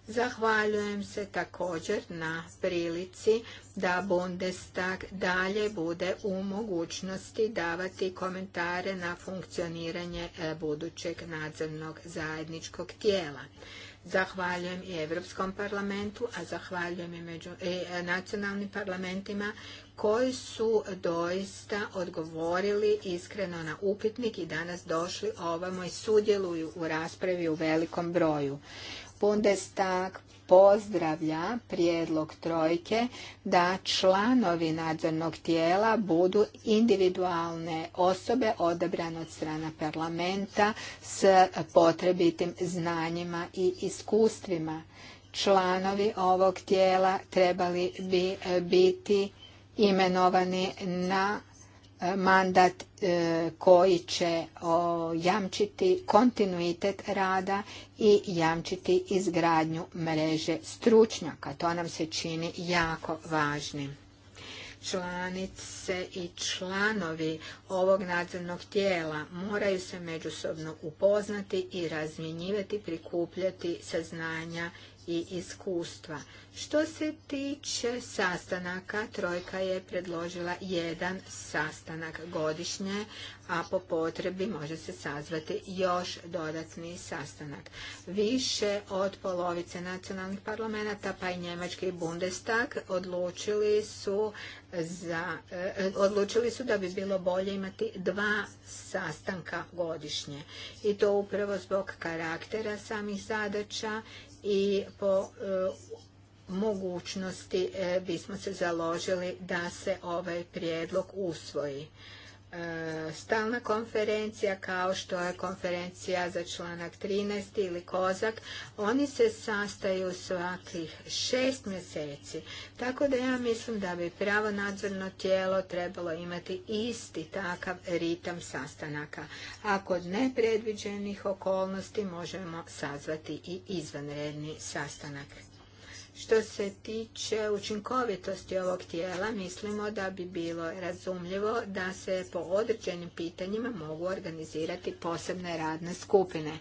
[SPEAKER 2] Zahvaljujem se također na prilici da Bundestag dalje bude u mogućnosti davati komentare na funkcioniranje e, budućeg nadzornog zajedničkog tijela. Zahvaljujem i Europskom parlamentu, a zahvaljujem i, e, nacionalnim parlamentima koji su doista odgovorili iskreno na upitnik i danas došli ovamo i sudjeluju u raspravi u velikom broju. Bundestag pozdravlja prijedlog trojke da članovi nadzornog tijela budu individualne osobe odabrane od strana parlamenta s potrebitim znanjima i iskustvima. Članovi ovog tijela trebali bi biti imenovani na mandat e, koji će jamčiti kontinuitet rada i jamčiti izgradnju mreže stručnjaka. To nam se čini jako važnim članice i članovi ovog nadzornog tijela moraju se međusobno upoznati i razmjenjivati, prikupljati saznanja i iskustva. Što se tiče sastanaka, Trojka je predložila jedan sastanak godišnje, a po potrebi može se sazvati još dodatni sastanak. Više od polovice nacionalnih parlamenta, pa i Njemački Bundestag, odlučili su, za, eh, odlučili su da bi bilo bolje imati dva sastanka godišnje. I to upravo zbog karaktera samih zadaća i po e, mogućnosti e, bismo se založili da se ovaj prijedlog usvoji. E, stalna konferencija kao što je konferencija za članak 13 ili Kozak, oni se sastaju svakih šest mjeseci. Tako da ja mislim da bi pravo nadzorno tijelo trebalo imati isti takav ritam sastanaka. A kod nepredviđenih okolnosti možemo sazvati i izvanredni sastanak. Što se tiče učinkovitosti ovog tijela, mislimo da bi bilo razumljivo da se po određenim pitanjima mogu organizirati posebne radne skupine.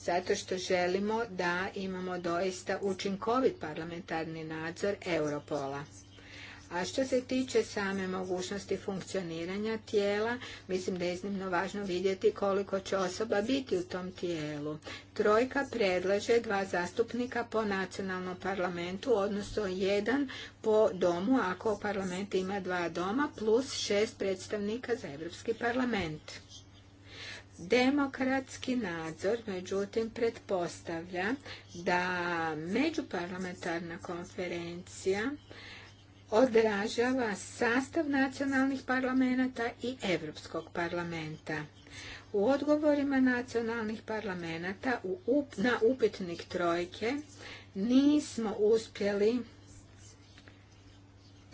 [SPEAKER 2] Zato što želimo da imamo doista učinkovit parlamentarni nadzor Europola. A što se tiče same mogućnosti funkcioniranja tijela, mislim da je iznimno važno vidjeti koliko će osoba biti u tom tijelu. Trojka predlaže dva zastupnika po nacionalnom parlamentu, odnosno jedan po domu, ako parlament ima dva doma, plus šest predstavnika za Europski parlament. Demokratski nadzor, međutim, pretpostavlja da međuparlamentarna konferencija odražava sastav nacionalnih parlamenta i Europskog parlamenta. U odgovorima nacionalnih parlamenta na upitnik trojke nismo uspjeli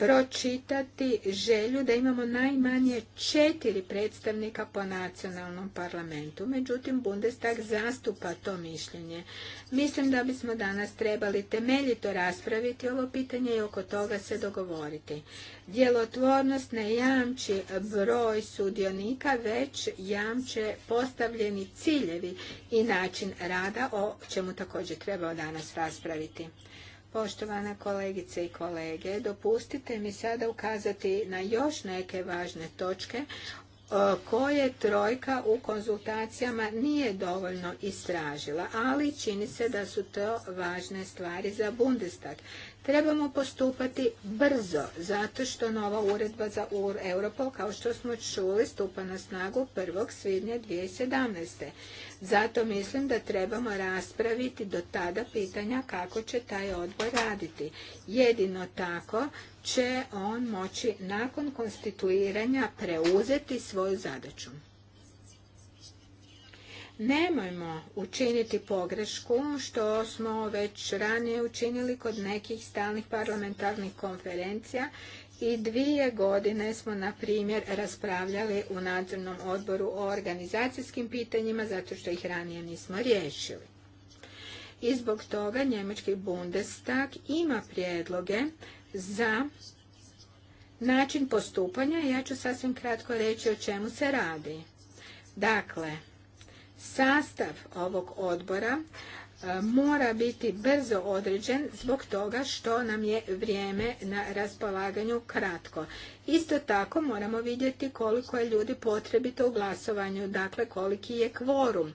[SPEAKER 2] pročitati želju da imamo najmanje četiri predstavnika po nacionalnom parlamentu. Međutim, Bundestag zastupa to mišljenje. Mislim da bismo danas trebali temeljito raspraviti ovo pitanje i oko toga se dogovoriti. Djelotvornost ne jamči broj sudionika, već jamče postavljeni ciljevi i način rada, o čemu također treba danas raspraviti. Poštovane kolegice i kolege, dopustite mi sada ukazati na još neke važne točke e, koje trojka u konzultacijama nije dovoljno istražila, ali čini se da su to važne stvari za Bundestag. Trebamo postupati brzo, zato što nova uredba za Europol, kao što smo čuli, stupa na snagu 1. svibnja 2017. Zato mislim da trebamo raspraviti do tada pitanja kako će taj odbor raditi. Jedino tako će on moći nakon konstituiranja preuzeti svoju zadaću. Nemojmo učiniti pogrešku što smo već ranije učinili kod nekih stalnih parlamentarnih konferencija i dvije godine smo, na primjer, raspravljali u nadzornom odboru o organizacijskim pitanjima, zato što ih ranije nismo riješili. I zbog toga Njemački Bundestag ima prijedloge za način postupanja. Ja ću sasvim kratko reći o čemu se radi. Dakle, sastav ovog odbora E, mora biti brzo određen zbog toga što nam je vrijeme na raspolaganju kratko. Isto tako moramo vidjeti koliko je ljudi potrebito u glasovanju, dakle koliki je kvorum.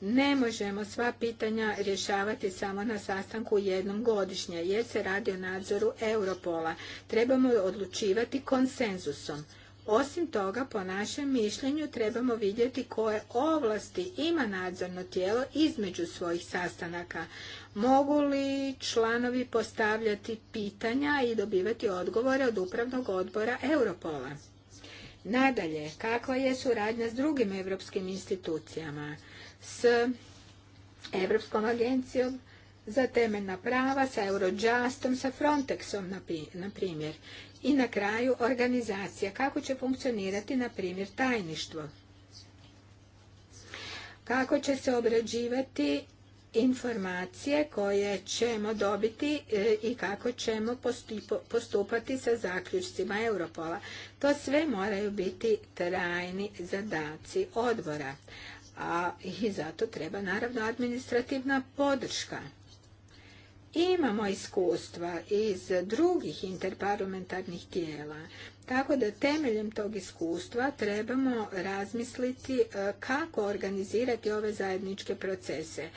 [SPEAKER 2] Ne možemo sva pitanja rješavati samo na sastanku jednom godišnje, jer se radi o nadzoru Europola. Trebamo odlučivati konsenzusom. Osim toga, po našem mišljenju, trebamo vidjeti koje ovlasti ima nadzorno tijelo između svojih sastanaka. Mogu li članovi postavljati pitanja i dobivati odgovore od upravnog odbora Europola? Nadalje, kakva je suradnja s drugim europskim institucijama? S Europskom agencijom za temeljna prava, sa Eurojustom, sa Frontexom, na primjer. I na kraju organizacija. Kako će funkcionirati, na primjer, tajništvo? Kako će se obrađivati informacije koje ćemo dobiti e, i kako ćemo postupati sa zaključcima Europola. To sve moraju biti trajni zadaci odbora. A i zato treba naravno administrativna podrška imamo iskustva iz drugih interparlamentarnih tijela. Tako da temeljem tog iskustva trebamo razmisliti e, kako organizirati ove zajedničke procese.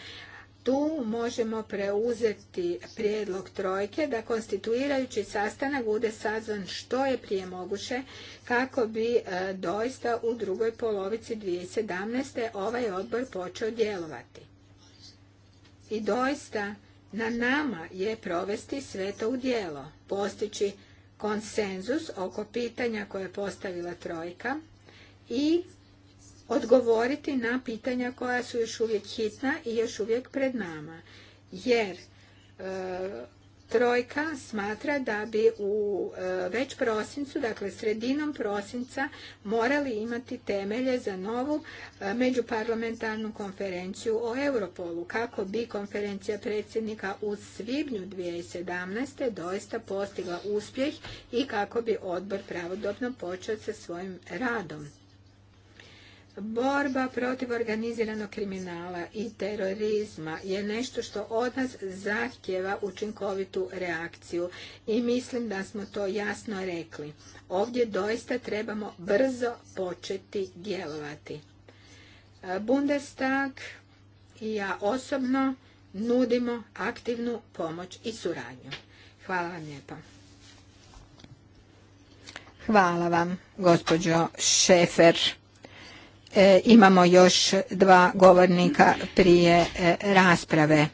[SPEAKER 2] Tu možemo preuzeti prijedlog trojke da konstituirajući sastanak bude sazvan što je prije moguće kako bi e, doista u drugoj polovici 2017. ovaj odbor počeo djelovati. I doista na nama je provesti sve to u dijelo, postići konsenzus oko pitanja koje je postavila trojka i odgovoriti na pitanja koja su još uvijek hitna i još uvijek pred nama. Jer e, Trojka smatra da bi u e, već prosincu, dakle sredinom prosinca, morali imati temelje za novu e, međuparlamentarnu konferenciju o Europolu, kako bi konferencija predsjednika u svibnju 2017. doista postigla uspjeh i kako bi odbor pravodobno počeo sa svojim radom. Borba protiv organiziranog kriminala i terorizma je nešto što od nas zahtjeva učinkovitu reakciju i mislim da smo to jasno rekli. Ovdje doista trebamo brzo početi djelovati. Bundestag i ja osobno nudimo aktivnu pomoć i suradnju. Hvala vam lijepa. Hvala vam, gospođo Šefer. E, imamo još dva govornika prije e, rasprave.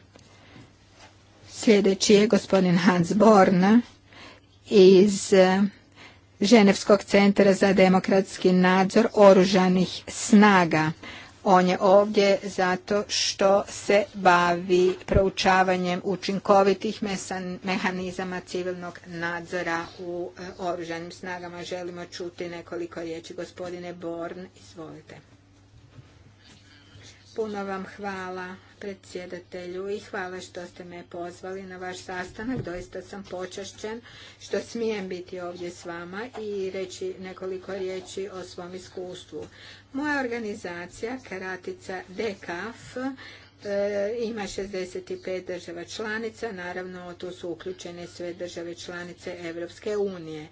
[SPEAKER 2] Sljedeći je gospodin Hans Born iz e, Ženevskog centra za demokratski nadzor oružanih snaga. On je ovdje zato što se bavi proučavanjem učinkovitih mehanizama civilnog nadzora u e, oružanim snagama. Želimo čuti nekoliko riječi. Gospodine Born, izvolite. Puno vam hvala predsjedatelju i hvala što ste me pozvali na vaš sastanak. Doista sam počašćen što smijem biti ovdje s vama i reći nekoliko riječi o svom iskustvu. Moja organizacija, karatica dkf e, ima 65 država članica, naravno tu su uključene sve države članice Europske unije.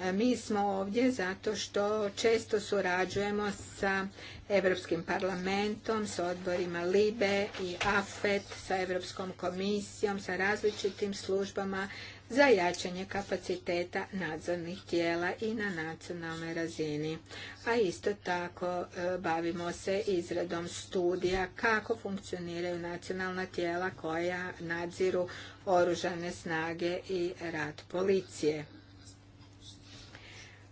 [SPEAKER 2] E, mi smo ovdje zato što često surađujemo sa Europskim parlamentom, sa odborima LIBE i AFET, sa Europskom komisijom, sa različitim službama za jačanje kapaciteta nadzornih tijela i na nacionalnoj razini. A isto tako e, bavimo se izradom studija kako funkcioniraju nacionalna tijela koja nadziru oružane snage i rad policije.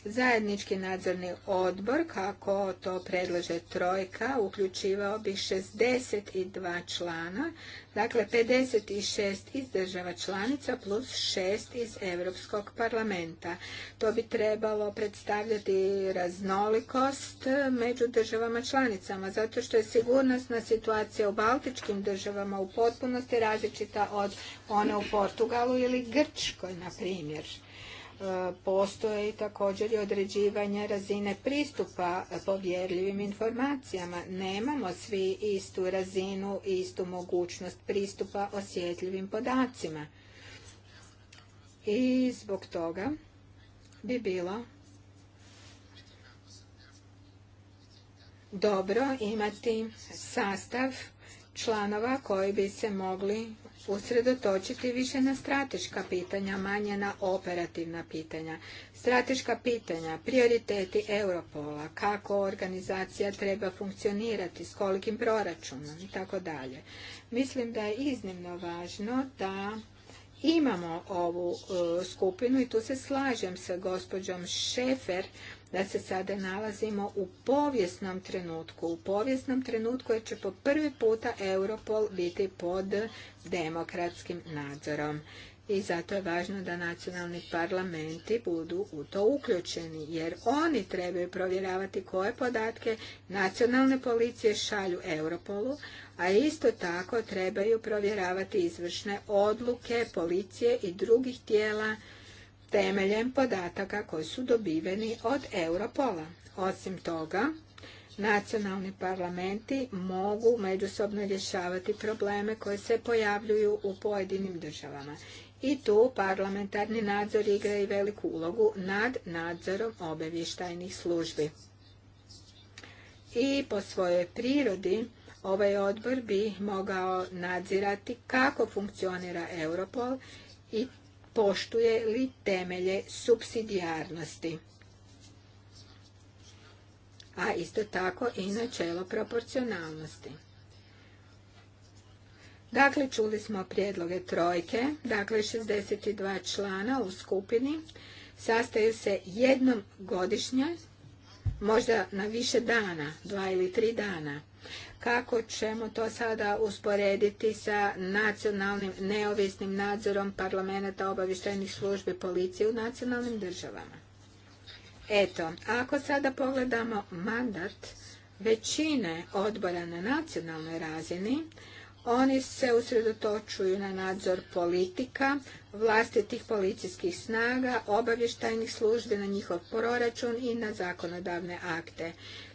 [SPEAKER 2] Zajednički nadzorni odbor, kako to predlaže trojka, uključivao bi 62 člana, dakle 56 iz država članica plus 6 iz Europskog parlamenta. To bi trebalo predstavljati raznolikost među državama članicama, zato što je sigurnosna situacija u baltičkim državama u potpunosti različita od one u Portugalu ili Grčkoj, na primjer. E, postoji također i određivanje razine pristupa povjerljivim informacijama. Nemamo svi istu razinu i istu mogućnost pristupa osjetljivim podacima. I zbog toga bi bilo dobro imati sastav članova koji bi se mogli usredotočiti više na strateška pitanja, manje na operativna pitanja. Strateška pitanja, prioriteti Europola, kako organizacija treba funkcionirati, s kolikim proračunom i tako dalje. Mislim da je iznimno važno da imamo ovu e, skupinu i tu se slažem sa gospođom Šefer da se sada nalazimo u povijesnom trenutku. U povijesnom trenutku jer će po prvi puta Europol biti pod demokratskim nadzorom. I zato je važno da nacionalni parlamenti budu u to uključeni, jer oni trebaju provjeravati koje podatke nacionalne policije šalju Europolu, a isto tako trebaju provjeravati izvršne odluke policije i drugih tijela temeljem podataka koji su dobiveni od Europola. Osim toga, nacionalni parlamenti mogu međusobno rješavati probleme koje se pojavljuju u pojedinim državama. I tu parlamentarni nadzor igra i veliku ulogu nad nadzorom obavještajnih službi. I po svojoj prirodi ovaj odbor bi mogao nadzirati kako funkcionira Europol i poštuje li temelje subsidijarnosti a isto tako i načelo proporcionalnosti. Dakle, čuli smo prijedloge trojke, dakle 62 člana u skupini, sastaju se jednom godišnje, možda na više dana, dva ili tri dana kako ćemo to sada usporediti sa nacionalnim neovisnim nadzorom parlamenta obavještajnih službi policije u nacionalnim državama. Eto, ako sada pogledamo mandat većine odbora na nacionalnoj razini, oni se usredotočuju na nadzor politika, vlastitih policijskih snaga, obavještajnih službi na njihov proračun i na zakonodavne akte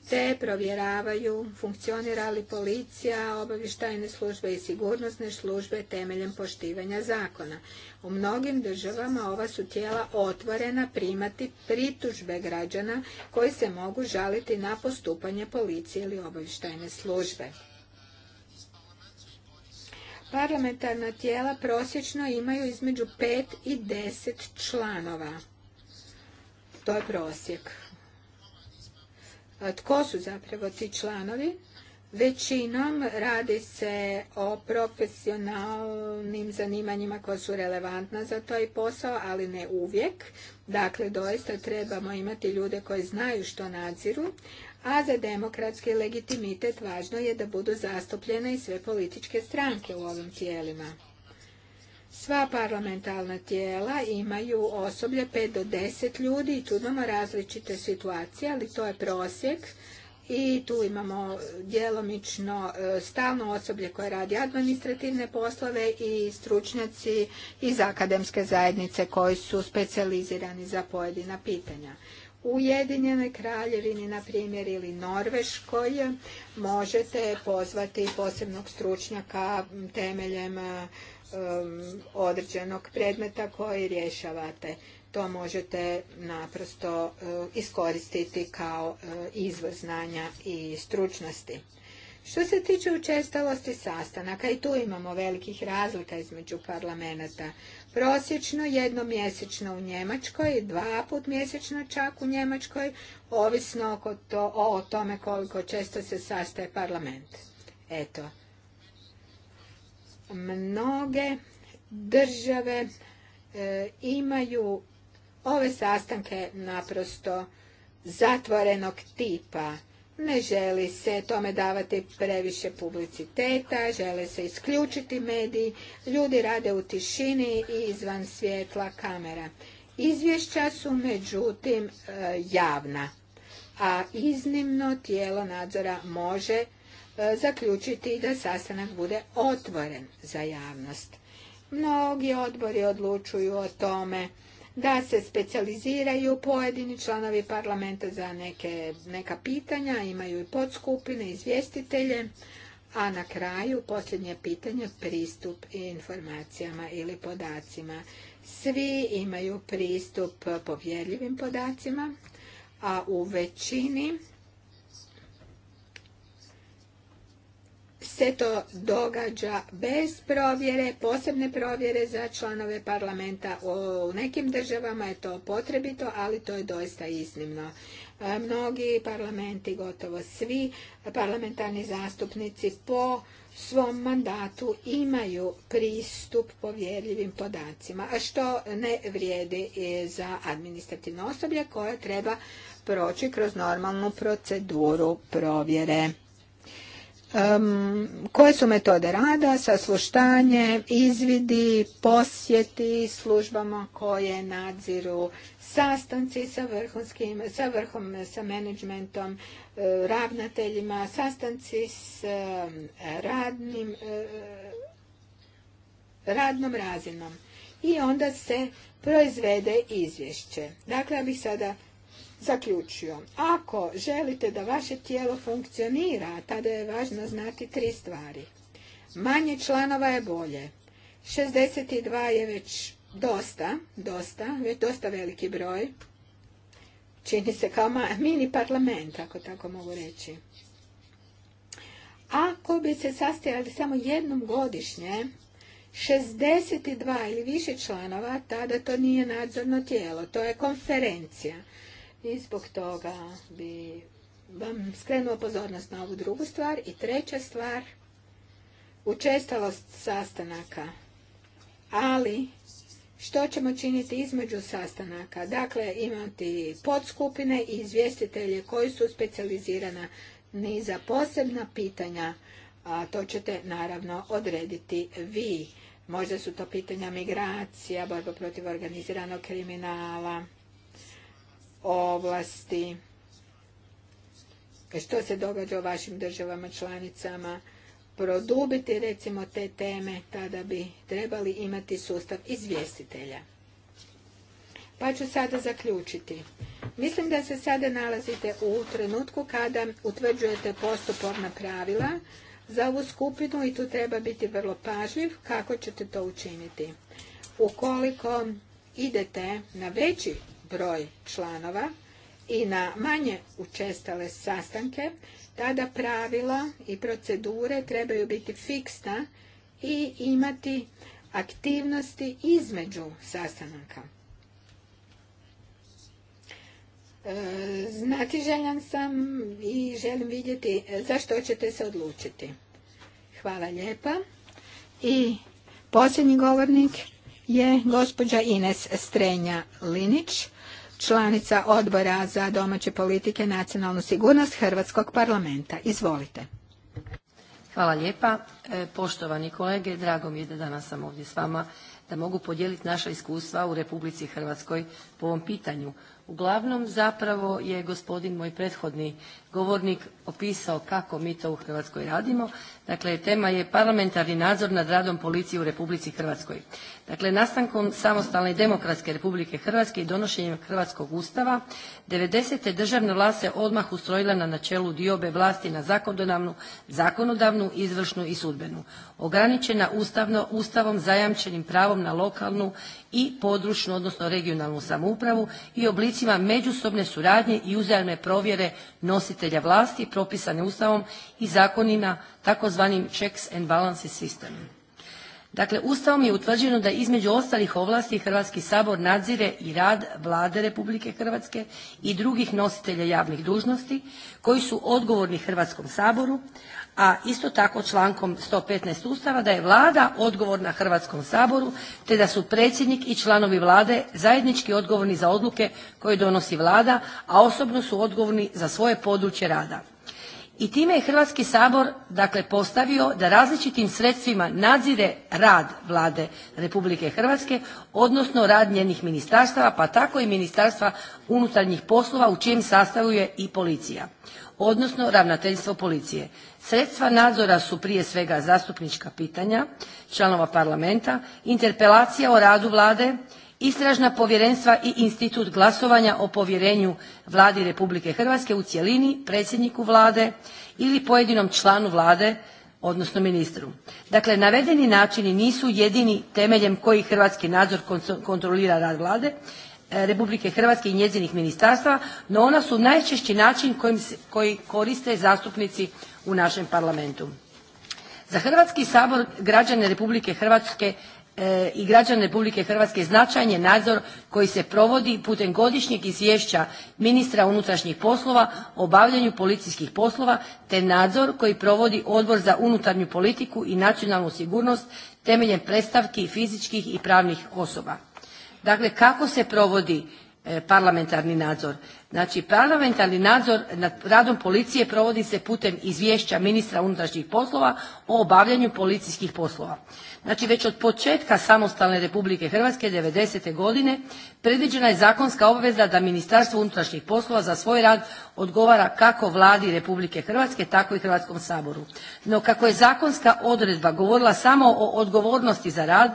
[SPEAKER 2] te provjeravaju funkcionira li policija, obavještajne službe i sigurnosne službe temeljem poštivanja zakona. U mnogim državama ova su tijela otvorena primati pritužbe građana koji se mogu žaliti na postupanje policije ili obavještajne službe. Parlamentarna tijela prosječno imaju između 5 i 10 članova. To je prosjek tko su zapravo ti članovi. Većinom radi se o profesionalnim zanimanjima koja su relevantna za taj posao, ali ne uvijek. Dakle, doista trebamo imati ljude koji znaju što nadziru, a za demokratski legitimitet važno je da budu zastupljene i sve političke stranke u ovim tijelima. Sva parlamentalna tijela imaju osoblje 5 do 10 ljudi i tu imamo različite situacije, ali to je prosjek. I tu imamo djelomično e, stalno osoblje koje radi administrativne poslove i stručnjaci iz akademske zajednice koji su specijalizirani za pojedina pitanja. U Ujedinjenoj kraljevini, na primjer, ili Norveškoj možete pozvati posebnog stručnjaka temeljem e, Um, određenog predmeta koji rješavate. To možete naprosto uh, iskoristiti kao uh, izvor znanja i stručnosti. Što se tiče učestalosti sastanaka, i tu imamo velikih razlika između parlamenta. Prosječno jednomjesečno u Njemačkoj, dva put mjesečno čak u Njemačkoj, ovisno o tome koliko često se sastaje parlament. Eto, mnoge države e, imaju ove sastanke naprosto zatvorenog tipa. Ne želi se tome davati previše publiciteta, žele se isključiti mediji, ljudi rade u tišini i izvan svjetla kamera. Izvješća su međutim e, javna, a iznimno tijelo nadzora može E, zaključiti da sastanak bude otvoren za javnost. Mnogi odbori odlučuju o tome da se specijaliziraju pojedini članovi parlamenta za neke, neka pitanja, imaju i podskupine, izvjestitelje, a na kraju posljednje pitanje pristup informacijama ili podacima. Svi imaju pristup povjerljivim podacima, a u većini se to događa bez provjere, posebne provjere za članove parlamenta. U nekim državama je to potrebito, ali to je doista iznimno. E, mnogi parlamenti, gotovo svi parlamentarni zastupnici po svom mandatu imaju pristup povjerljivim podacima, a što ne vrijedi za administrativno osoblje koje treba proći kroz normalnu proceduru provjere koje su metode rada, sasluštanje, izvidi, posjeti službama koje nadziru sastanci sa vrhunskim, sa vrhom, sa menadžmentom, e, ravnateljima, sastanci s e, radnim, e, radnom razinom. I onda se proizvede izvješće. Dakle, ja bih sada zaključio. Ako želite da vaše tijelo funkcionira, tada je važno znati tri stvari. Manje članova je bolje. 62 je već dosta, dosta, već dosta veliki broj. Čini se kao mini parlament, ako tako mogu reći. Ako bi se sastijali samo jednom godišnje, 62 ili više članova, tada to nije nadzorno tijelo, to je konferencija i zbog toga bi vam skrenuo pozornost na ovu drugu stvar. I treća stvar, učestalost sastanaka. Ali, što ćemo činiti između sastanaka? Dakle, imati podskupine i izvjestitelje koji su specializirana ni za posebna pitanja, a to ćete naravno odrediti vi. Možda su to pitanja migracija, borba protiv organiziranog kriminala, ovlasti, e, što se događa u vašim državama članicama, produbiti recimo te teme, tada bi trebali imati sustav izvjestitelja. Pa ću sada zaključiti. Mislim da se sada nalazite u trenutku kada utvrđujete postupovna pravila za ovu skupinu i tu treba biti vrlo pažljiv kako ćete to učiniti. Ukoliko idete na veći broj članova i na manje učestale sastanke, tada pravila i procedure trebaju biti fiksna i imati aktivnosti između sastanaka. E, znati željan sam i želim vidjeti zašto ćete se odlučiti. Hvala lijepa. I posljednji govornik je gospođa Ines Strenja Linić članica odbora za domaće politike i nacionalnu sigurnost Hrvatskog parlamenta. Izvolite.
[SPEAKER 6] Hvala lijepa. E, poštovani kolege, drago mi je da danas sam ovdje s vama da mogu podijeliti naša iskustva u Republici Hrvatskoj po ovom pitanju. Uglavnom zapravo je gospodin moj prethodni govornik opisao kako mi to u Hrvatskoj radimo. Dakle, tema je parlamentarni nadzor nad radom policije u Republici Hrvatskoj. Dakle, nastankom samostalne i demokratske Republike Hrvatske i donošenjem Hrvatskog ustava, 90. državna vlast se odmah ustrojila na načelu diobe vlasti na zakonodavnu, zakonodavnu, izvršnu i sudbenu. Ograničena ustavno, ustavom zajamčenim pravom na lokalnu i područnu, odnosno regionalnu samoupravu i oblicima međusobne suradnje i uzajamne provjere nositelja nositelja vlasti propisane Ustavom i zakonima tzv. checks and balances Systema. Dakle, Ustavom je utvrđeno da između ostalih ovlasti Hrvatski sabor nadzire i rad Vlade Republike Hrvatske i drugih nositelja javnih dužnosti koji su odgovorni Hrvatskom saboru, a isto tako člankom 115. Ustava da je Vlada odgovorna Hrvatskom saboru te da su predsjednik i članovi Vlade zajednički odgovorni za odluke koje donosi Vlada, a osobno su odgovorni za svoje područje rada i time je Hrvatski sabor dakle postavio da različitim sredstvima nadzire rad Vlade Republike Hrvatske, odnosno rad njenih ministarstava, pa tako i Ministarstva unutarnjih poslova u čijem sastavu je i policija, odnosno Ravnateljstvo policije. Sredstva nadzora su prije svega zastupnička pitanja članova parlamenta, interpelacija o radu Vlade, istražna povjerenstva i institut glasovanja o povjerenju Vladi Republike Hrvatske u cjelini, predsjedniku Vlade ili pojedinom članu Vlade, odnosno ministru. Dakle, navedeni načini nisu jedini temeljem kojih hrvatski nadzor kontrolira rad Vlade eh, Republike Hrvatske i njezinih ministarstava, no ona su najčešći način koji koriste zastupnici u našem Parlamentu. Za Hrvatski sabor građane Republike Hrvatske E, i Građane Republike Hrvatske značajan je nadzor koji se provodi putem godišnjeg izvješća ministra unutrašnjih poslova o obavljanju policijskih poslova te nadzor koji provodi Odbor za unutarnju politiku i nacionalnu sigurnost temeljem predstavki fizičkih i pravnih osoba. Dakle, kako se provodi e, parlamentarni nadzor? Znači, parlamentarni nadzor nad radom policije provodi se putem izvješća ministra unutrašnjih poslova o obavljanju policijskih poslova. Znači već od početka samostalne Republike Hrvatske 90. godine predviđena je zakonska obveza da Ministarstvo unutrašnjih poslova za svoj rad odgovara kako Vladi Republike Hrvatske tako i Hrvatskom saboru. No kako je zakonska odredba govorila samo o odgovornosti za rad,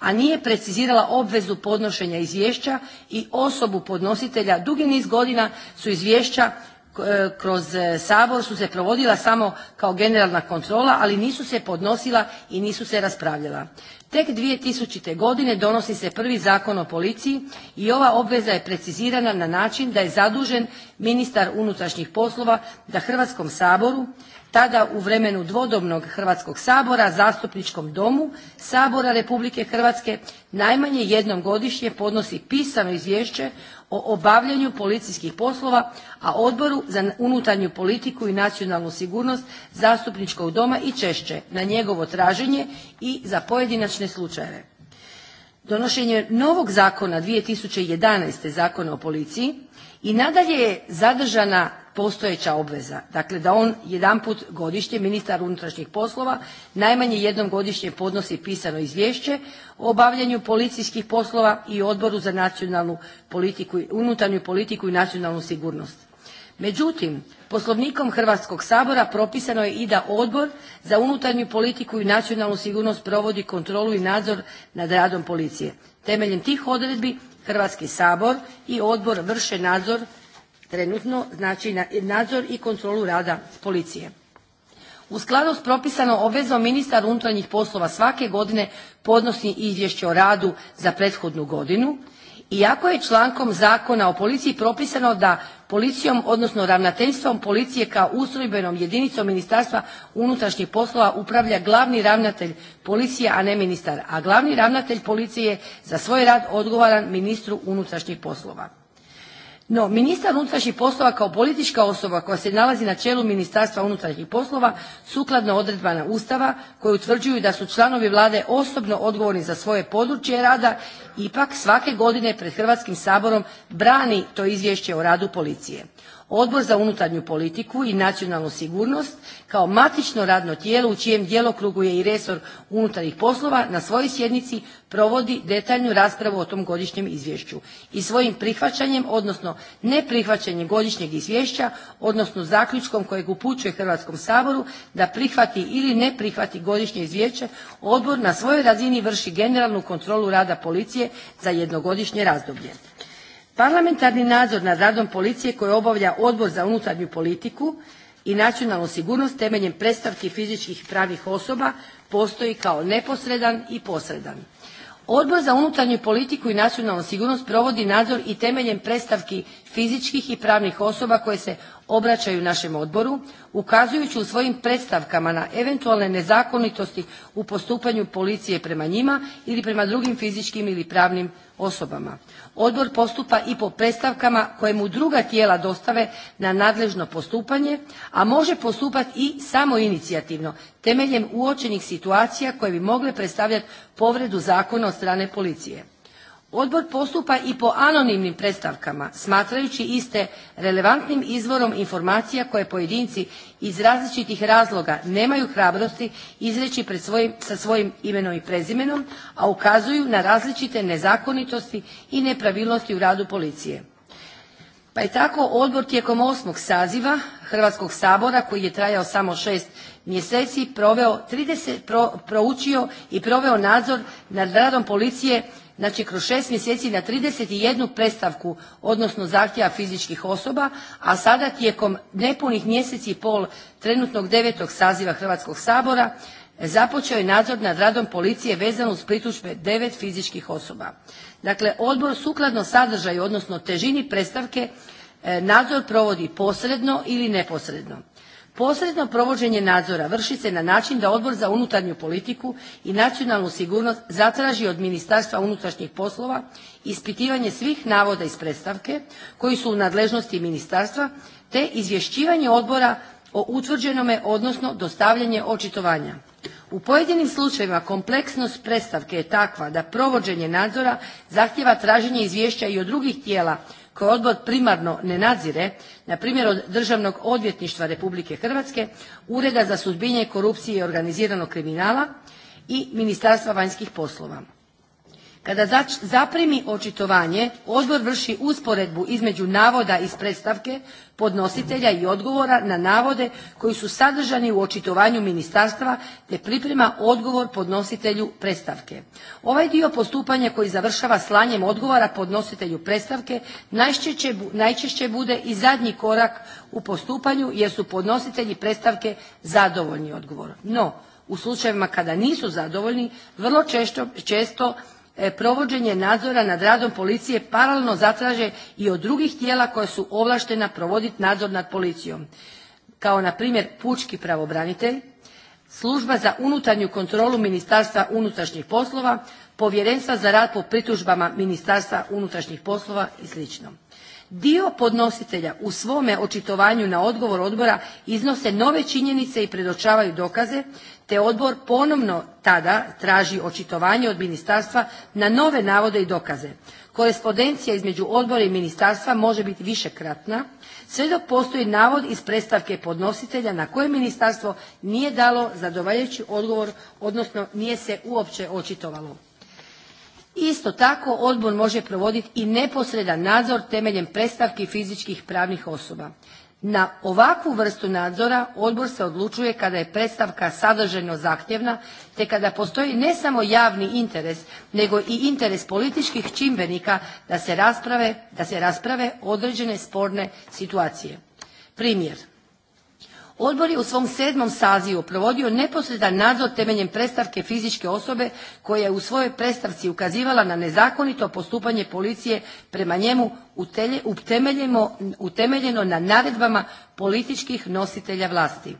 [SPEAKER 6] a nije precizirala obvezu podnošenja izvješća i osobu podnositelja dugi niz godina su izvješća kroz e, Sabor su se provodila samo kao generalna kontrola, ali nisu se podnosila i nisu se raspravljala. Tek 2000. godine donosi se prvi Zakon o policiji i ova obveza je precizirana na način da je zadužen ministar unutrašnjih poslova da Hrvatskom saboru, tada u vremenu dvodobnog Hrvatskog sabora, zastupničkom domu Sabora Republike Hrvatske najmanje jednom godišnje podnosi pisano izvješće o obavljanju policijskih poslova, a Odboru za unutarnju politiku i nacionalnu sigurnost zastupničkog doma i češće na njegovo traženje i za pojedinačne slučajeve. Donošenje novog zakona 2011. Zakona o policiji i nadalje je zadržana postojeća obveza, dakle da on jedanput godišnje, ministar unutrašnjih poslova, najmanje jednom godišnje podnosi pisano izvješće o obavljanju policijskih poslova i Odboru za nacionalnu politiku, unutarnju politiku i nacionalnu sigurnost. Međutim, Poslovnikom Hrvatskog sabora propisano je i da Odbor za unutarnju politiku i nacionalnu sigurnost provodi kontrolu i nadzor nad radom policije. Temeljem tih odredbi Hrvatski sabor i odbor vrše nadzor trenutno, znači nadzor i kontrolu rada policije. U skladu s propisanom obvezom ministar unutarnjih poslova svake godine podnosi izvješće o radu za prethodnu godinu iako je člankom Zakona o policiji propisano da policijom odnosno ravnateljstvom policije kao ustrojbenom jedinicom Ministarstva unutrašnjih poslova upravlja glavni ravnatelj policije, a ne ministar, a glavni ravnatelj policije za svoj rad odgovoran ministru unutrašnjih poslova. No, ministar unutrašnjih poslova kao politička osoba koja se nalazi na čelu Ministarstva unutrašnjih poslova sukladno odredbama Ustava koji utvrđuju da su članovi Vlade osobno odgovorni za svoje područje rada ipak svake godine pred Hrvatskim saborom brani to Izvješće o radu policije. Odbor za unutarnju politiku i nacionalnu sigurnost kao matično radno tijelo u čijem djelokrugu je i resor unutarnjih poslova na svojoj sjednici provodi detaljnu raspravu o tom godišnjem izvješću i svojim prihvaćanjem, odnosno neprihvaćanjem godišnjeg izvješća, odnosno zaključkom kojeg upućuje Hrvatskom saboru da prihvati ili ne prihvati godišnje izvješće, odbor na svojoj razini vrši generalnu kontrolu rada policije za jednogodišnje razdoblje. Parlamentarni nadzor nad radom policije koji obavlja Odbor za unutarnju politiku i nacionalnu sigurnost temeljem predstavki fizičkih i pravnih osoba postoji kao neposredan i posredan. Odbor za unutarnju politiku i nacionalnu sigurnost provodi nadzor i temeljem predstavki fizičkih i pravnih osoba koje se obraćaju našem odboru, ukazujući u svojim predstavkama na eventualne nezakonitosti u postupanju policije prema njima ili prema drugim fizičkim ili pravnim osobama. Odbor postupa i po predstavkama koje mu druga tijela dostave na nadležno postupanje, a može postupati i samoinicijativno temeljem uočenih situacija koje bi mogle predstavljati povredu zakona od strane policije. Odbor postupa i po anonimnim predstavkama smatrajući iste relevantnim izvorom informacija koje pojedinci iz različitih razloga nemaju hrabrosti izreći sa svojim imenom i prezimenom, a ukazuju na različite nezakonitosti i nepravilnosti u radu policije. Pa je tako odbor tijekom osmog saziva Hrvatskog sabora koji je trajao samo šest mjeseci proveo proučio i proveo nadzor nad radom policije znači kroz 6 mjeseci na 31 predstavku, odnosno zahtjeva fizičkih osoba, a sada tijekom nepunih mjesec i pol trenutnog 9. saziva Hrvatskog sabora započeo je nadzor nad radom policije vezano uz pritužbe devet fizičkih osoba. Dakle, odbor sukladno sadržaju, odnosno težini predstavke e, nadzor provodi posredno ili neposredno. Posredno provođenje nadzora vrši se na način da Odbor za unutarnju politiku i nacionalnu sigurnost zatraži od Ministarstva unutrašnjih poslova ispitivanje svih navoda iz predstavke koji su u nadležnosti ministarstva te izvješćivanje odbora o utvrđenome odnosno dostavljanje očitovanja. U pojedinim slučajevima kompleksnost predstavke je takva da provođenje nadzora zahtjeva traženje izvješća i od drugih tijela koje odbor primarno ne nadzire, na primjer od Državnog odvjetništva Republike Hrvatske, Ureda za suzbijanje korupcije i organiziranog kriminala i Ministarstva vanjskih poslova. Kada zaprimi očitovanje odbor vrši usporedbu između navoda iz predstavke podnositelja i odgovora na navode koji su sadržani u očitovanju ministarstva te priprema odgovor podnositelju predstavke. Ovaj dio postupanja koji završava slanjem odgovora podnositelju predstavke najčešće bude i zadnji korak u postupanju jer su podnositelji predstavke zadovoljni odgovorom. No, u slučajevima kada nisu zadovoljni vrlo često E, provođenje nadzora nad radom policije paralelno zatraže i od drugih tijela koja su ovlaštena provoditi nadzor nad policijom kao na primjer pučki pravobranitelj, služba za unutarnju kontrolu Ministarstva unutrašnjih poslova, povjerenstva za rad po pritužbama Ministarstva unutrašnjih poslova i sl. Dio podnositelja u svome očitovanju na odgovor odbora iznose nove činjenice i predočavaju dokaze te odbor ponovno tada traži očitovanje od ministarstva na nove navode i dokaze. Korespondencija između odbora i ministarstva može biti višekratna sve dok postoji navod iz predstavke podnositelja na koje ministarstvo nije dalo zadovoljavajući odgovor, odnosno nije se uopće očitovalo. Isto tako, odbor može provoditi i neposredan nadzor temeljem predstavki fizičkih pravnih osoba. Na ovakvu vrstu nadzora odbor se odlučuje kada je predstavka sadržajno zahtjevna te kada postoji ne samo javni interes nego i interes političkih čimbenika da se rasprave određene sporne situacije. Primjer, Odbor je u svom sedmom sazivu provodio neposredan nadzor temeljem predstavke fizičke osobe koja je u svojoj predstavci ukazivala na nezakonito postupanje policije prema njemu utemeljeno na naredbama političkih nositelja vlasti.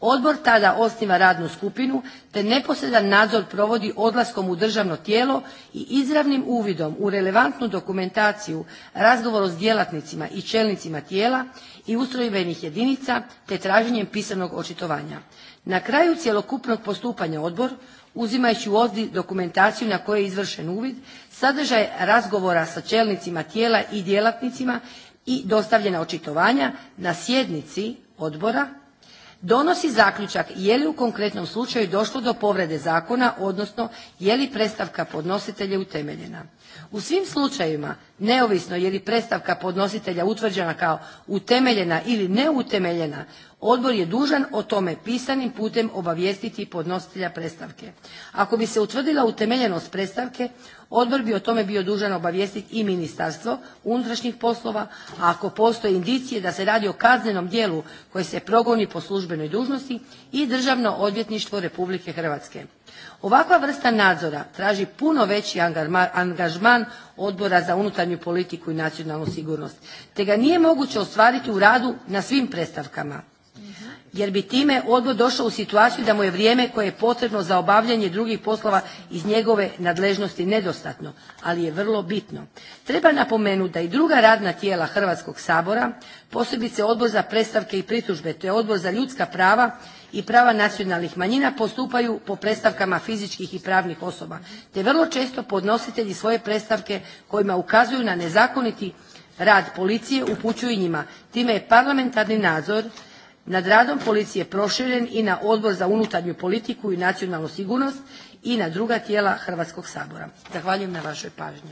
[SPEAKER 6] Odbor tada osniva radnu skupinu te neposredan nadzor provodi odlaskom u državno tijelo i izravnim uvidom u relevantnu dokumentaciju, razgovoru s djelatnicima i čelnicima tijela i ustrojbenih jedinica te traženjem pisanog očitovanja. Na kraju cjelokupnog postupanja odbor, uzimajući u obzir dokumentaciju na kojoj je izvršen uvid, sadržaj razgovora sa čelnicima tijela i djelatnicima i dostavljena očitovanja na sjednici odbora donosi zaključak je li u konkretnom slučaju došlo do povrede zakona, odnosno je li predstavka podnositelja utemeljena. U svim slučajevima neovisno je li predstavka podnositelja utvrđena kao utemeljena ili neutemeljena odbor je dužan o tome pisanim putem obavijestiti podnositelja predstavke. Ako bi se utvrdila utemeljenost predstavke odbor bi o tome bio dužan obavijestiti i Ministarstvo unutrašnjih poslova, a ako postoje indicije da se radi o kaznenom djelu koje se progoni po službenoj dužnosti i Državno odvjetništvo Republike Hrvatske. Ovakva vrsta nadzora traži puno veći angažman Odbora za unutarnju politiku i nacionalnu sigurnost te ga nije moguće ostvariti u radu na svim predstavkama jer bi time odbor došao u situaciju da mu je vrijeme koje je potrebno za obavljanje drugih poslova iz njegove nadležnosti nedostatno, ali je vrlo bitno. Treba napomenuti da i druga radna tijela Hrvatskog sabora, posebice Odbor za predstavke i pritužbe te Odbor za ljudska prava i prava nacionalnih manjina postupaju po predstavkama fizičkih i pravnih osoba te vrlo često podnositelji svoje predstavke kojima ukazuju na nezakoniti rad policije upućuju njima. Time je parlamentarni nadzor nad radom policije proširen i na Odbor za unutarnju politiku i nacionalnu sigurnost i na druga tijela Hrvatskog sabora. Zahvaljujem na vašoj pažnji.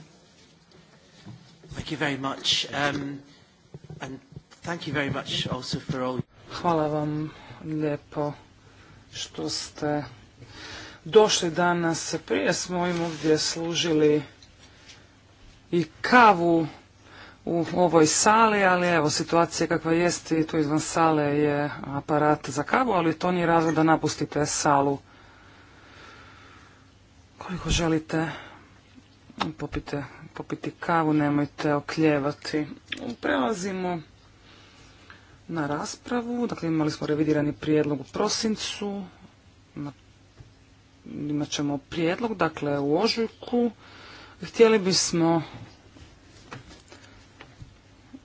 [SPEAKER 4] Hvala vam lijepo što ste došli danas. Prije smo im ovdje služili i kavu u ovoj sali, ali evo situacija kakva jest i tu izvan sale je aparat za kavu, ali to nije razlog da napustite salu. Koliko želite popite, popiti kavu, nemojte okljevati. Prelazimo na raspravu. Dakle, imali smo revidirani prijedlog u prosincu. Imat ćemo prijedlog, dakle, u ožujku. Htjeli bismo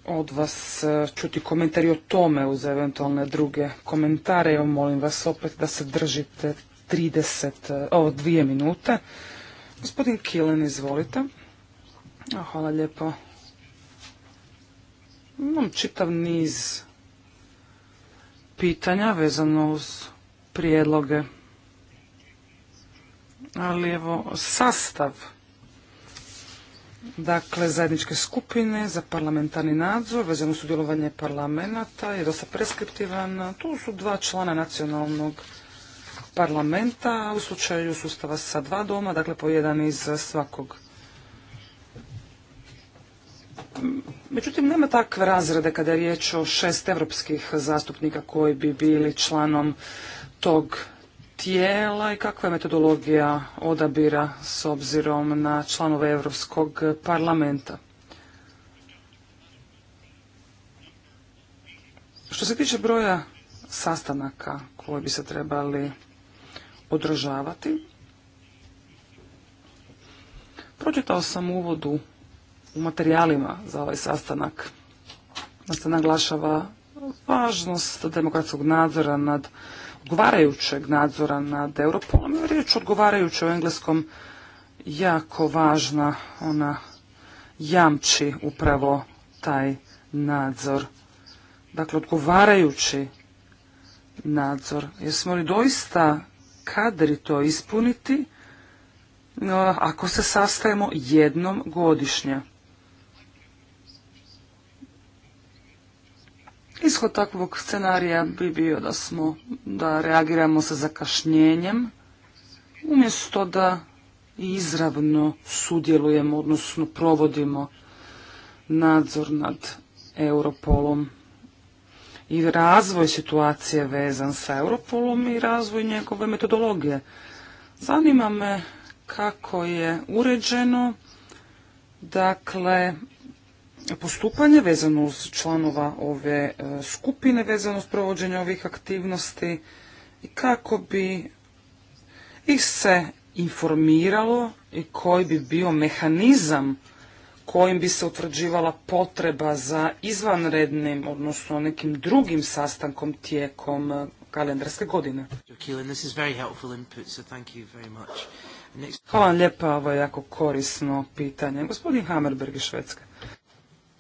[SPEAKER 4] od vas e, čuti komentari o tome uz eventualne druge komentare. molim vas opet da se držite 30, e, dvije minute. Gospodin Kilen, izvolite. Hvala lijepo. Imam čitav niz pitanja vezano uz prijedloge. Ali evo, sastav dakle zajedničke skupine za parlamentarni nadzor vezano sudjelovanje parlamenta je dosta preskriptivan. Tu su dva člana nacionalnog parlamenta u slučaju sustava sa dva doma, dakle po jedan iz svakog Međutim, nema takve razrede kada je riječ o šest evropskih zastupnika koji bi bili članom tog tijela i kakva je metodologija odabira s obzirom na članove Europskog parlamenta. Što se tiče broja sastanaka koji bi se trebali održavati, pročitao sam u uvodu u materijalima za ovaj sastanak da se naglašava važnost demokratskog nadzora nad odgovarajućeg nadzora nad Europolom. riječ odgovarajuće u engleskom jako važna. Ona jamči upravo taj nadzor. Dakle, odgovarajući nadzor. Jesmo li doista kadri to ispuniti ako se sastajemo jednom godišnje? Ishod takvog scenarija bi bio da smo, da reagiramo sa zakašnjenjem, umjesto da izravno sudjelujemo, odnosno provodimo nadzor nad Europolom. I razvoj situacije vezan sa Europolom i razvoj njegove metodologije. Zanima me kako je uređeno, dakle, postupanje vezano uz članova ove e, skupine, vezano uz provođenje ovih aktivnosti i kako bi ih se informiralo i koji bi bio mehanizam kojim bi se utvrđivala potreba za izvanrednim, odnosno nekim drugim sastankom tijekom e, kalendarske godine. Hvala vam lijepa, ovo je jako korisno pitanje. Gospodin Hammerberg iz Švedske.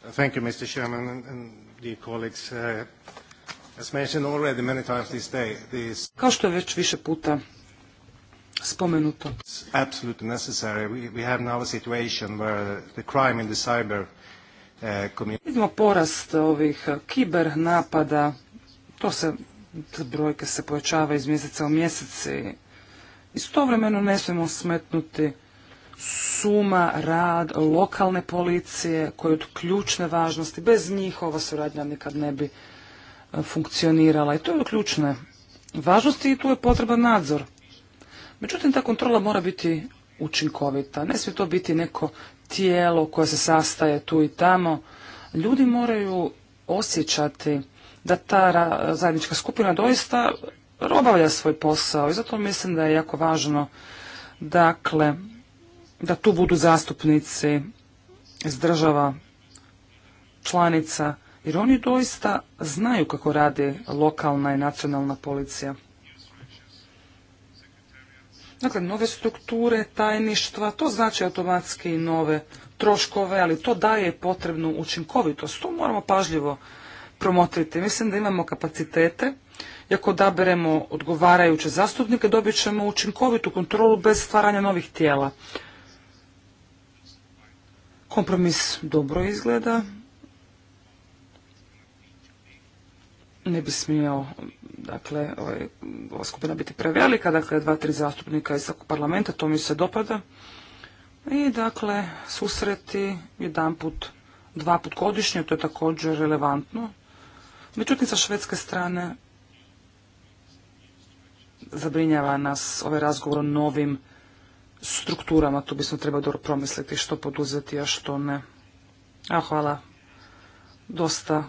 [SPEAKER 4] Thank you, Mr. Chairman and dear colleagues. Uh, as mentioned already many times this day, this... Kao što je već više puta spomenuto. It's absolutely necessary. We, we have now a situation where the crime in the cyber uh, community... Vidimo porast ovih kiber napada. To se, te brojke se povećava iz mjeseca u mjeseci. Istovremeno ne smijemo smetnuti suma rad lokalne policije koje od ključne važnosti. Bez njih ova suradnja nikad ne bi e, funkcionirala i to je od ključne važnosti i tu je potreban nadzor. Međutim, ta kontrola mora biti učinkovita. Ne smije to biti neko tijelo koje se sastaje tu i tamo. Ljudi moraju osjećati da ta zajednička skupina doista obavlja svoj posao i zato mislim da je jako važno dakle da tu budu zastupnici iz država članica, jer oni doista znaju kako radi lokalna i nacionalna policija. Dakle, nove strukture, tajništva, to znači automatski nove troškove, ali to daje potrebnu učinkovitost. To moramo pažljivo promotriti. Mislim da imamo kapacitete, i ako odaberemo odgovarajuće zastupnike, dobit ćemo učinkovitu kontrolu bez stvaranja novih tijela. Kompromis dobro izgleda. Ne bi smio, dakle, ovaj, ova skupina biti prevelika, dakle, dva, tri zastupnika iz svakog parlamenta, to mi se dopada. I, dakle, susreti jedan put, dva put godišnje, to je također relevantno. Međutim, sa švedske strane zabrinjava nas ovaj razgovor o novim strukturama. Tu bismo trebali dobro promisliti što poduzeti, a što ne. A hvala. Dosta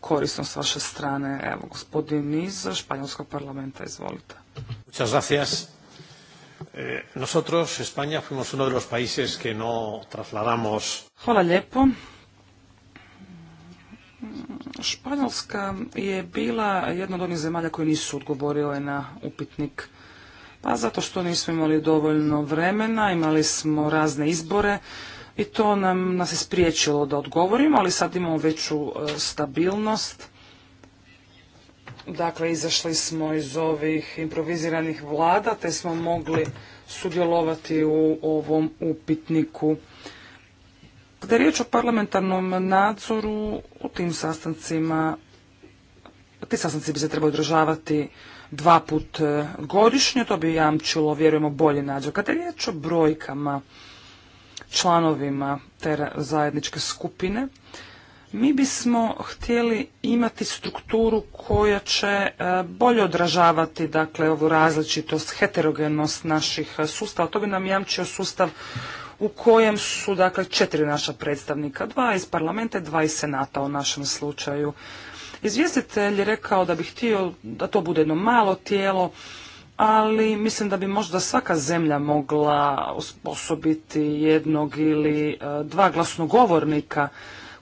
[SPEAKER 4] korisno s vaše strane. Evo, gospodin iz Španjolskog parlamenta, izvolite.
[SPEAKER 3] Muchas gracias. Eh, nosotros, España, fuimos uno de los países que no trasladamos.
[SPEAKER 4] Hvala lijepo. Španjolska je bila jedna od onih zemalja koje nisu odgovorile na upitnik pa zato što nismo imali dovoljno vremena, imali smo razne izbore i to nam, nas je spriječilo da odgovorimo, ali sad imamo veću e, stabilnost. Dakle, izašli smo iz ovih improviziranih vlada, te smo mogli sudjelovati u ovom upitniku. Kada je riječ o parlamentarnom nadzoru, u tim sastancima, ti sastanci bi se trebali održavati dva put e, godišnje, to bi jamčilo, vjerujemo, bolji nadzor. Kad je riječ o brojkama, članovima te zajedničke skupine, mi bismo htjeli imati strukturu koja će e, bolje odražavati dakle ovu različitost, heterogenost naših e, sustava. To bi nam jamčio sustav u kojem su dakle četiri naša predstavnika, dva iz parlamenta i dva iz senata u našem slučaju. Izvjestitelj je rekao da bi htio da to bude jedno malo tijelo, ali mislim da bi možda svaka zemlja mogla osposobiti jednog ili e, dva glasnogovornika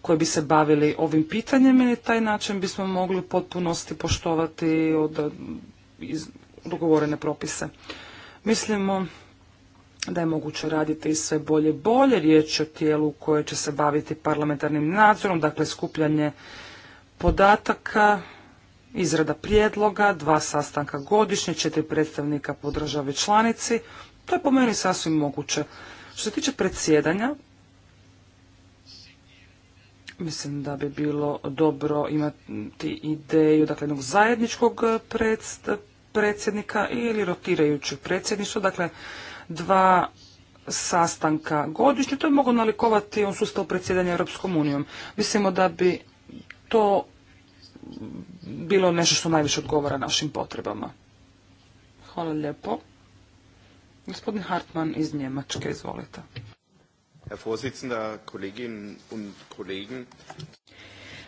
[SPEAKER 4] koji bi se bavili ovim pitanjem i taj način bismo mogli u potpunosti poštovati od dogovorene propise. Mislimo da je moguće raditi sve bolje bolje. Riječ o tijelu koje će se baviti parlamentarnim nadzorom, dakle skupljanje podataka, izrada prijedloga, dva sastanka godišnje, četiri predstavnika po državi članici. To je po meni sasvim moguće. Što se tiče predsjedanja, mislim da bi bilo dobro imati ideju dakle, jednog zajedničkog predsjednika ili rotirajućeg predsjedništva, dakle dva sastanka godišnje. To je moglo nalikovati on sustav predsjedanja Europskom unijom. Mislimo da bi to bilo nešto što najviše odgovara našim potrebama. Hvala lijepo. Gospodin Hartmann iz Njemačke, izvolite.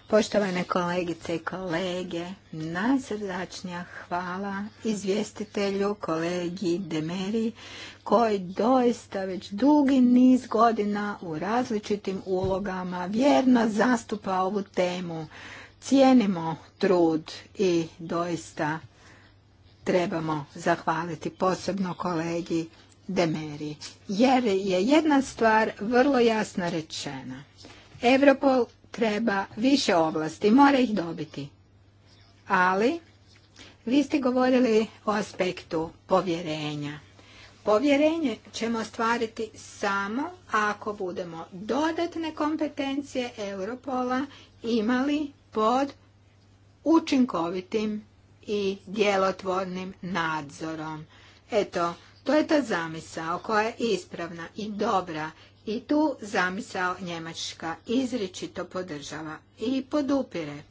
[SPEAKER 2] Poštovane kolegice i kolege, najsrdačnija hvala izvjestitelju, kolegi Demeri, koji doista već dugi niz godina u različitim ulogama vjerno zastupa ovu temu cijenimo trud i doista trebamo zahvaliti posebno kolegi Demeri. Jer je jedna stvar vrlo jasno rečena. Europol treba više oblasti, mora ih dobiti. Ali vi ste govorili o aspektu povjerenja. Povjerenje ćemo stvariti samo ako budemo dodatne kompetencije Europola imali pod učinkovitim i djelotvornim nadzorom. Eto, to je ta zamisao koja je ispravna i dobra i tu zamisao Njemačka izričito podržava i podupire.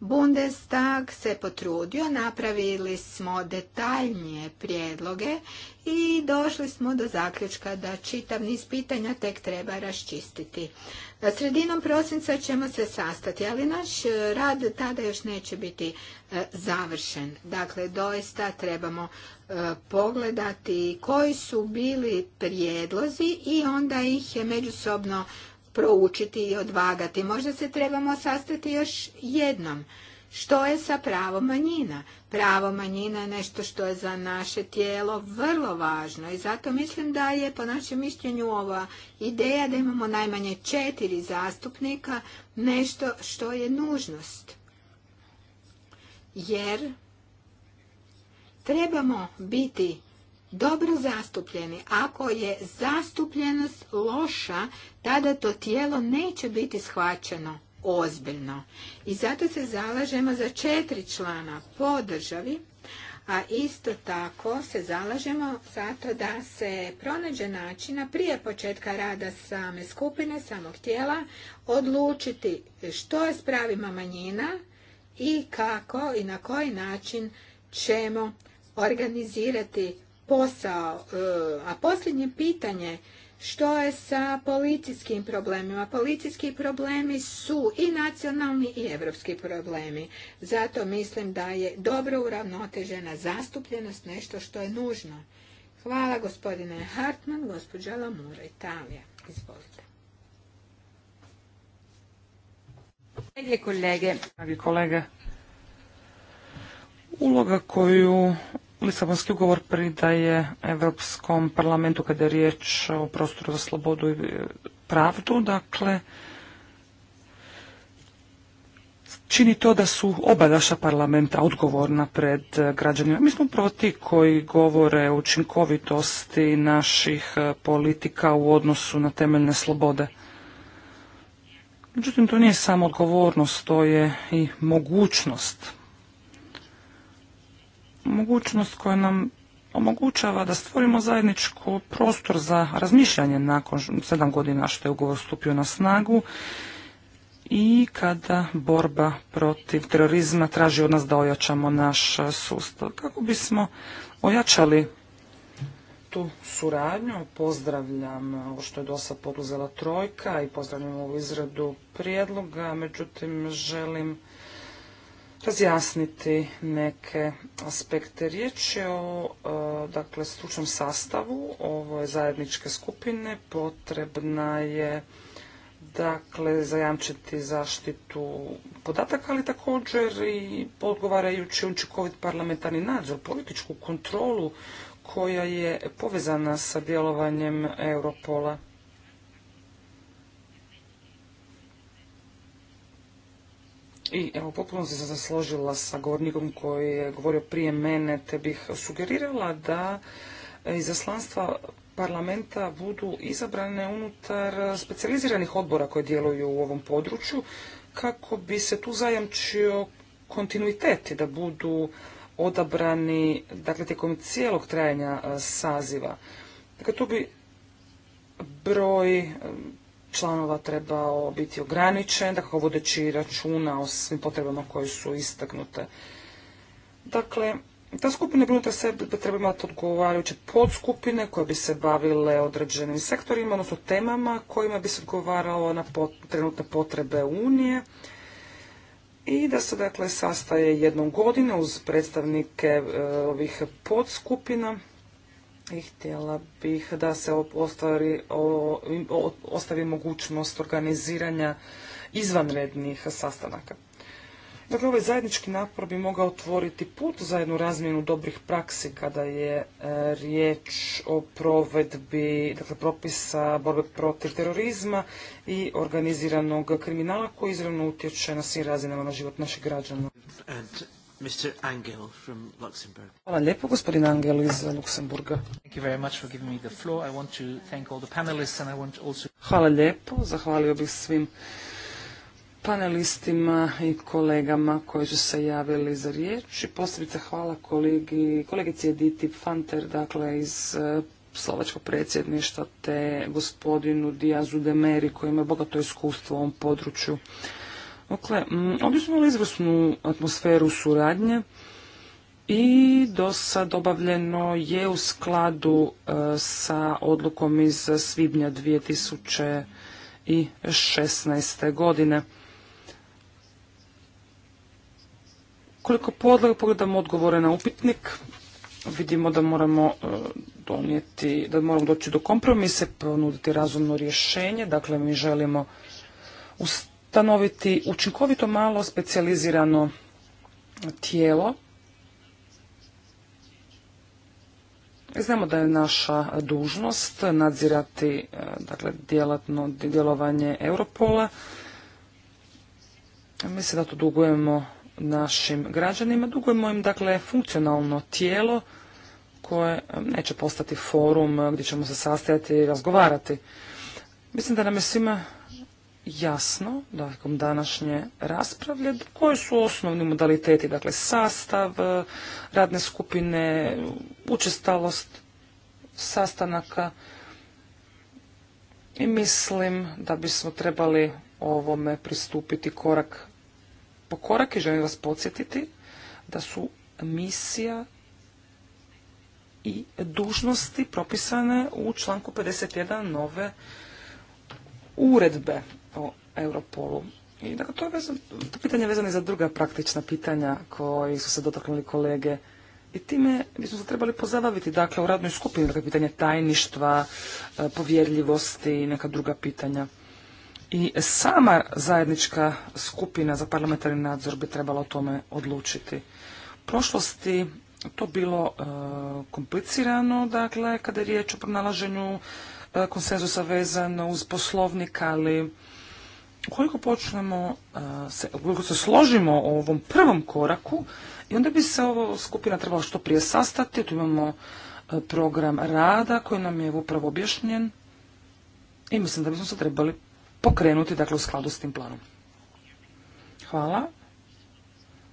[SPEAKER 2] Bundestag se potrudio, napravili smo detaljnije prijedloge i došli smo do zaključka da čitav niz pitanja tek treba raščistiti. Sredinom prosinca ćemo se sastati, ali naš rad tada još neće biti e, završen. Dakle, doista trebamo e, pogledati koji su bili prijedlozi i onda ih je međusobno proučiti i odvagati. Možda se trebamo sastati još jednom. Što je sa pravom manjina? Pravo manjina je nešto što je za naše tijelo vrlo važno i zato mislim da je po našem mišljenju ova ideja da imamo najmanje četiri zastupnika nešto što je nužnost. Jer trebamo biti dobro zastupljeni. Ako je zastupljenost loša, tada to tijelo neće biti shvaćeno ozbiljno. I zato se zalažemo za četiri člana po državi, a isto tako se zalažemo zato da se pronađe načina prije početka rada same skupine, samog tijela, odlučiti što je s pravima manjina i kako i na koji način ćemo organizirati posao. E, a posljednje pitanje, što je sa policijskim problemima? Policijski problemi su i nacionalni i evropski problemi. Zato mislim da je dobro uravnotežena zastupljenost nešto što je nužno. Hvala gospodine Hartman, gospođa Lamura, Italija. Izvolite. Kolege,
[SPEAKER 4] kolege, uloga koju Lisabonski ugovor pridaje Evropskom parlamentu kada je riječ o prostoru za slobodu i pravdu, dakle čini to da su oba naša parlamenta odgovorna pred građanima. Mi smo proti koji govore o učinkovitosti naših politika u odnosu na temeljne slobode. Međutim, to nije samo odgovornost, to je i mogućnost mogućnost koja nam omogućava da stvorimo zajedničko prostor za razmišljanje nakon sedam godina što je ugovor stupio na snagu i kada borba protiv terorizma traži od nas da ojačamo naš sustav. Kako bismo ojačali tu suradnju, pozdravljam ovo što je dosta poduzela trojka i pozdravljam ovu izradu prijedloga, međutim želim razjasniti neke aspekte. Riječ je o e, dakle, stručnom sastavu ove zajedničke skupine. Potrebna je dakle, zajamčiti zaštitu podataka, ali također i odgovarajući učinkovit parlamentarni nadzor, političku kontrolu koja je povezana sa djelovanjem Europola. I evo, potpuno se zasložila sa govornikom koji je govorio prije mene, te bih sugerirala da izaslanstva parlamenta budu izabrane unutar specijaliziranih odbora koji djeluju u ovom području, kako bi se tu zajamčio kontinuiteti da budu odabrani, dakle, tijekom cijelog trajanja e, saziva. Dakle, tu bi broj članova trebao biti ograničen, dakle vodeći računa o svim potrebama koje su istaknute. Dakle, ta skupina bi unutar sebe treba imati odgovarajuće podskupine koje bi se bavile određenim sektorima, odnosno temama kojima bi se odgovaralo na trenutne potrebe Unije i da se dakle sastaje jednom godine uz predstavnike e, ovih podskupina i htjela bih da se ostvari, o, ostavi mogućnost organiziranja izvanrednih sastanaka. Dakle, ovaj zajednički napor bi mogao otvoriti put za jednu razmjenu dobrih praksi kada je e, riječ o provedbi dakle, propisa borbe protiv terorizma i organiziranog kriminala koji izravno utječe na svim razinama na život naših građana.
[SPEAKER 1] Mr. Angel from Luxembourg.
[SPEAKER 4] Hvala lijepo, gospodin Angel iz Luksemburga. Hvala lijepo, zahvalio bih svim panelistima i kolegama koji su se javili za riječ i posebice hvala kolegi, kolegici Editi Fanter, dakle iz e, slovačkog predsjedništva te gospodinu Diazu Demeri koji ima bogato iskustvo u ovom području. Dakle, ovdje smo imali izvrsnu atmosferu suradnje i do sad obavljeno je u skladu e, sa odlukom iz svibnja 2016. godine. Koliko pogledamo odgovore na upitnik, vidimo da moramo e, donijeti, da moramo doći do kompromise, ponuditi razumno rješenje, dakle mi želimo ustanoviti učinkovito malo specijalizirano tijelo. Znamo da je naša dužnost nadzirati e, dakle, djelatno djelovanje Europola. Mislim da to dugujemo našim građanima. Dugujemo im dakle funkcionalno tijelo koje e, neće postati forum gdje ćemo se sastajati i razgovarati. Mislim da nam je svima jasno, dakle današnje raspravlje koji su osnovni modaliteti, dakle sastav radne skupine, učestalost sastanaka i mislim da bismo trebali ovome pristupiti korak po korak i želim vas podsjetiti da su misija i dužnosti propisane u članku 51 nove uredbe. Europolu. I dakle, to, je vezano, pitanje vezano i za druga praktična pitanja koji su se dotaknuli kolege. I time bismo se trebali pozabaviti, dakle, u radnoj skupini, dakle, pitanje tajništva, e, povjerljivosti i neka druga pitanja. I sama zajednička skupina za parlamentarni nadzor bi trebala o tome odlučiti. U prošlosti to bilo e, komplicirano, dakle, kada je riječ o pronalaženju e, konsenzusa vezano uz poslovnik, ali Ukoliko počnemo, e, se, ukoliko se složimo o ovom prvom koraku, i onda bi se ovo skupina trebala što prije sastati, tu imamo e, program rada koji nam je upravo objašnjen i mislim da bismo se trebali pokrenuti dakle, u skladu s tim planom. Hvala.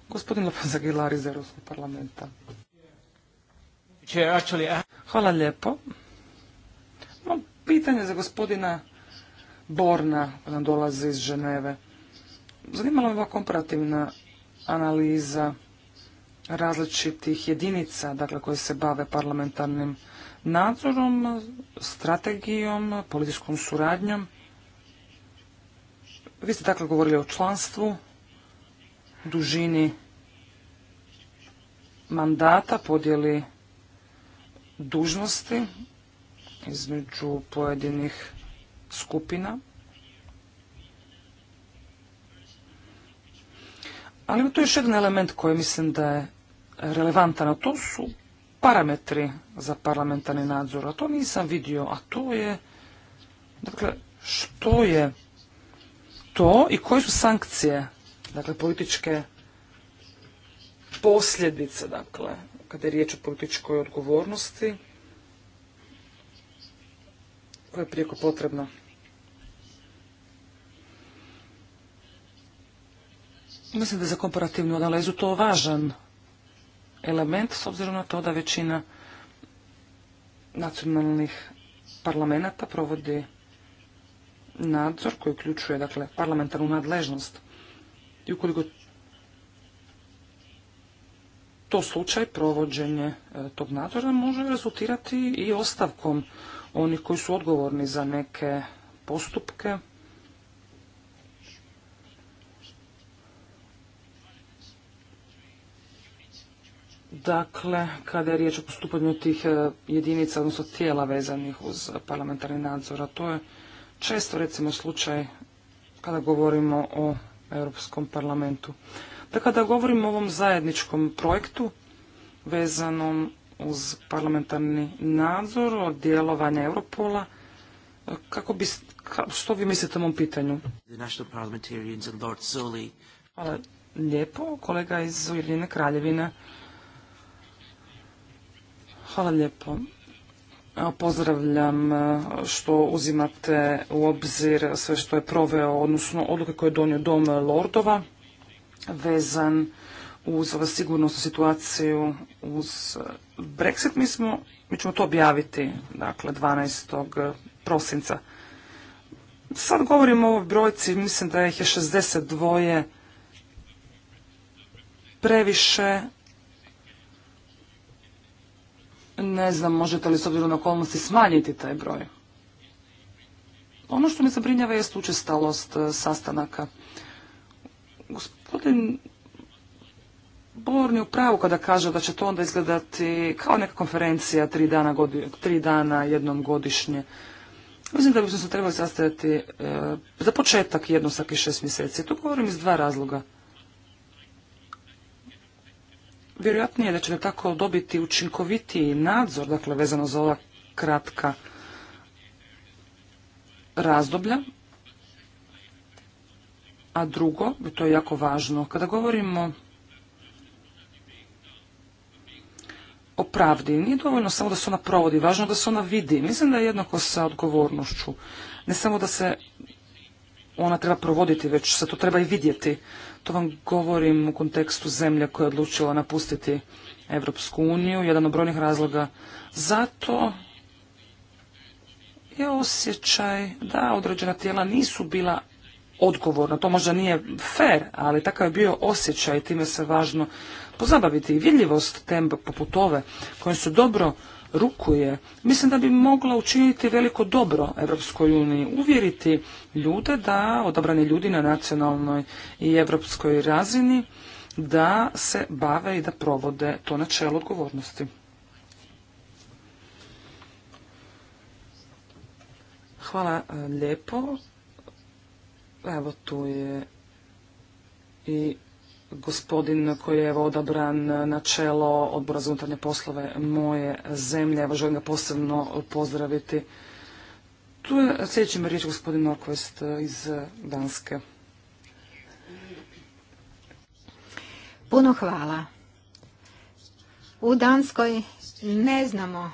[SPEAKER 4] Gospodin Lopez Aguilar iz Europskog parlamenta. Hvala lijepo. Imam pitanje za gospodina Borna nam dolazi iz Ženeve. Zanimala me ova komparativna analiza različitih jedinica dakle, koje se bave parlamentarnim nadzorom, strategijom, političkom suradnjom. Vi ste dakle govorili o članstvu, dužini mandata, podjeli dužnosti između pojedinih skupina. Ali tu još jedan element koji mislim da je relevantan, a to su parametri za parlamentarni nadzor, a to nisam vidio, a to je, dakle, što je to i koje su sankcije, dakle, političke posljedice, dakle, kada je riječ o političkoj odgovornosti, koja je prijeko potrebna. Mislim da je za komparativnu analizu to važan element, s obzirom na to da većina nacionalnih parlamenta provodi nadzor koji uključuje dakle, parlamentarnu nadležnost. I ukoliko to slučaj, provođenje e, tog nadzora može rezultirati i ostavkom onih koji su odgovorni za neke postupke, Dakle, kada je riječ o postupanju tih e, jedinica, odnosno tijela vezanih uz parlamentarni nadzor, a to je često recimo slučaj kada govorimo o Europskom parlamentu. Da kada govorimo o ovom zajedničkom projektu vezanom uz parlamentarni nadzor od djelovanja Europola, e, kako bi, što vi mislite o mom pitanju? Hvala lijepo, kolega iz Ujedinjene kraljevine. Hvala lijepo. Pozdravljam e, što uzimate u obzir sve što je proveo, odnosno odluke koje je donio Dom Lordova, vezan uz ovu sigurnosnu situaciju uz Brexit. Mi, smo, mi ćemo to objaviti, dakle, 12. prosinca. Sad govorimo o ovoj brojci, mislim da ih je 62 previše, ne znam, možete li s obzirom na okolnosti smanjiti taj broj? Ono što me zabrinjava je učestalost e, sastanaka. Gospodin Born u pravu kada kaže da će to onda izgledati kao neka konferencija tri dana, dana jednom godišnje. Mislim da bismo se trebali sastaviti e, za početak jednom svaki šest mjeseci. Tu govorim iz dva razloga vjerojatnije da ćete tako dobiti učinkovitiji nadzor, dakle vezano za ova kratka razdoblja. A drugo, to je jako važno, kada govorimo o pravdi, nije dovoljno samo da se ona provodi, važno da se ona vidi. Mislim da je jednako sa odgovornošću. Ne samo da se ona treba provoditi, već se to treba i vidjeti. To vam govorim u kontekstu zemlje koja je odlučila napustiti Evropsku uniju, jedan od brojnih razloga. Zato je osjećaj da određena tijela nisu bila odgovorna. To možda nije fair, ali takav je bio osjećaj, time se važno pozabaviti i vidljivost tembe poput ove, koje su dobro rukuje, mislim da bi mogla učiniti veliko dobro Europskoj uniji, uvjeriti ljude da, odabrani ljudi na nacionalnoj i europskoj razini, da se bave i da provode to načelo odgovornosti. Hvala eh, lijepo. Evo tu je i gospodin koji je odabran na čelo odbora za unutarnje poslove moje zemlje. Evo želim ga posebno pozdraviti. Tu je riječ gospodin Norquist iz Danske.
[SPEAKER 2] Puno hvala. U Danskoj ne znamo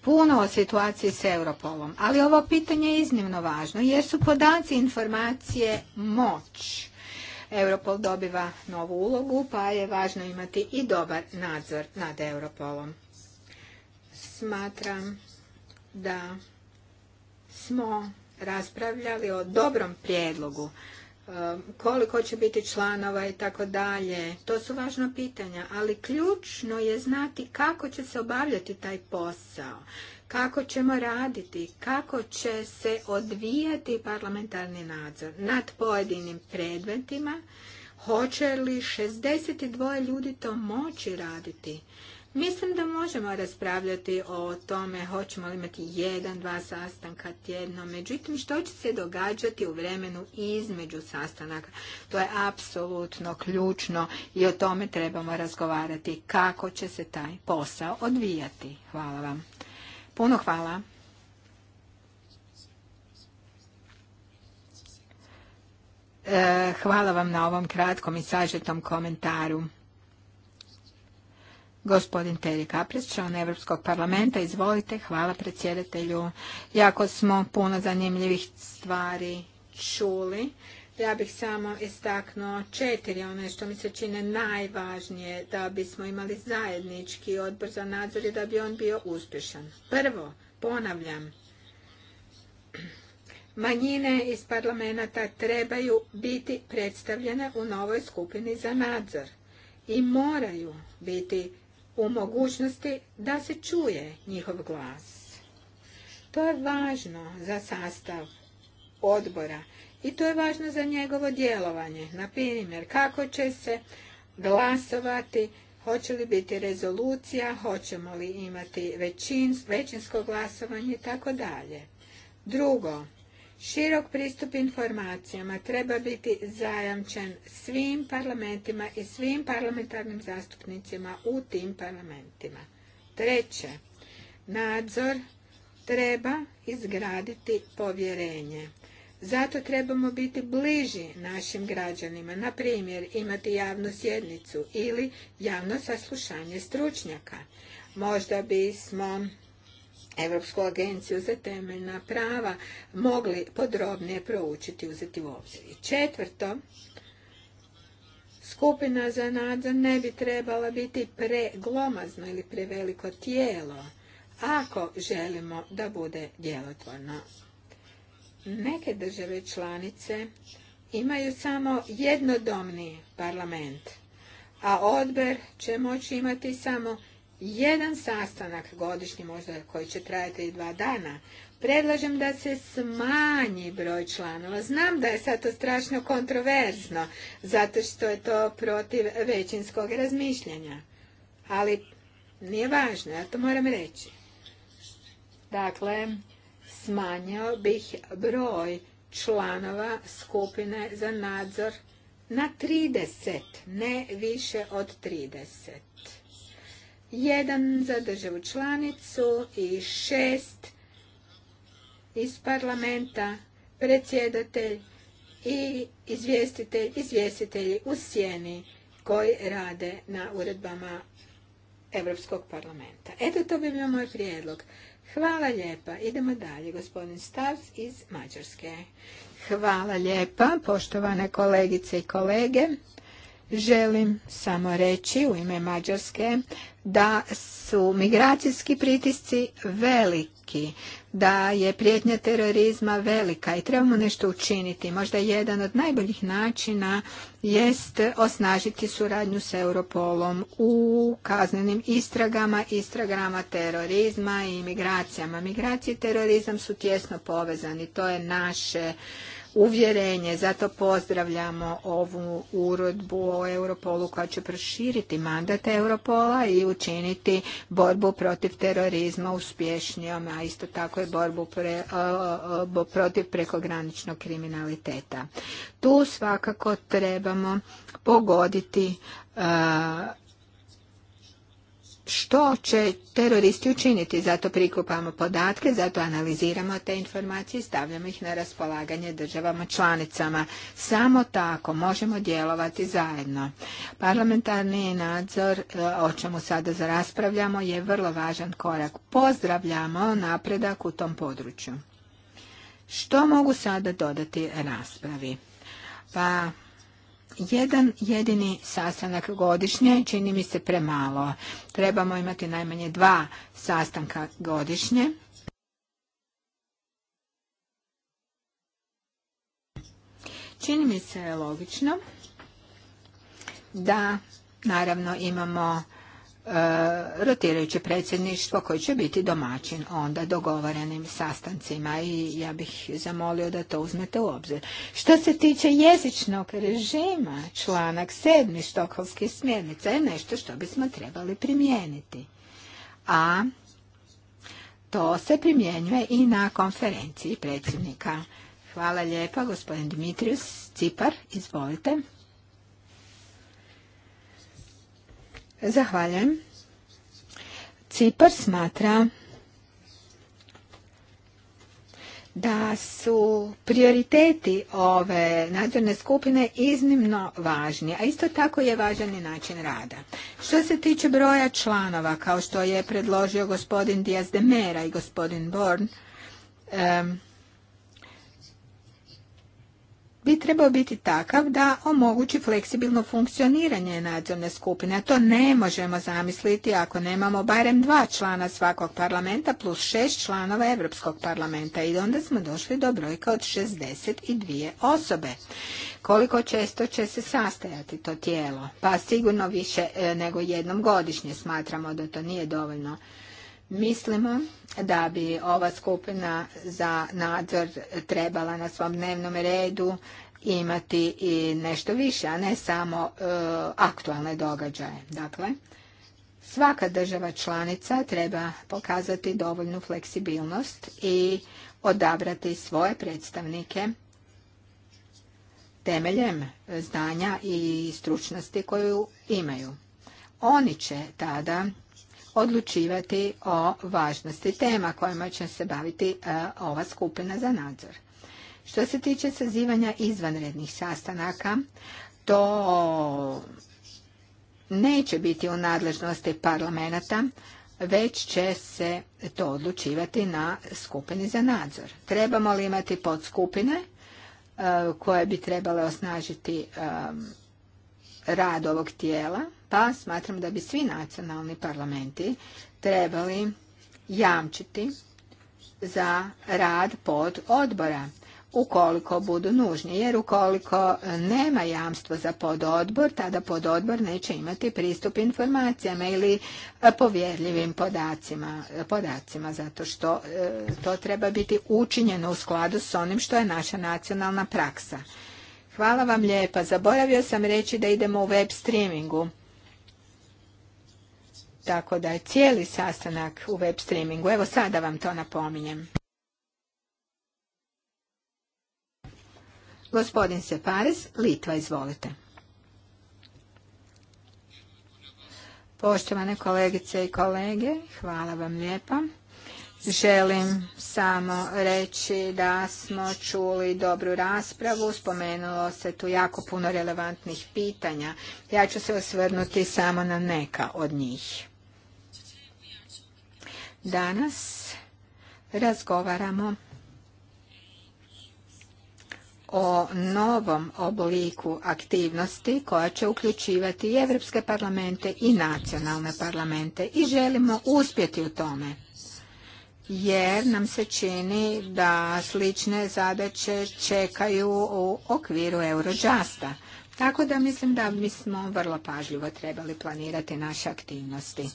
[SPEAKER 2] puno o situaciji s Europolom, ali ovo pitanje je iznimno važno jer su podaci informacije moć. Europol dobiva novu ulogu, pa je važno imati i dobar nadzor nad Europolom. Smatram da smo raspravljali o dobrom prijedlogu ehm, koliko će biti članova i tako dalje. To su važna pitanja, ali ključno je znati kako će se obavljati taj posao kako ćemo raditi, kako će se odvijati parlamentarni nadzor nad pojedinim predmetima, hoće li 62 ljudi to moći raditi. Mislim da možemo raspravljati o tome hoćemo li imati jedan, dva sastanka tjedno, međutim što će se događati u vremenu između sastanaka. To je apsolutno ključno i o tome trebamo razgovarati kako će se taj posao odvijati. Hvala vam. Puno hvala. E, hvala vam na ovom kratkom i sažetom komentaru. Gospodin Teri Kaprić, član Evropskog parlamenta, izvolite, hvala predsjedatelju. Jako smo puno zanimljivih stvari čuli ja bih samo istaknuo četiri, one što mi se čine najvažnije da bismo imali zajednički odbor za nadzor i da bi on bio uspješan. Prvo, ponavljam, manjine iz parlamenta trebaju biti predstavljene u novoj skupini za nadzor i moraju biti u mogućnosti da se čuje njihov glas. To je važno za sastav odbora i to je važno za njegovo djelovanje. Na primjer, kako će se glasovati, hoće li biti rezolucija, hoćemo li imati većinsko glasovanje i tako dalje. Drugo, širok pristup informacijama treba biti zajamčen svim parlamentima i svim parlamentarnim zastupnicima u tim parlamentima. Treće, nadzor treba izgraditi povjerenje. Zato trebamo biti bliži našim građanima, na primjer imati javnu sjednicu ili javno saslušanje stručnjaka. Možda bismo Europsku agenciju za temeljna prava mogli podrobnije proučiti, uzeti u obzir. četvrto, skupina za nadzor ne bi trebala biti preglomazno ili preveliko tijelo ako želimo da bude djelotvorno Mhm. Neke države članice imaju samo jednodomni parlament, a odber će moći imati samo jedan sastanak godišnji, možda koji će trajati i dva dana. Predlažem da se smanji broj članova. Znam da je sad to strašno kontroverzno, zato što je to protiv većinskog razmišljanja. Ali nije važno, ja to moram reći. Dakle, smanjao bih broj članova skupine za nadzor na 30, ne više od 30. Jedan za državu članicu i šest iz parlamenta, predsjedatelj i izvjestitelj, izvjestitelji u sjeni koji rade na uredbama Europskog parlamenta. Eto, to bi bio moj prijedlog. Hvala lijepa. Idemo dalje. Gospodin Stavs iz Mađarske. Hvala lijepa, poštovane kolegice i kolege. Želim samo reći u ime Mađarske da su migracijski pritisci veliki da je prijetnja terorizma velika i trebamo nešto učiniti. Možda jedan od najboljih načina jest osnažiti suradnju s Europolom u kaznenim istragama, istragama terorizma i migracijama. Migracije i terorizam su tjesno povezani, to je naše uvjerenje. Zato pozdravljamo ovu urodbu o Europolu koja će proširiti mandat Europola i učiniti borbu protiv terorizma uspješnijom, a isto tako i borbu pre, protiv prekograničnog kriminaliteta. Tu svakako trebamo pogoditi što će teroristi učiniti. Zato prikupamo podatke, zato analiziramo te informacije i stavljamo ih na raspolaganje državama članicama. Samo tako možemo djelovati zajedno. Parlamentarni nadzor, e, o čemu sada raspravljamo, je vrlo važan korak. Pozdravljamo napredak u tom području. Što mogu sada dodati raspravi? Pa jedan jedini sastanak godišnje čini mi se premalo. Trebamo imati najmanje dva sastanka godišnje. Čini mi se logično da naravno imamo E, rotirajuće predsjedništvo koje će biti domaćin onda dogovorenim sastancima i ja bih zamolio da to uzmete u obzir. Što se tiče jezičnog režima, članak 7. štokholskih smjernica je nešto što bismo trebali primijeniti. A to se primjenjuje i na konferenciji predsjednika. Hvala lijepa, gospodin Dimitrius Cipar, izvolite. Zahvaljujem. Cipar smatra da su prioriteti ove nadzorne skupine iznimno važni, a isto tako je važan i način rada. Što se tiče broja članova, kao što je predložio gospodin Diaz de Mera i gospodin Born, bi trebao biti takav da omogući fleksibilno funkcioniranje nadzorne skupine. To ne možemo zamisliti ako nemamo barem dva člana svakog parlamenta plus šest članova Europskog parlamenta i onda smo došli do brojka od 62 osobe. Koliko često će se sastajati to tijelo? Pa sigurno više e, nego jednom godišnje smatramo da to nije dovoljno Mislimo da bi ova skupina za nadzor trebala na svom dnevnom redu imati i nešto više, a ne samo e, aktualne događaje. Dakle, svaka država članica treba pokazati dovoljnu fleksibilnost i odabrati svoje predstavnike temeljem znanja i stručnosti koju imaju. Oni će tada odlučivati o važnosti tema kojima će se baviti e, ova skupina za nadzor. Što se tiče sazivanja izvanrednih sastanaka, to neće biti u nadležnosti parlamenta, već će se to odlučivati na skupini za nadzor. Trebamo li imati podskupine e, koje bi trebale osnažiti e, rad ovog tijela, pa smatram da bi svi nacionalni parlamenti trebali jamčiti za rad pod odbora ukoliko budu nužni, jer ukoliko nema jamstvo za pododbor, tada pododbor neće imati pristup informacijama ili e, povjerljivim podacima, podacima zato što e, to treba biti učinjeno u skladu s onim što je naša nacionalna praksa. Hvala vam lijepa. Zaboravio sam reći da idemo u web streamingu. Tako da je cijeli sastanak u web streamingu. Evo sada vam to napominjem. Gospodin Separes, Litva, izvolite. Poštovane kolegice i kolege, hvala vam lijepa. Želim samo reći da smo čuli dobru raspravu, spomenulo se tu jako puno relevantnih pitanja. Ja ću se osvrnuti samo na neka od njih. Danas razgovaramo o novom obliku aktivnosti koja će uključivati i Evropske parlamente i nacionalne parlamente i želimo uspjeti u tome jer nam se čini da slične zadaće čekaju u okviru Eurojusta. Tako da mislim da bismo vrlo pažljivo trebali planirati naše aktivnosti.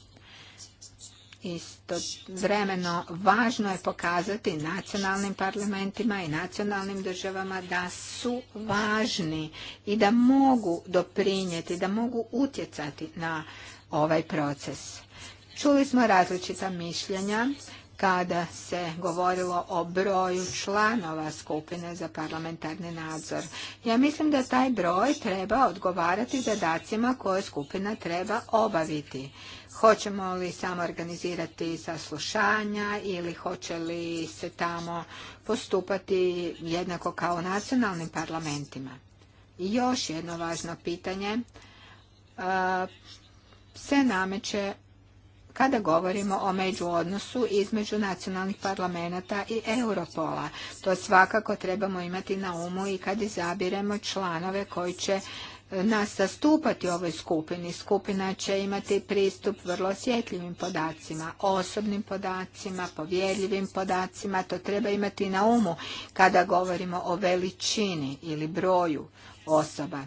[SPEAKER 2] Isto vremeno važno je pokazati nacionalnim parlamentima i nacionalnim državama da su važni i da mogu doprinijeti, da mogu utjecati na ovaj proces. Čuli smo različita mišljenja kada se govorilo o broju članova skupine za parlamentarni nadzor. Ja mislim da taj broj treba odgovarati zadacima koje skupina treba obaviti. Hoćemo li samo organizirati saslušanja ili hoće li se tamo postupati jednako kao u nacionalnim parlamentima? I još jedno važno pitanje se nameće kada govorimo o međuodnosu između nacionalnih parlamenta i Europola. To svakako trebamo imati na umu i kad izabiremo članove koji će e, nas zastupati u ovoj skupini. Skupina će imati pristup vrlo osjetljivim podacima, osobnim podacima, povjerljivim podacima. To treba imati na umu kada govorimo o veličini ili broju osoba.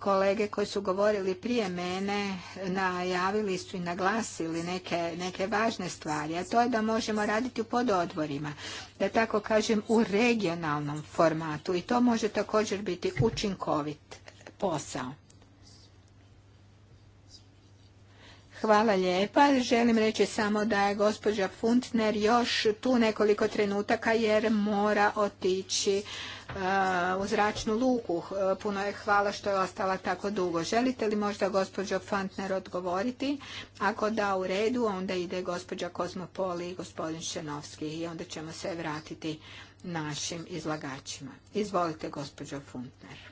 [SPEAKER 2] Kolege koji su govorili prije mene najavili su i naglasili neke, neke važne stvari, a to je da možemo raditi u pododvorima, da tako kažem u regionalnom formatu i to može također biti učinkovit posao. Hvala lijepa. Želim reći samo da je gospođa Funtner još tu nekoliko trenutaka jer mora otići e, u zračnu luku. E, puno je hvala što je ostala tako dugo. Želite li možda gospođo Funtner odgovoriti? Ako da u redu, onda ide gospođa Kozmopoli i gospodin Šenovski i onda ćemo se vratiti našim izlagačima. Izvolite gospođo Funtner.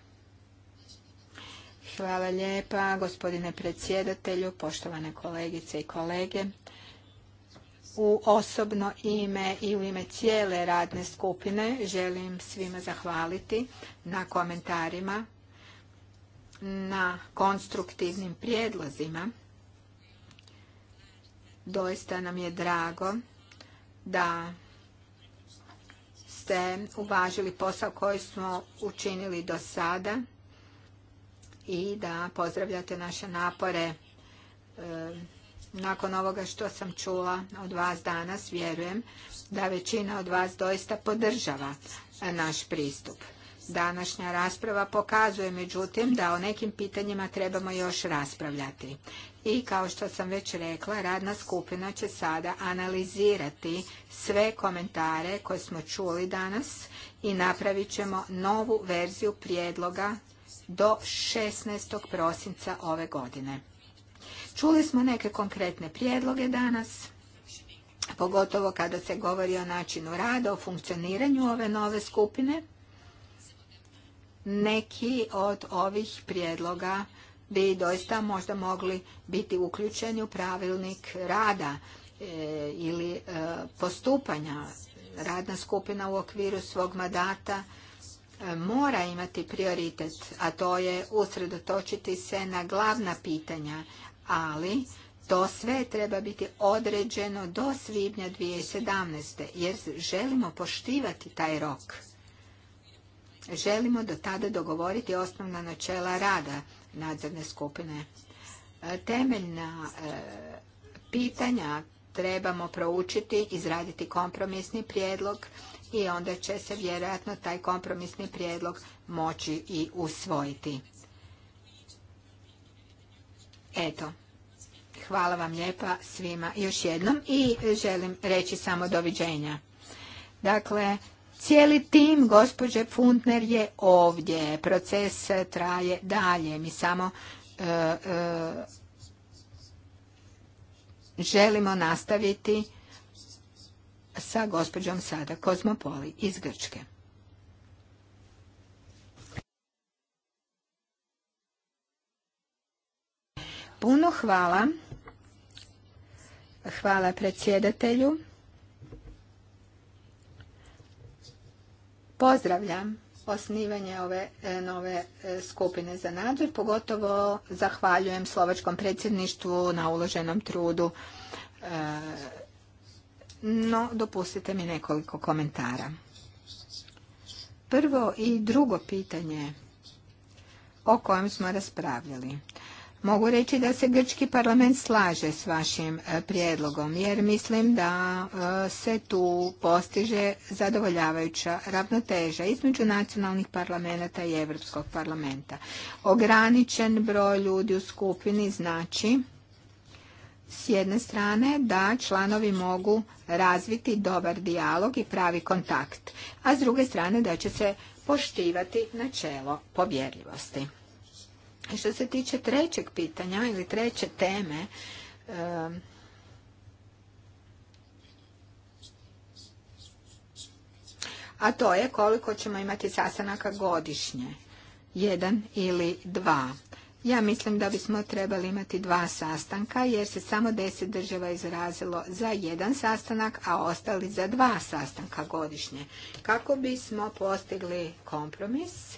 [SPEAKER 2] Hvala lijepa, gospodine predsjedatelju, poštovane kolegice i kolege. U osobno ime i u ime cijele radne skupine želim svima zahvaliti na komentarima, na konstruktivnim prijedlozima. Doista nam je drago da ste uvažili posao koji smo učinili do sada i da pozdravljate naše napore. E, nakon ovoga što sam čula od vas danas, vjerujem da većina od vas doista podržava naš pristup. Današnja rasprava pokazuje međutim da o nekim pitanjima trebamo još raspravljati. I kao što sam već rekla, radna skupina će sada analizirati sve komentare koje smo čuli danas i napravit ćemo novu verziju prijedloga do 16. prosinca ove godine. Čuli smo neke konkretne prijedloge danas, pogotovo kada se govori o načinu rada, o funkcioniranju ove nove skupine. Neki od ovih prijedloga bi doista možda mogli biti uključeni u pravilnik rada e, ili e, postupanja. Radna skupina u okviru svog mandata mora imati prioritet, a to je usredotočiti se na glavna pitanja, ali to sve treba biti određeno do svibnja 2017. jer želimo poštivati taj rok. Želimo do tada dogovoriti osnovna načela rada nadzorne skupine. E, temeljna e, pitanja trebamo proučiti, izraditi kompromisni prijedlog, i onda će se vjerojatno taj kompromisni prijedlog moći i usvojiti. Eto, hvala vam lijepa svima još jednom i želim reći samo doviđenja. Dakle, Cijeli tim gospođe Funtner je ovdje. Proces traje dalje. Mi samo e, e, želimo nastaviti sa gospođom Sada Kozmopoli iz Grčke. Puno hvala. Hvala predsjedatelju. Pozdravljam osnivanje ove e, nove e, skupine za nadzor. Pogotovo zahvaljujem slovačkom predsjedništvu na uloženom trudu e, no dopustite mi nekoliko komentara. Prvo i drugo pitanje o kojem smo raspravljali. Mogu reći da se grčki parlament slaže s vašim e, prijedlogom, jer mislim da e, se tu postiže zadovoljavajuća ravnoteža između nacionalnih parlamenta i Europskog parlamenta. Ograničen broj ljudi u skupini znači s jedne strane da članovi mogu razviti dobar dijalog i pravi kontakt, a s druge strane da će se poštivati načelo povjerljivosti. E, što se tiče trećeg pitanja ili treće teme, a to je koliko ćemo imati sastanaka godišnje, jedan ili dva. Ja mislim da bismo trebali imati dva sastanka jer se samo deset država izrazilo za jedan sastanak, a ostali za dva sastanka godišnje. Kako bismo postigli kompromis,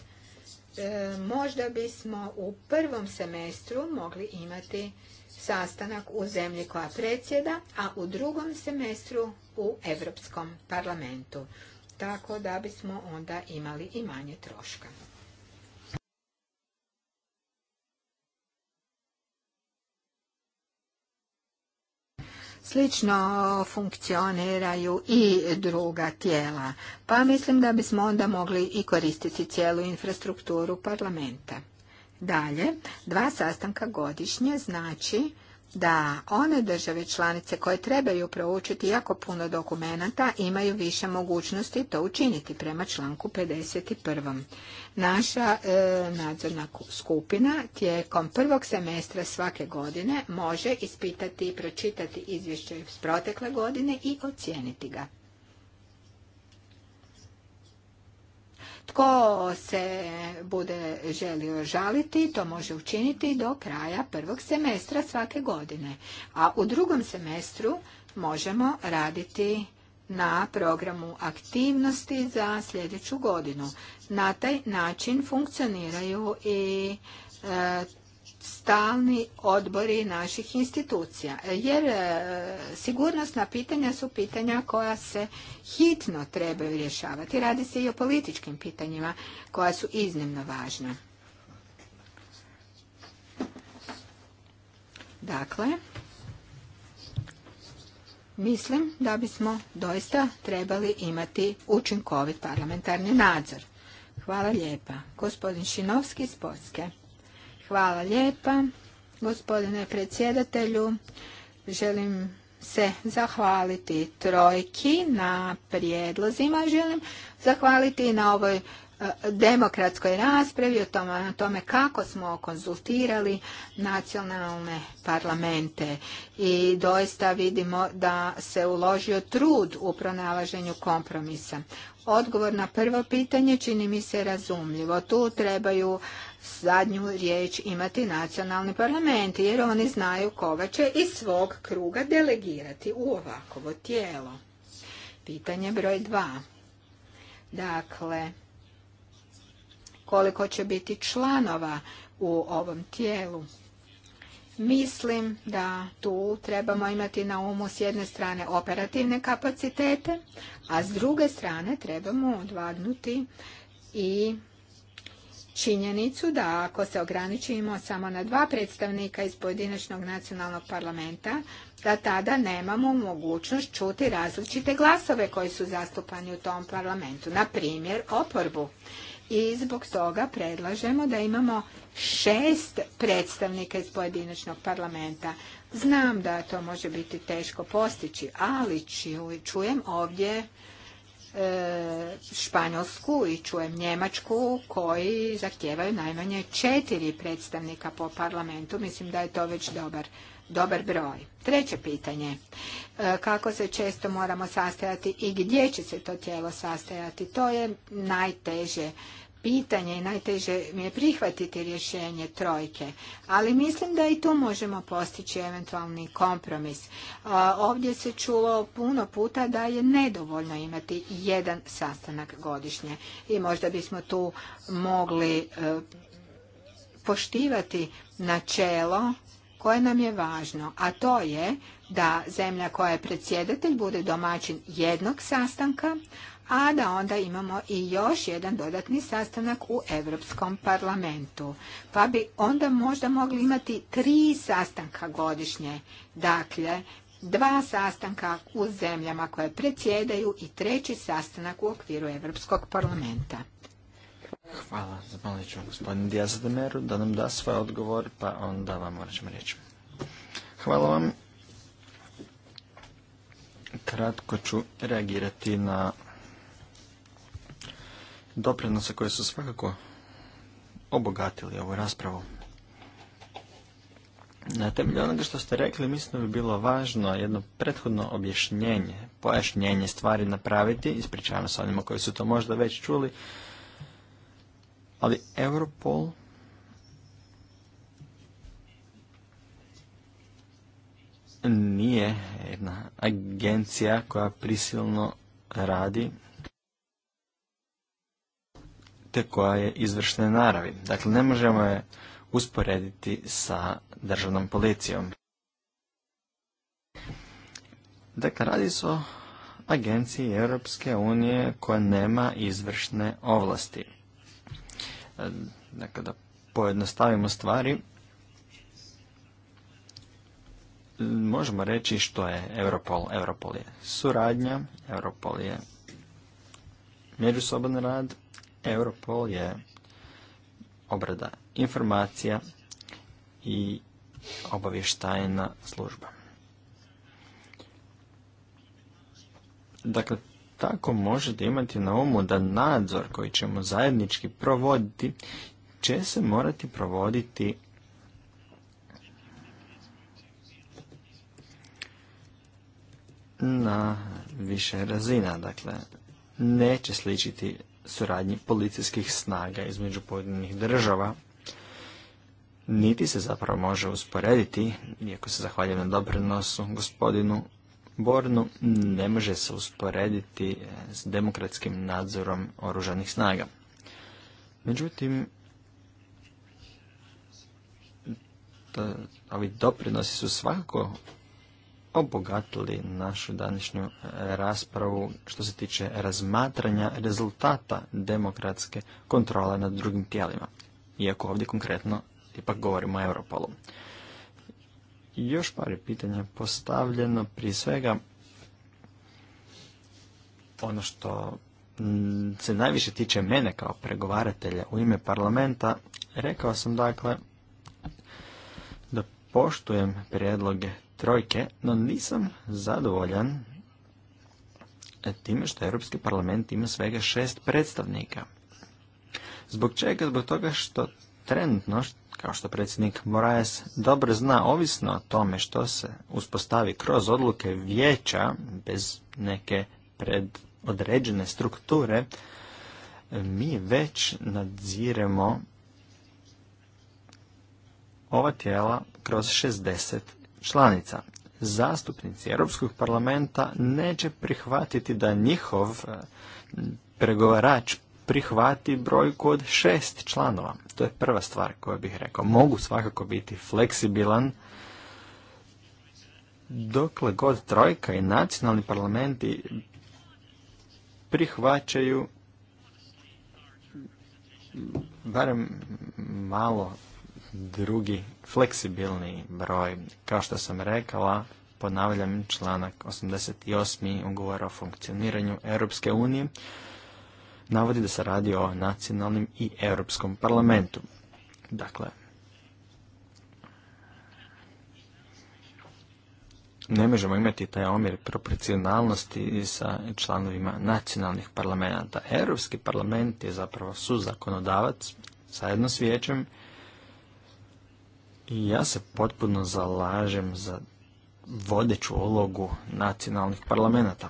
[SPEAKER 2] e, možda bismo u prvom semestru mogli imati sastanak u zemlji koja predsjeda, a u drugom semestru u Europskom parlamentu. Tako da bismo onda imali i manje troška. Slično funkcioniraju i druga tijela, pa mislim da bismo onda mogli i koristiti cijelu infrastrukturu parlamenta. Dalje, dva sastanka godišnje znači da one države članice koje trebaju proučiti jako puno dokumenata imaju više mogućnosti to učiniti prema članku 51. Naša e, nadzorna skupina tijekom prvog semestra svake godine može ispitati i pročitati izvješće iz protekle godine i ocijeniti ga. Tko se bude želio žaliti, to može učiniti do kraja prvog semestra svake godine. A u drugom semestru možemo raditi na programu aktivnosti za sljedeću godinu. Na taj način funkcioniraju i e, stalni odbori naših institucija. Jer e, sigurnosna pitanja su pitanja koja se hitno trebaju rješavati. Radi se i o političkim pitanjima koja su iznimno važna. Dakle, mislim da bismo doista trebali imati učinkovit parlamentarni nadzor. Hvala lijepa. Gospodin Šinovski iz Polske. Hvala lijepa. Gospodine predsjedatelju, želim se zahvaliti trojki na prijedlozima. Želim zahvaliti na ovoj e, demokratskoj raspravi o tome, na tome kako smo konzultirali nacionalne parlamente i doista vidimo da se uložio trud u pronalaženju kompromisa. Odgovor na prvo pitanje čini mi se razumljivo. Tu trebaju zadnju riječ imati nacionalni parlamenti jer oni znaju koga će iz svog kruga delegirati u ovakovo tijelo. Pitanje broj dva. Dakle, koliko će biti članova u ovom tijelu? Mislim da tu trebamo imati na umu s jedne strane operativne kapacitete, a s druge strane trebamo odvagnuti i činjenicu da ako se ograničimo samo na dva predstavnika iz pojedinačnog nacionalnog parlamenta, da tada nemamo mogućnost čuti različite glasove koji su zastupani u tom parlamentu, na primjer oporbu. I zbog toga predlažemo da imamo šest predstavnika iz pojedinačnog parlamenta. Znam da to može biti teško postići, ali čujem ovdje E, Španjolsku i čujem Njemačku koji zahtijevaju najmanje četiri predstavnika po parlamentu. Mislim da je to već dobar dobar broj. Treće pitanje, e, kako se često moramo sastajati i gdje će se to tijelo sastajati, to je najteže pitanje i najteže mi je prihvatiti rješenje trojke, ali mislim da i tu možemo postići eventualni kompromis. Ovdje se čulo puno puta da je nedovoljno imati jedan sastanak godišnje i možda bismo tu mogli e, poštivati načelo koje nam je važno, a to je da zemlja koja je predsjedatelj bude domaćin jednog sastanka, a da onda imamo i još jedan dodatni sastanak u Evropskom parlamentu. Pa bi onda možda mogli imati tri sastanka godišnje. Dakle, dva sastanka u zemljama koje predsjedaju i treći sastanak u okviru Evropskog parlamenta.
[SPEAKER 3] Hvala. Zamolit ću gospodin Demeru da nam da svoj odgovor, pa onda vam morat ćemo reći. Hvala vam. Kratko ću reagirati na doprinosa koje su svakako obogatili ovu raspravu. Na temelju onoga što ste rekli, mislim da bi bilo važno jedno prethodno objašnjenje, pojašnjenje stvari napraviti, ispričavam se onima koji su to možda već čuli, ali Europol nije jedna agencija koja prisilno radi te koja je izvršne naravi. Dakle, ne možemo je usporediti sa državnom policijom. Dakle, radi se o agenciji Europske unije koja nema izvršne ovlasti. E, dakle, da pojednostavimo stvari, možemo reći što je Europol. Europol je suradnja, Europol je međusoban rad, Europol je obrada informacija i obavještajna služba. Dakle, tako možete imati na umu da nadzor koji ćemo zajednički provoditi će se morati provoditi na više razina. Dakle, neće sličiti suradnji policijskih snaga između pojedinih država, niti se zapravo može usporediti, iako se zahvaljujem na doprinosu gospodinu Bornu, ne može se usporediti e, s demokratskim nadzorom oružanih snaga. Međutim, ovi doprinosi su svakako obogatili našu današnju e, raspravu što se tiče razmatranja rezultata demokratske kontrole nad drugim tijelima. Iako ovdje konkretno ipak govorimo o Europolu. Još par pitanja postavljeno. Prije svega, ono što mm, se najviše tiče mene kao pregovaratelja u ime parlamenta, rekao sam dakle da poštujem prijedloge trojke, no nisam zadovoljan e, time što Europski parlament ima svega šest predstavnika. Zbog čega? Zbog toga što trenutno, kao što predsjednik Moraes dobro zna, ovisno o tome što se uspostavi kroz odluke vijeća bez neke predodređene strukture, mi već nadziremo ova tijela kroz 60 članica zastupnici Europskog parlamenta neće prihvatiti da njihov e, pregovarač prihvati brojku od šest članova. To je prva stvar koju bih rekao. Mogu svakako biti fleksibilan dokle god trojka i nacionalni parlamenti prihvaćaju barem malo drugi fleksibilni broj. Kao što sam rekala, ponavljam članak 88. ugovora o funkcioniranju Europske unije, navodi da se radi o nacionalnim i europskom parlamentu. Dakle, ne možemo imati taj omjer proporcionalnosti sa članovima nacionalnih parlamenta. Europski parlament je zapravo suzakonodavac zajedno s vijećem ja se potpuno zalažem za vodeću ulogu nacionalnih parlamenta.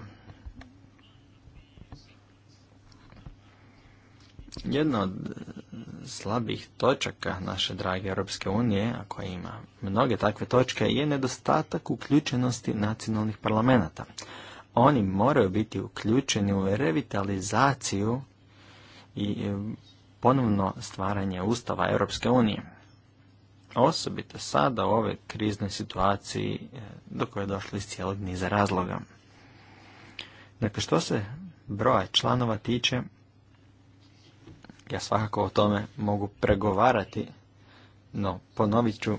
[SPEAKER 3] Jedna od e, slabih točaka naše drage Europske unije, a koja ima mnoge takve točke, je nedostatak uključenosti nacionalnih parlamenta. Oni moraju biti uključeni u revitalizaciju i e, ponovno stvaranje ustava Europske unije osobito sada u ove kriznoj situaciji e, do koje je došlo iz cijelog niza razloga. Dakle, što se broja članova tiče, ja svakako o tome mogu pregovarati, no ponovit ću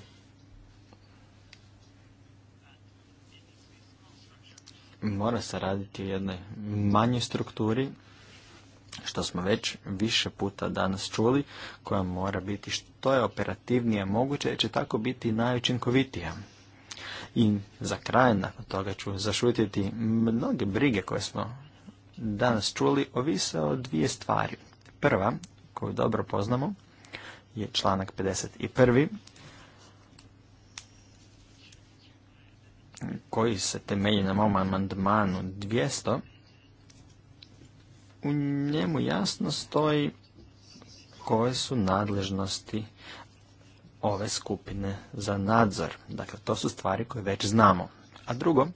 [SPEAKER 3] mora se raditi u jednoj manjoj strukturi što smo već više puta danas čuli, koja mora biti što je operativnije moguće, jer će tako biti najučinkovitija. I za kraj nakon toga ću zašutiti mnoge brige koje smo danas čuli ovise o dvije stvari. Prva, koju dobro poznamo, je članak 51. koji se temelji na mom amandmanu 200 u njemu jasno stoji koje su nadležnosti ove skupine za nadzor. Dakle, to su stvari koje već znamo. A drugo,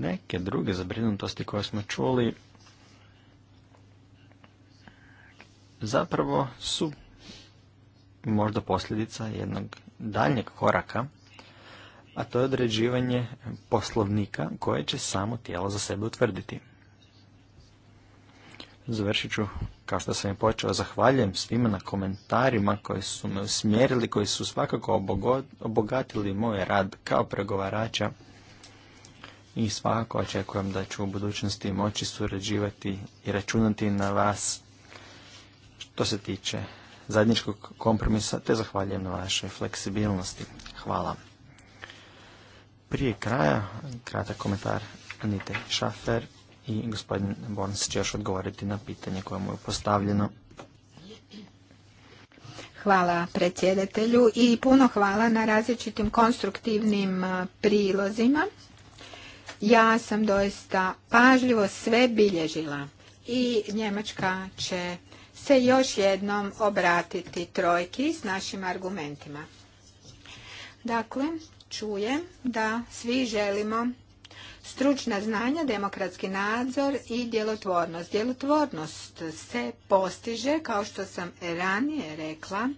[SPEAKER 3] neke druge zabrinutosti koje smo čuli zapravo su možda posljedica jednog daljnjeg koraka a to je određivanje poslovnika koje će samo tijelo za sebe utvrditi. Završit ću, kao što sam i počeo, zahvaljujem svima na komentarima koji su me usmjerili, koji su svakako obogatili moj rad kao pregovarača i svakako očekujem da ću u budućnosti moći surađivati i računati na vas što se tiče zajedničkog kompromisa, te zahvaljujem na vašoj fleksibilnosti. Hvala. Prije kraja, kratak komentar Anite Šafer i gospodin Borns će još odgovoriti na pitanje koje mu je postavljeno.
[SPEAKER 2] Hvala predsjedatelju i puno hvala na različitim konstruktivnim prilozima. Ja sam doista pažljivo sve bilježila i Njemačka će se još jednom obratiti trojki s našim argumentima. Dakle, čuje da svi želimo stručna znanja, demokratski nadzor i djelotvornost. Djelotvornost se postiže, kao što sam ranije rekla,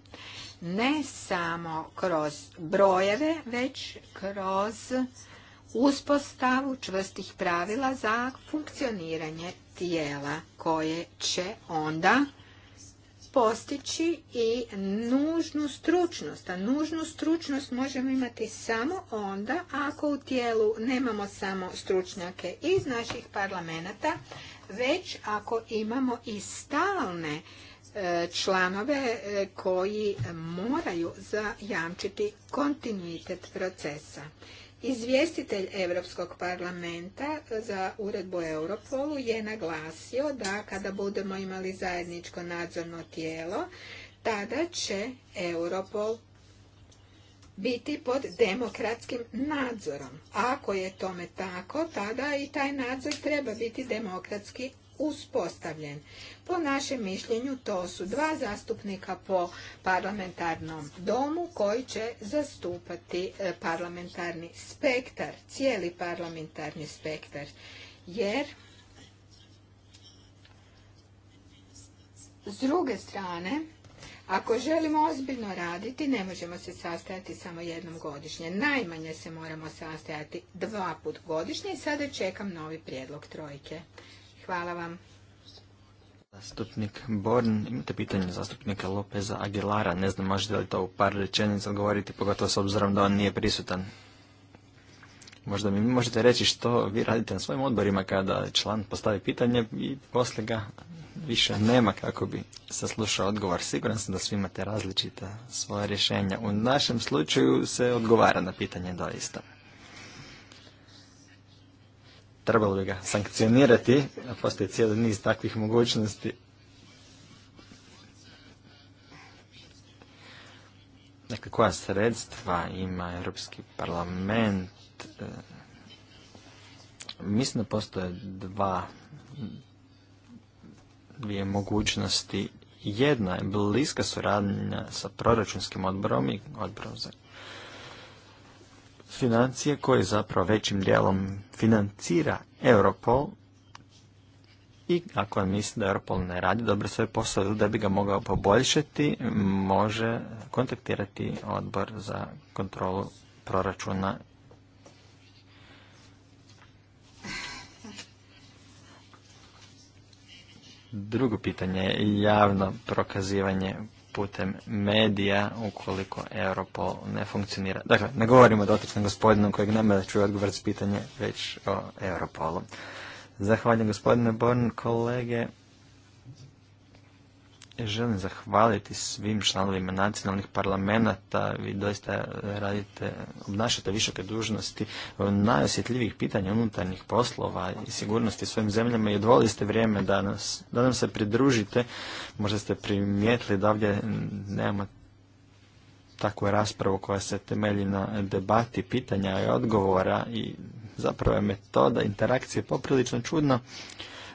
[SPEAKER 2] ne samo kroz brojeve, već kroz uspostavu čvrstih pravila za funkcioniranje tijela koje će onda postići i nužnu stručnost. A nužnu stručnost možemo imati samo onda ako u tijelu nemamo samo stručnjake iz naših parlamenta, već ako imamo i stalne e, članove e, koji moraju zajamčiti kontinuitet procesa. Izvjestitelj Europskog parlamenta za uredbu Europolu je naglasio da kada budemo imali zajedničko nadzorno tijelo, tada će Europol biti pod demokratskim nadzorom. Ako je tome tako, tada i taj nadzor treba biti demokratski uspostavljen. Po našem mišljenju to su dva zastupnika po parlamentarnom domu koji će zastupati e, parlamentarni spektar, cijeli parlamentarni spektar. Jer s druge strane, ako želimo ozbiljno raditi, ne možemo se sastajati samo jednom godišnje. Najmanje se moramo sastajati dva put godišnje i sada čekam novi prijedlog trojke. Hvala vam.
[SPEAKER 3] Zastupnik Born, imate pitanje zastupnika Lopeza Aguilara. Ne znam, možete li to u par rečenica odgovoriti, pogotovo s obzirom da on nije prisutan. Možda mi možete reći što vi radite na svojim odborima kada član postavi pitanje i poslije ga više nema kako bi saslušao odgovor. Siguran sam da svi imate različita svoja rješenja. U našem slučaju se odgovara na pitanje doista trebalo bi ga sankcionirati, a postoji cijeli niz takvih mogućnosti. Dakle, koja sredstva ima Europski parlament? E, mislim da postoje dva, dvije mogućnosti. Jedna je bliska suradnja sa proračunskim odborom i odborom za financije koje zapravo većim dijelom financira Europol i ako misli da Europol ne radi dobro svoj posao da bi ga mogao poboljšati, može kontaktirati odbor za kontrolu proračuna Drugo pitanje javno prokazivanje putem medija ukoliko Europol ne funkcionira. Dakle, ne govorimo o dotičnom gospodinu kojeg nema da čuje odgovor s pitanje već o Europolu. Zahvaljujem gospodine Born, kolege. E, želim zahvaliti svim članovima nacionalnih parlamenta. Vi doista radite, obnašate višoke dužnosti e, najosjetljivijih pitanja unutarnjih poslova i sigurnosti svojim zemljama i odvolili ste vrijeme danas. Da nam se pridružite, možda ste primijetili da ovdje nemamo takvu raspravu koja se temelji na debati, pitanja i odgovora i zapravo je metoda interakcije poprilično čudna,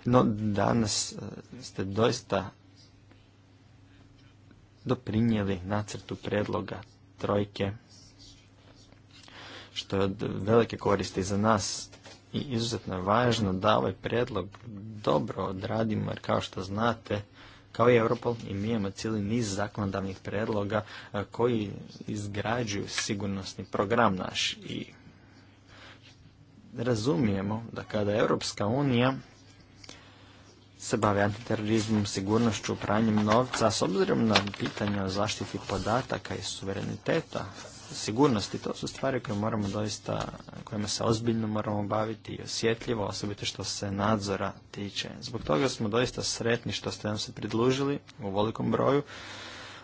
[SPEAKER 3] no danas e, ste doista doprinijeli nacrtu predloga trojke, što je od velike koristi za nas i izuzetno je važno da ovaj predlog dobro odradimo, jer kao što znate, kao i Europol i mi imamo cijeli niz zakonodavnih predloga koji izgrađuju sigurnosni program naš i razumijemo da kada Europska unija se bave antiterorizmom, sigurnošću, pranjem novca, s obzirom na pitanje o zaštiti podataka i suvereniteta, sigurnosti, to su stvari koje moramo doista, kojima se ozbiljno moramo baviti i osjetljivo, osobito što se nadzora tiče. Zbog toga smo doista sretni što ste nam se pridlužili u velikom broju,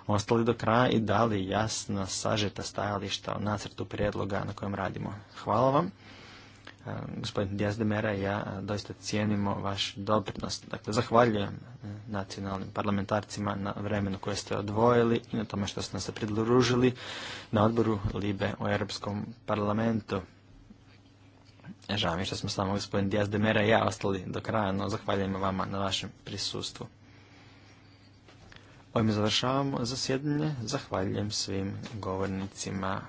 [SPEAKER 3] ostali do kraja i dali jasna sažeta stajališta o nacrtu prijedloga na kojem radimo. Hvala vam. Ehm, gospodin Dijaz de Mera i ja e, doista cijenimo vaš doprinos. Dakle, zahvaljujem e, nacionalnim parlamentarcima na vremenu koje ste odvojili i na tome što ste nas se pridružili na odboru Libe u Europskom parlamentu. E, žao mi što smo samo gospodin Dijaz de Mera i ja ostali do kraja, no zahvaljujem vama na vašem prisustvu. Ovim završavamo zasjedanje. Zahvaljujem svim govornicima.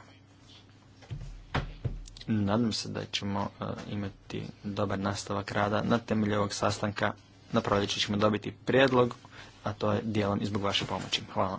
[SPEAKER 3] Nadam se da ćemo e, imati dobar nastavak rada na temelju ovog sastanka. Na proljeće ćemo dobiti prijedlog, a to je dijelom i zbog vaše pomoći. Hvala.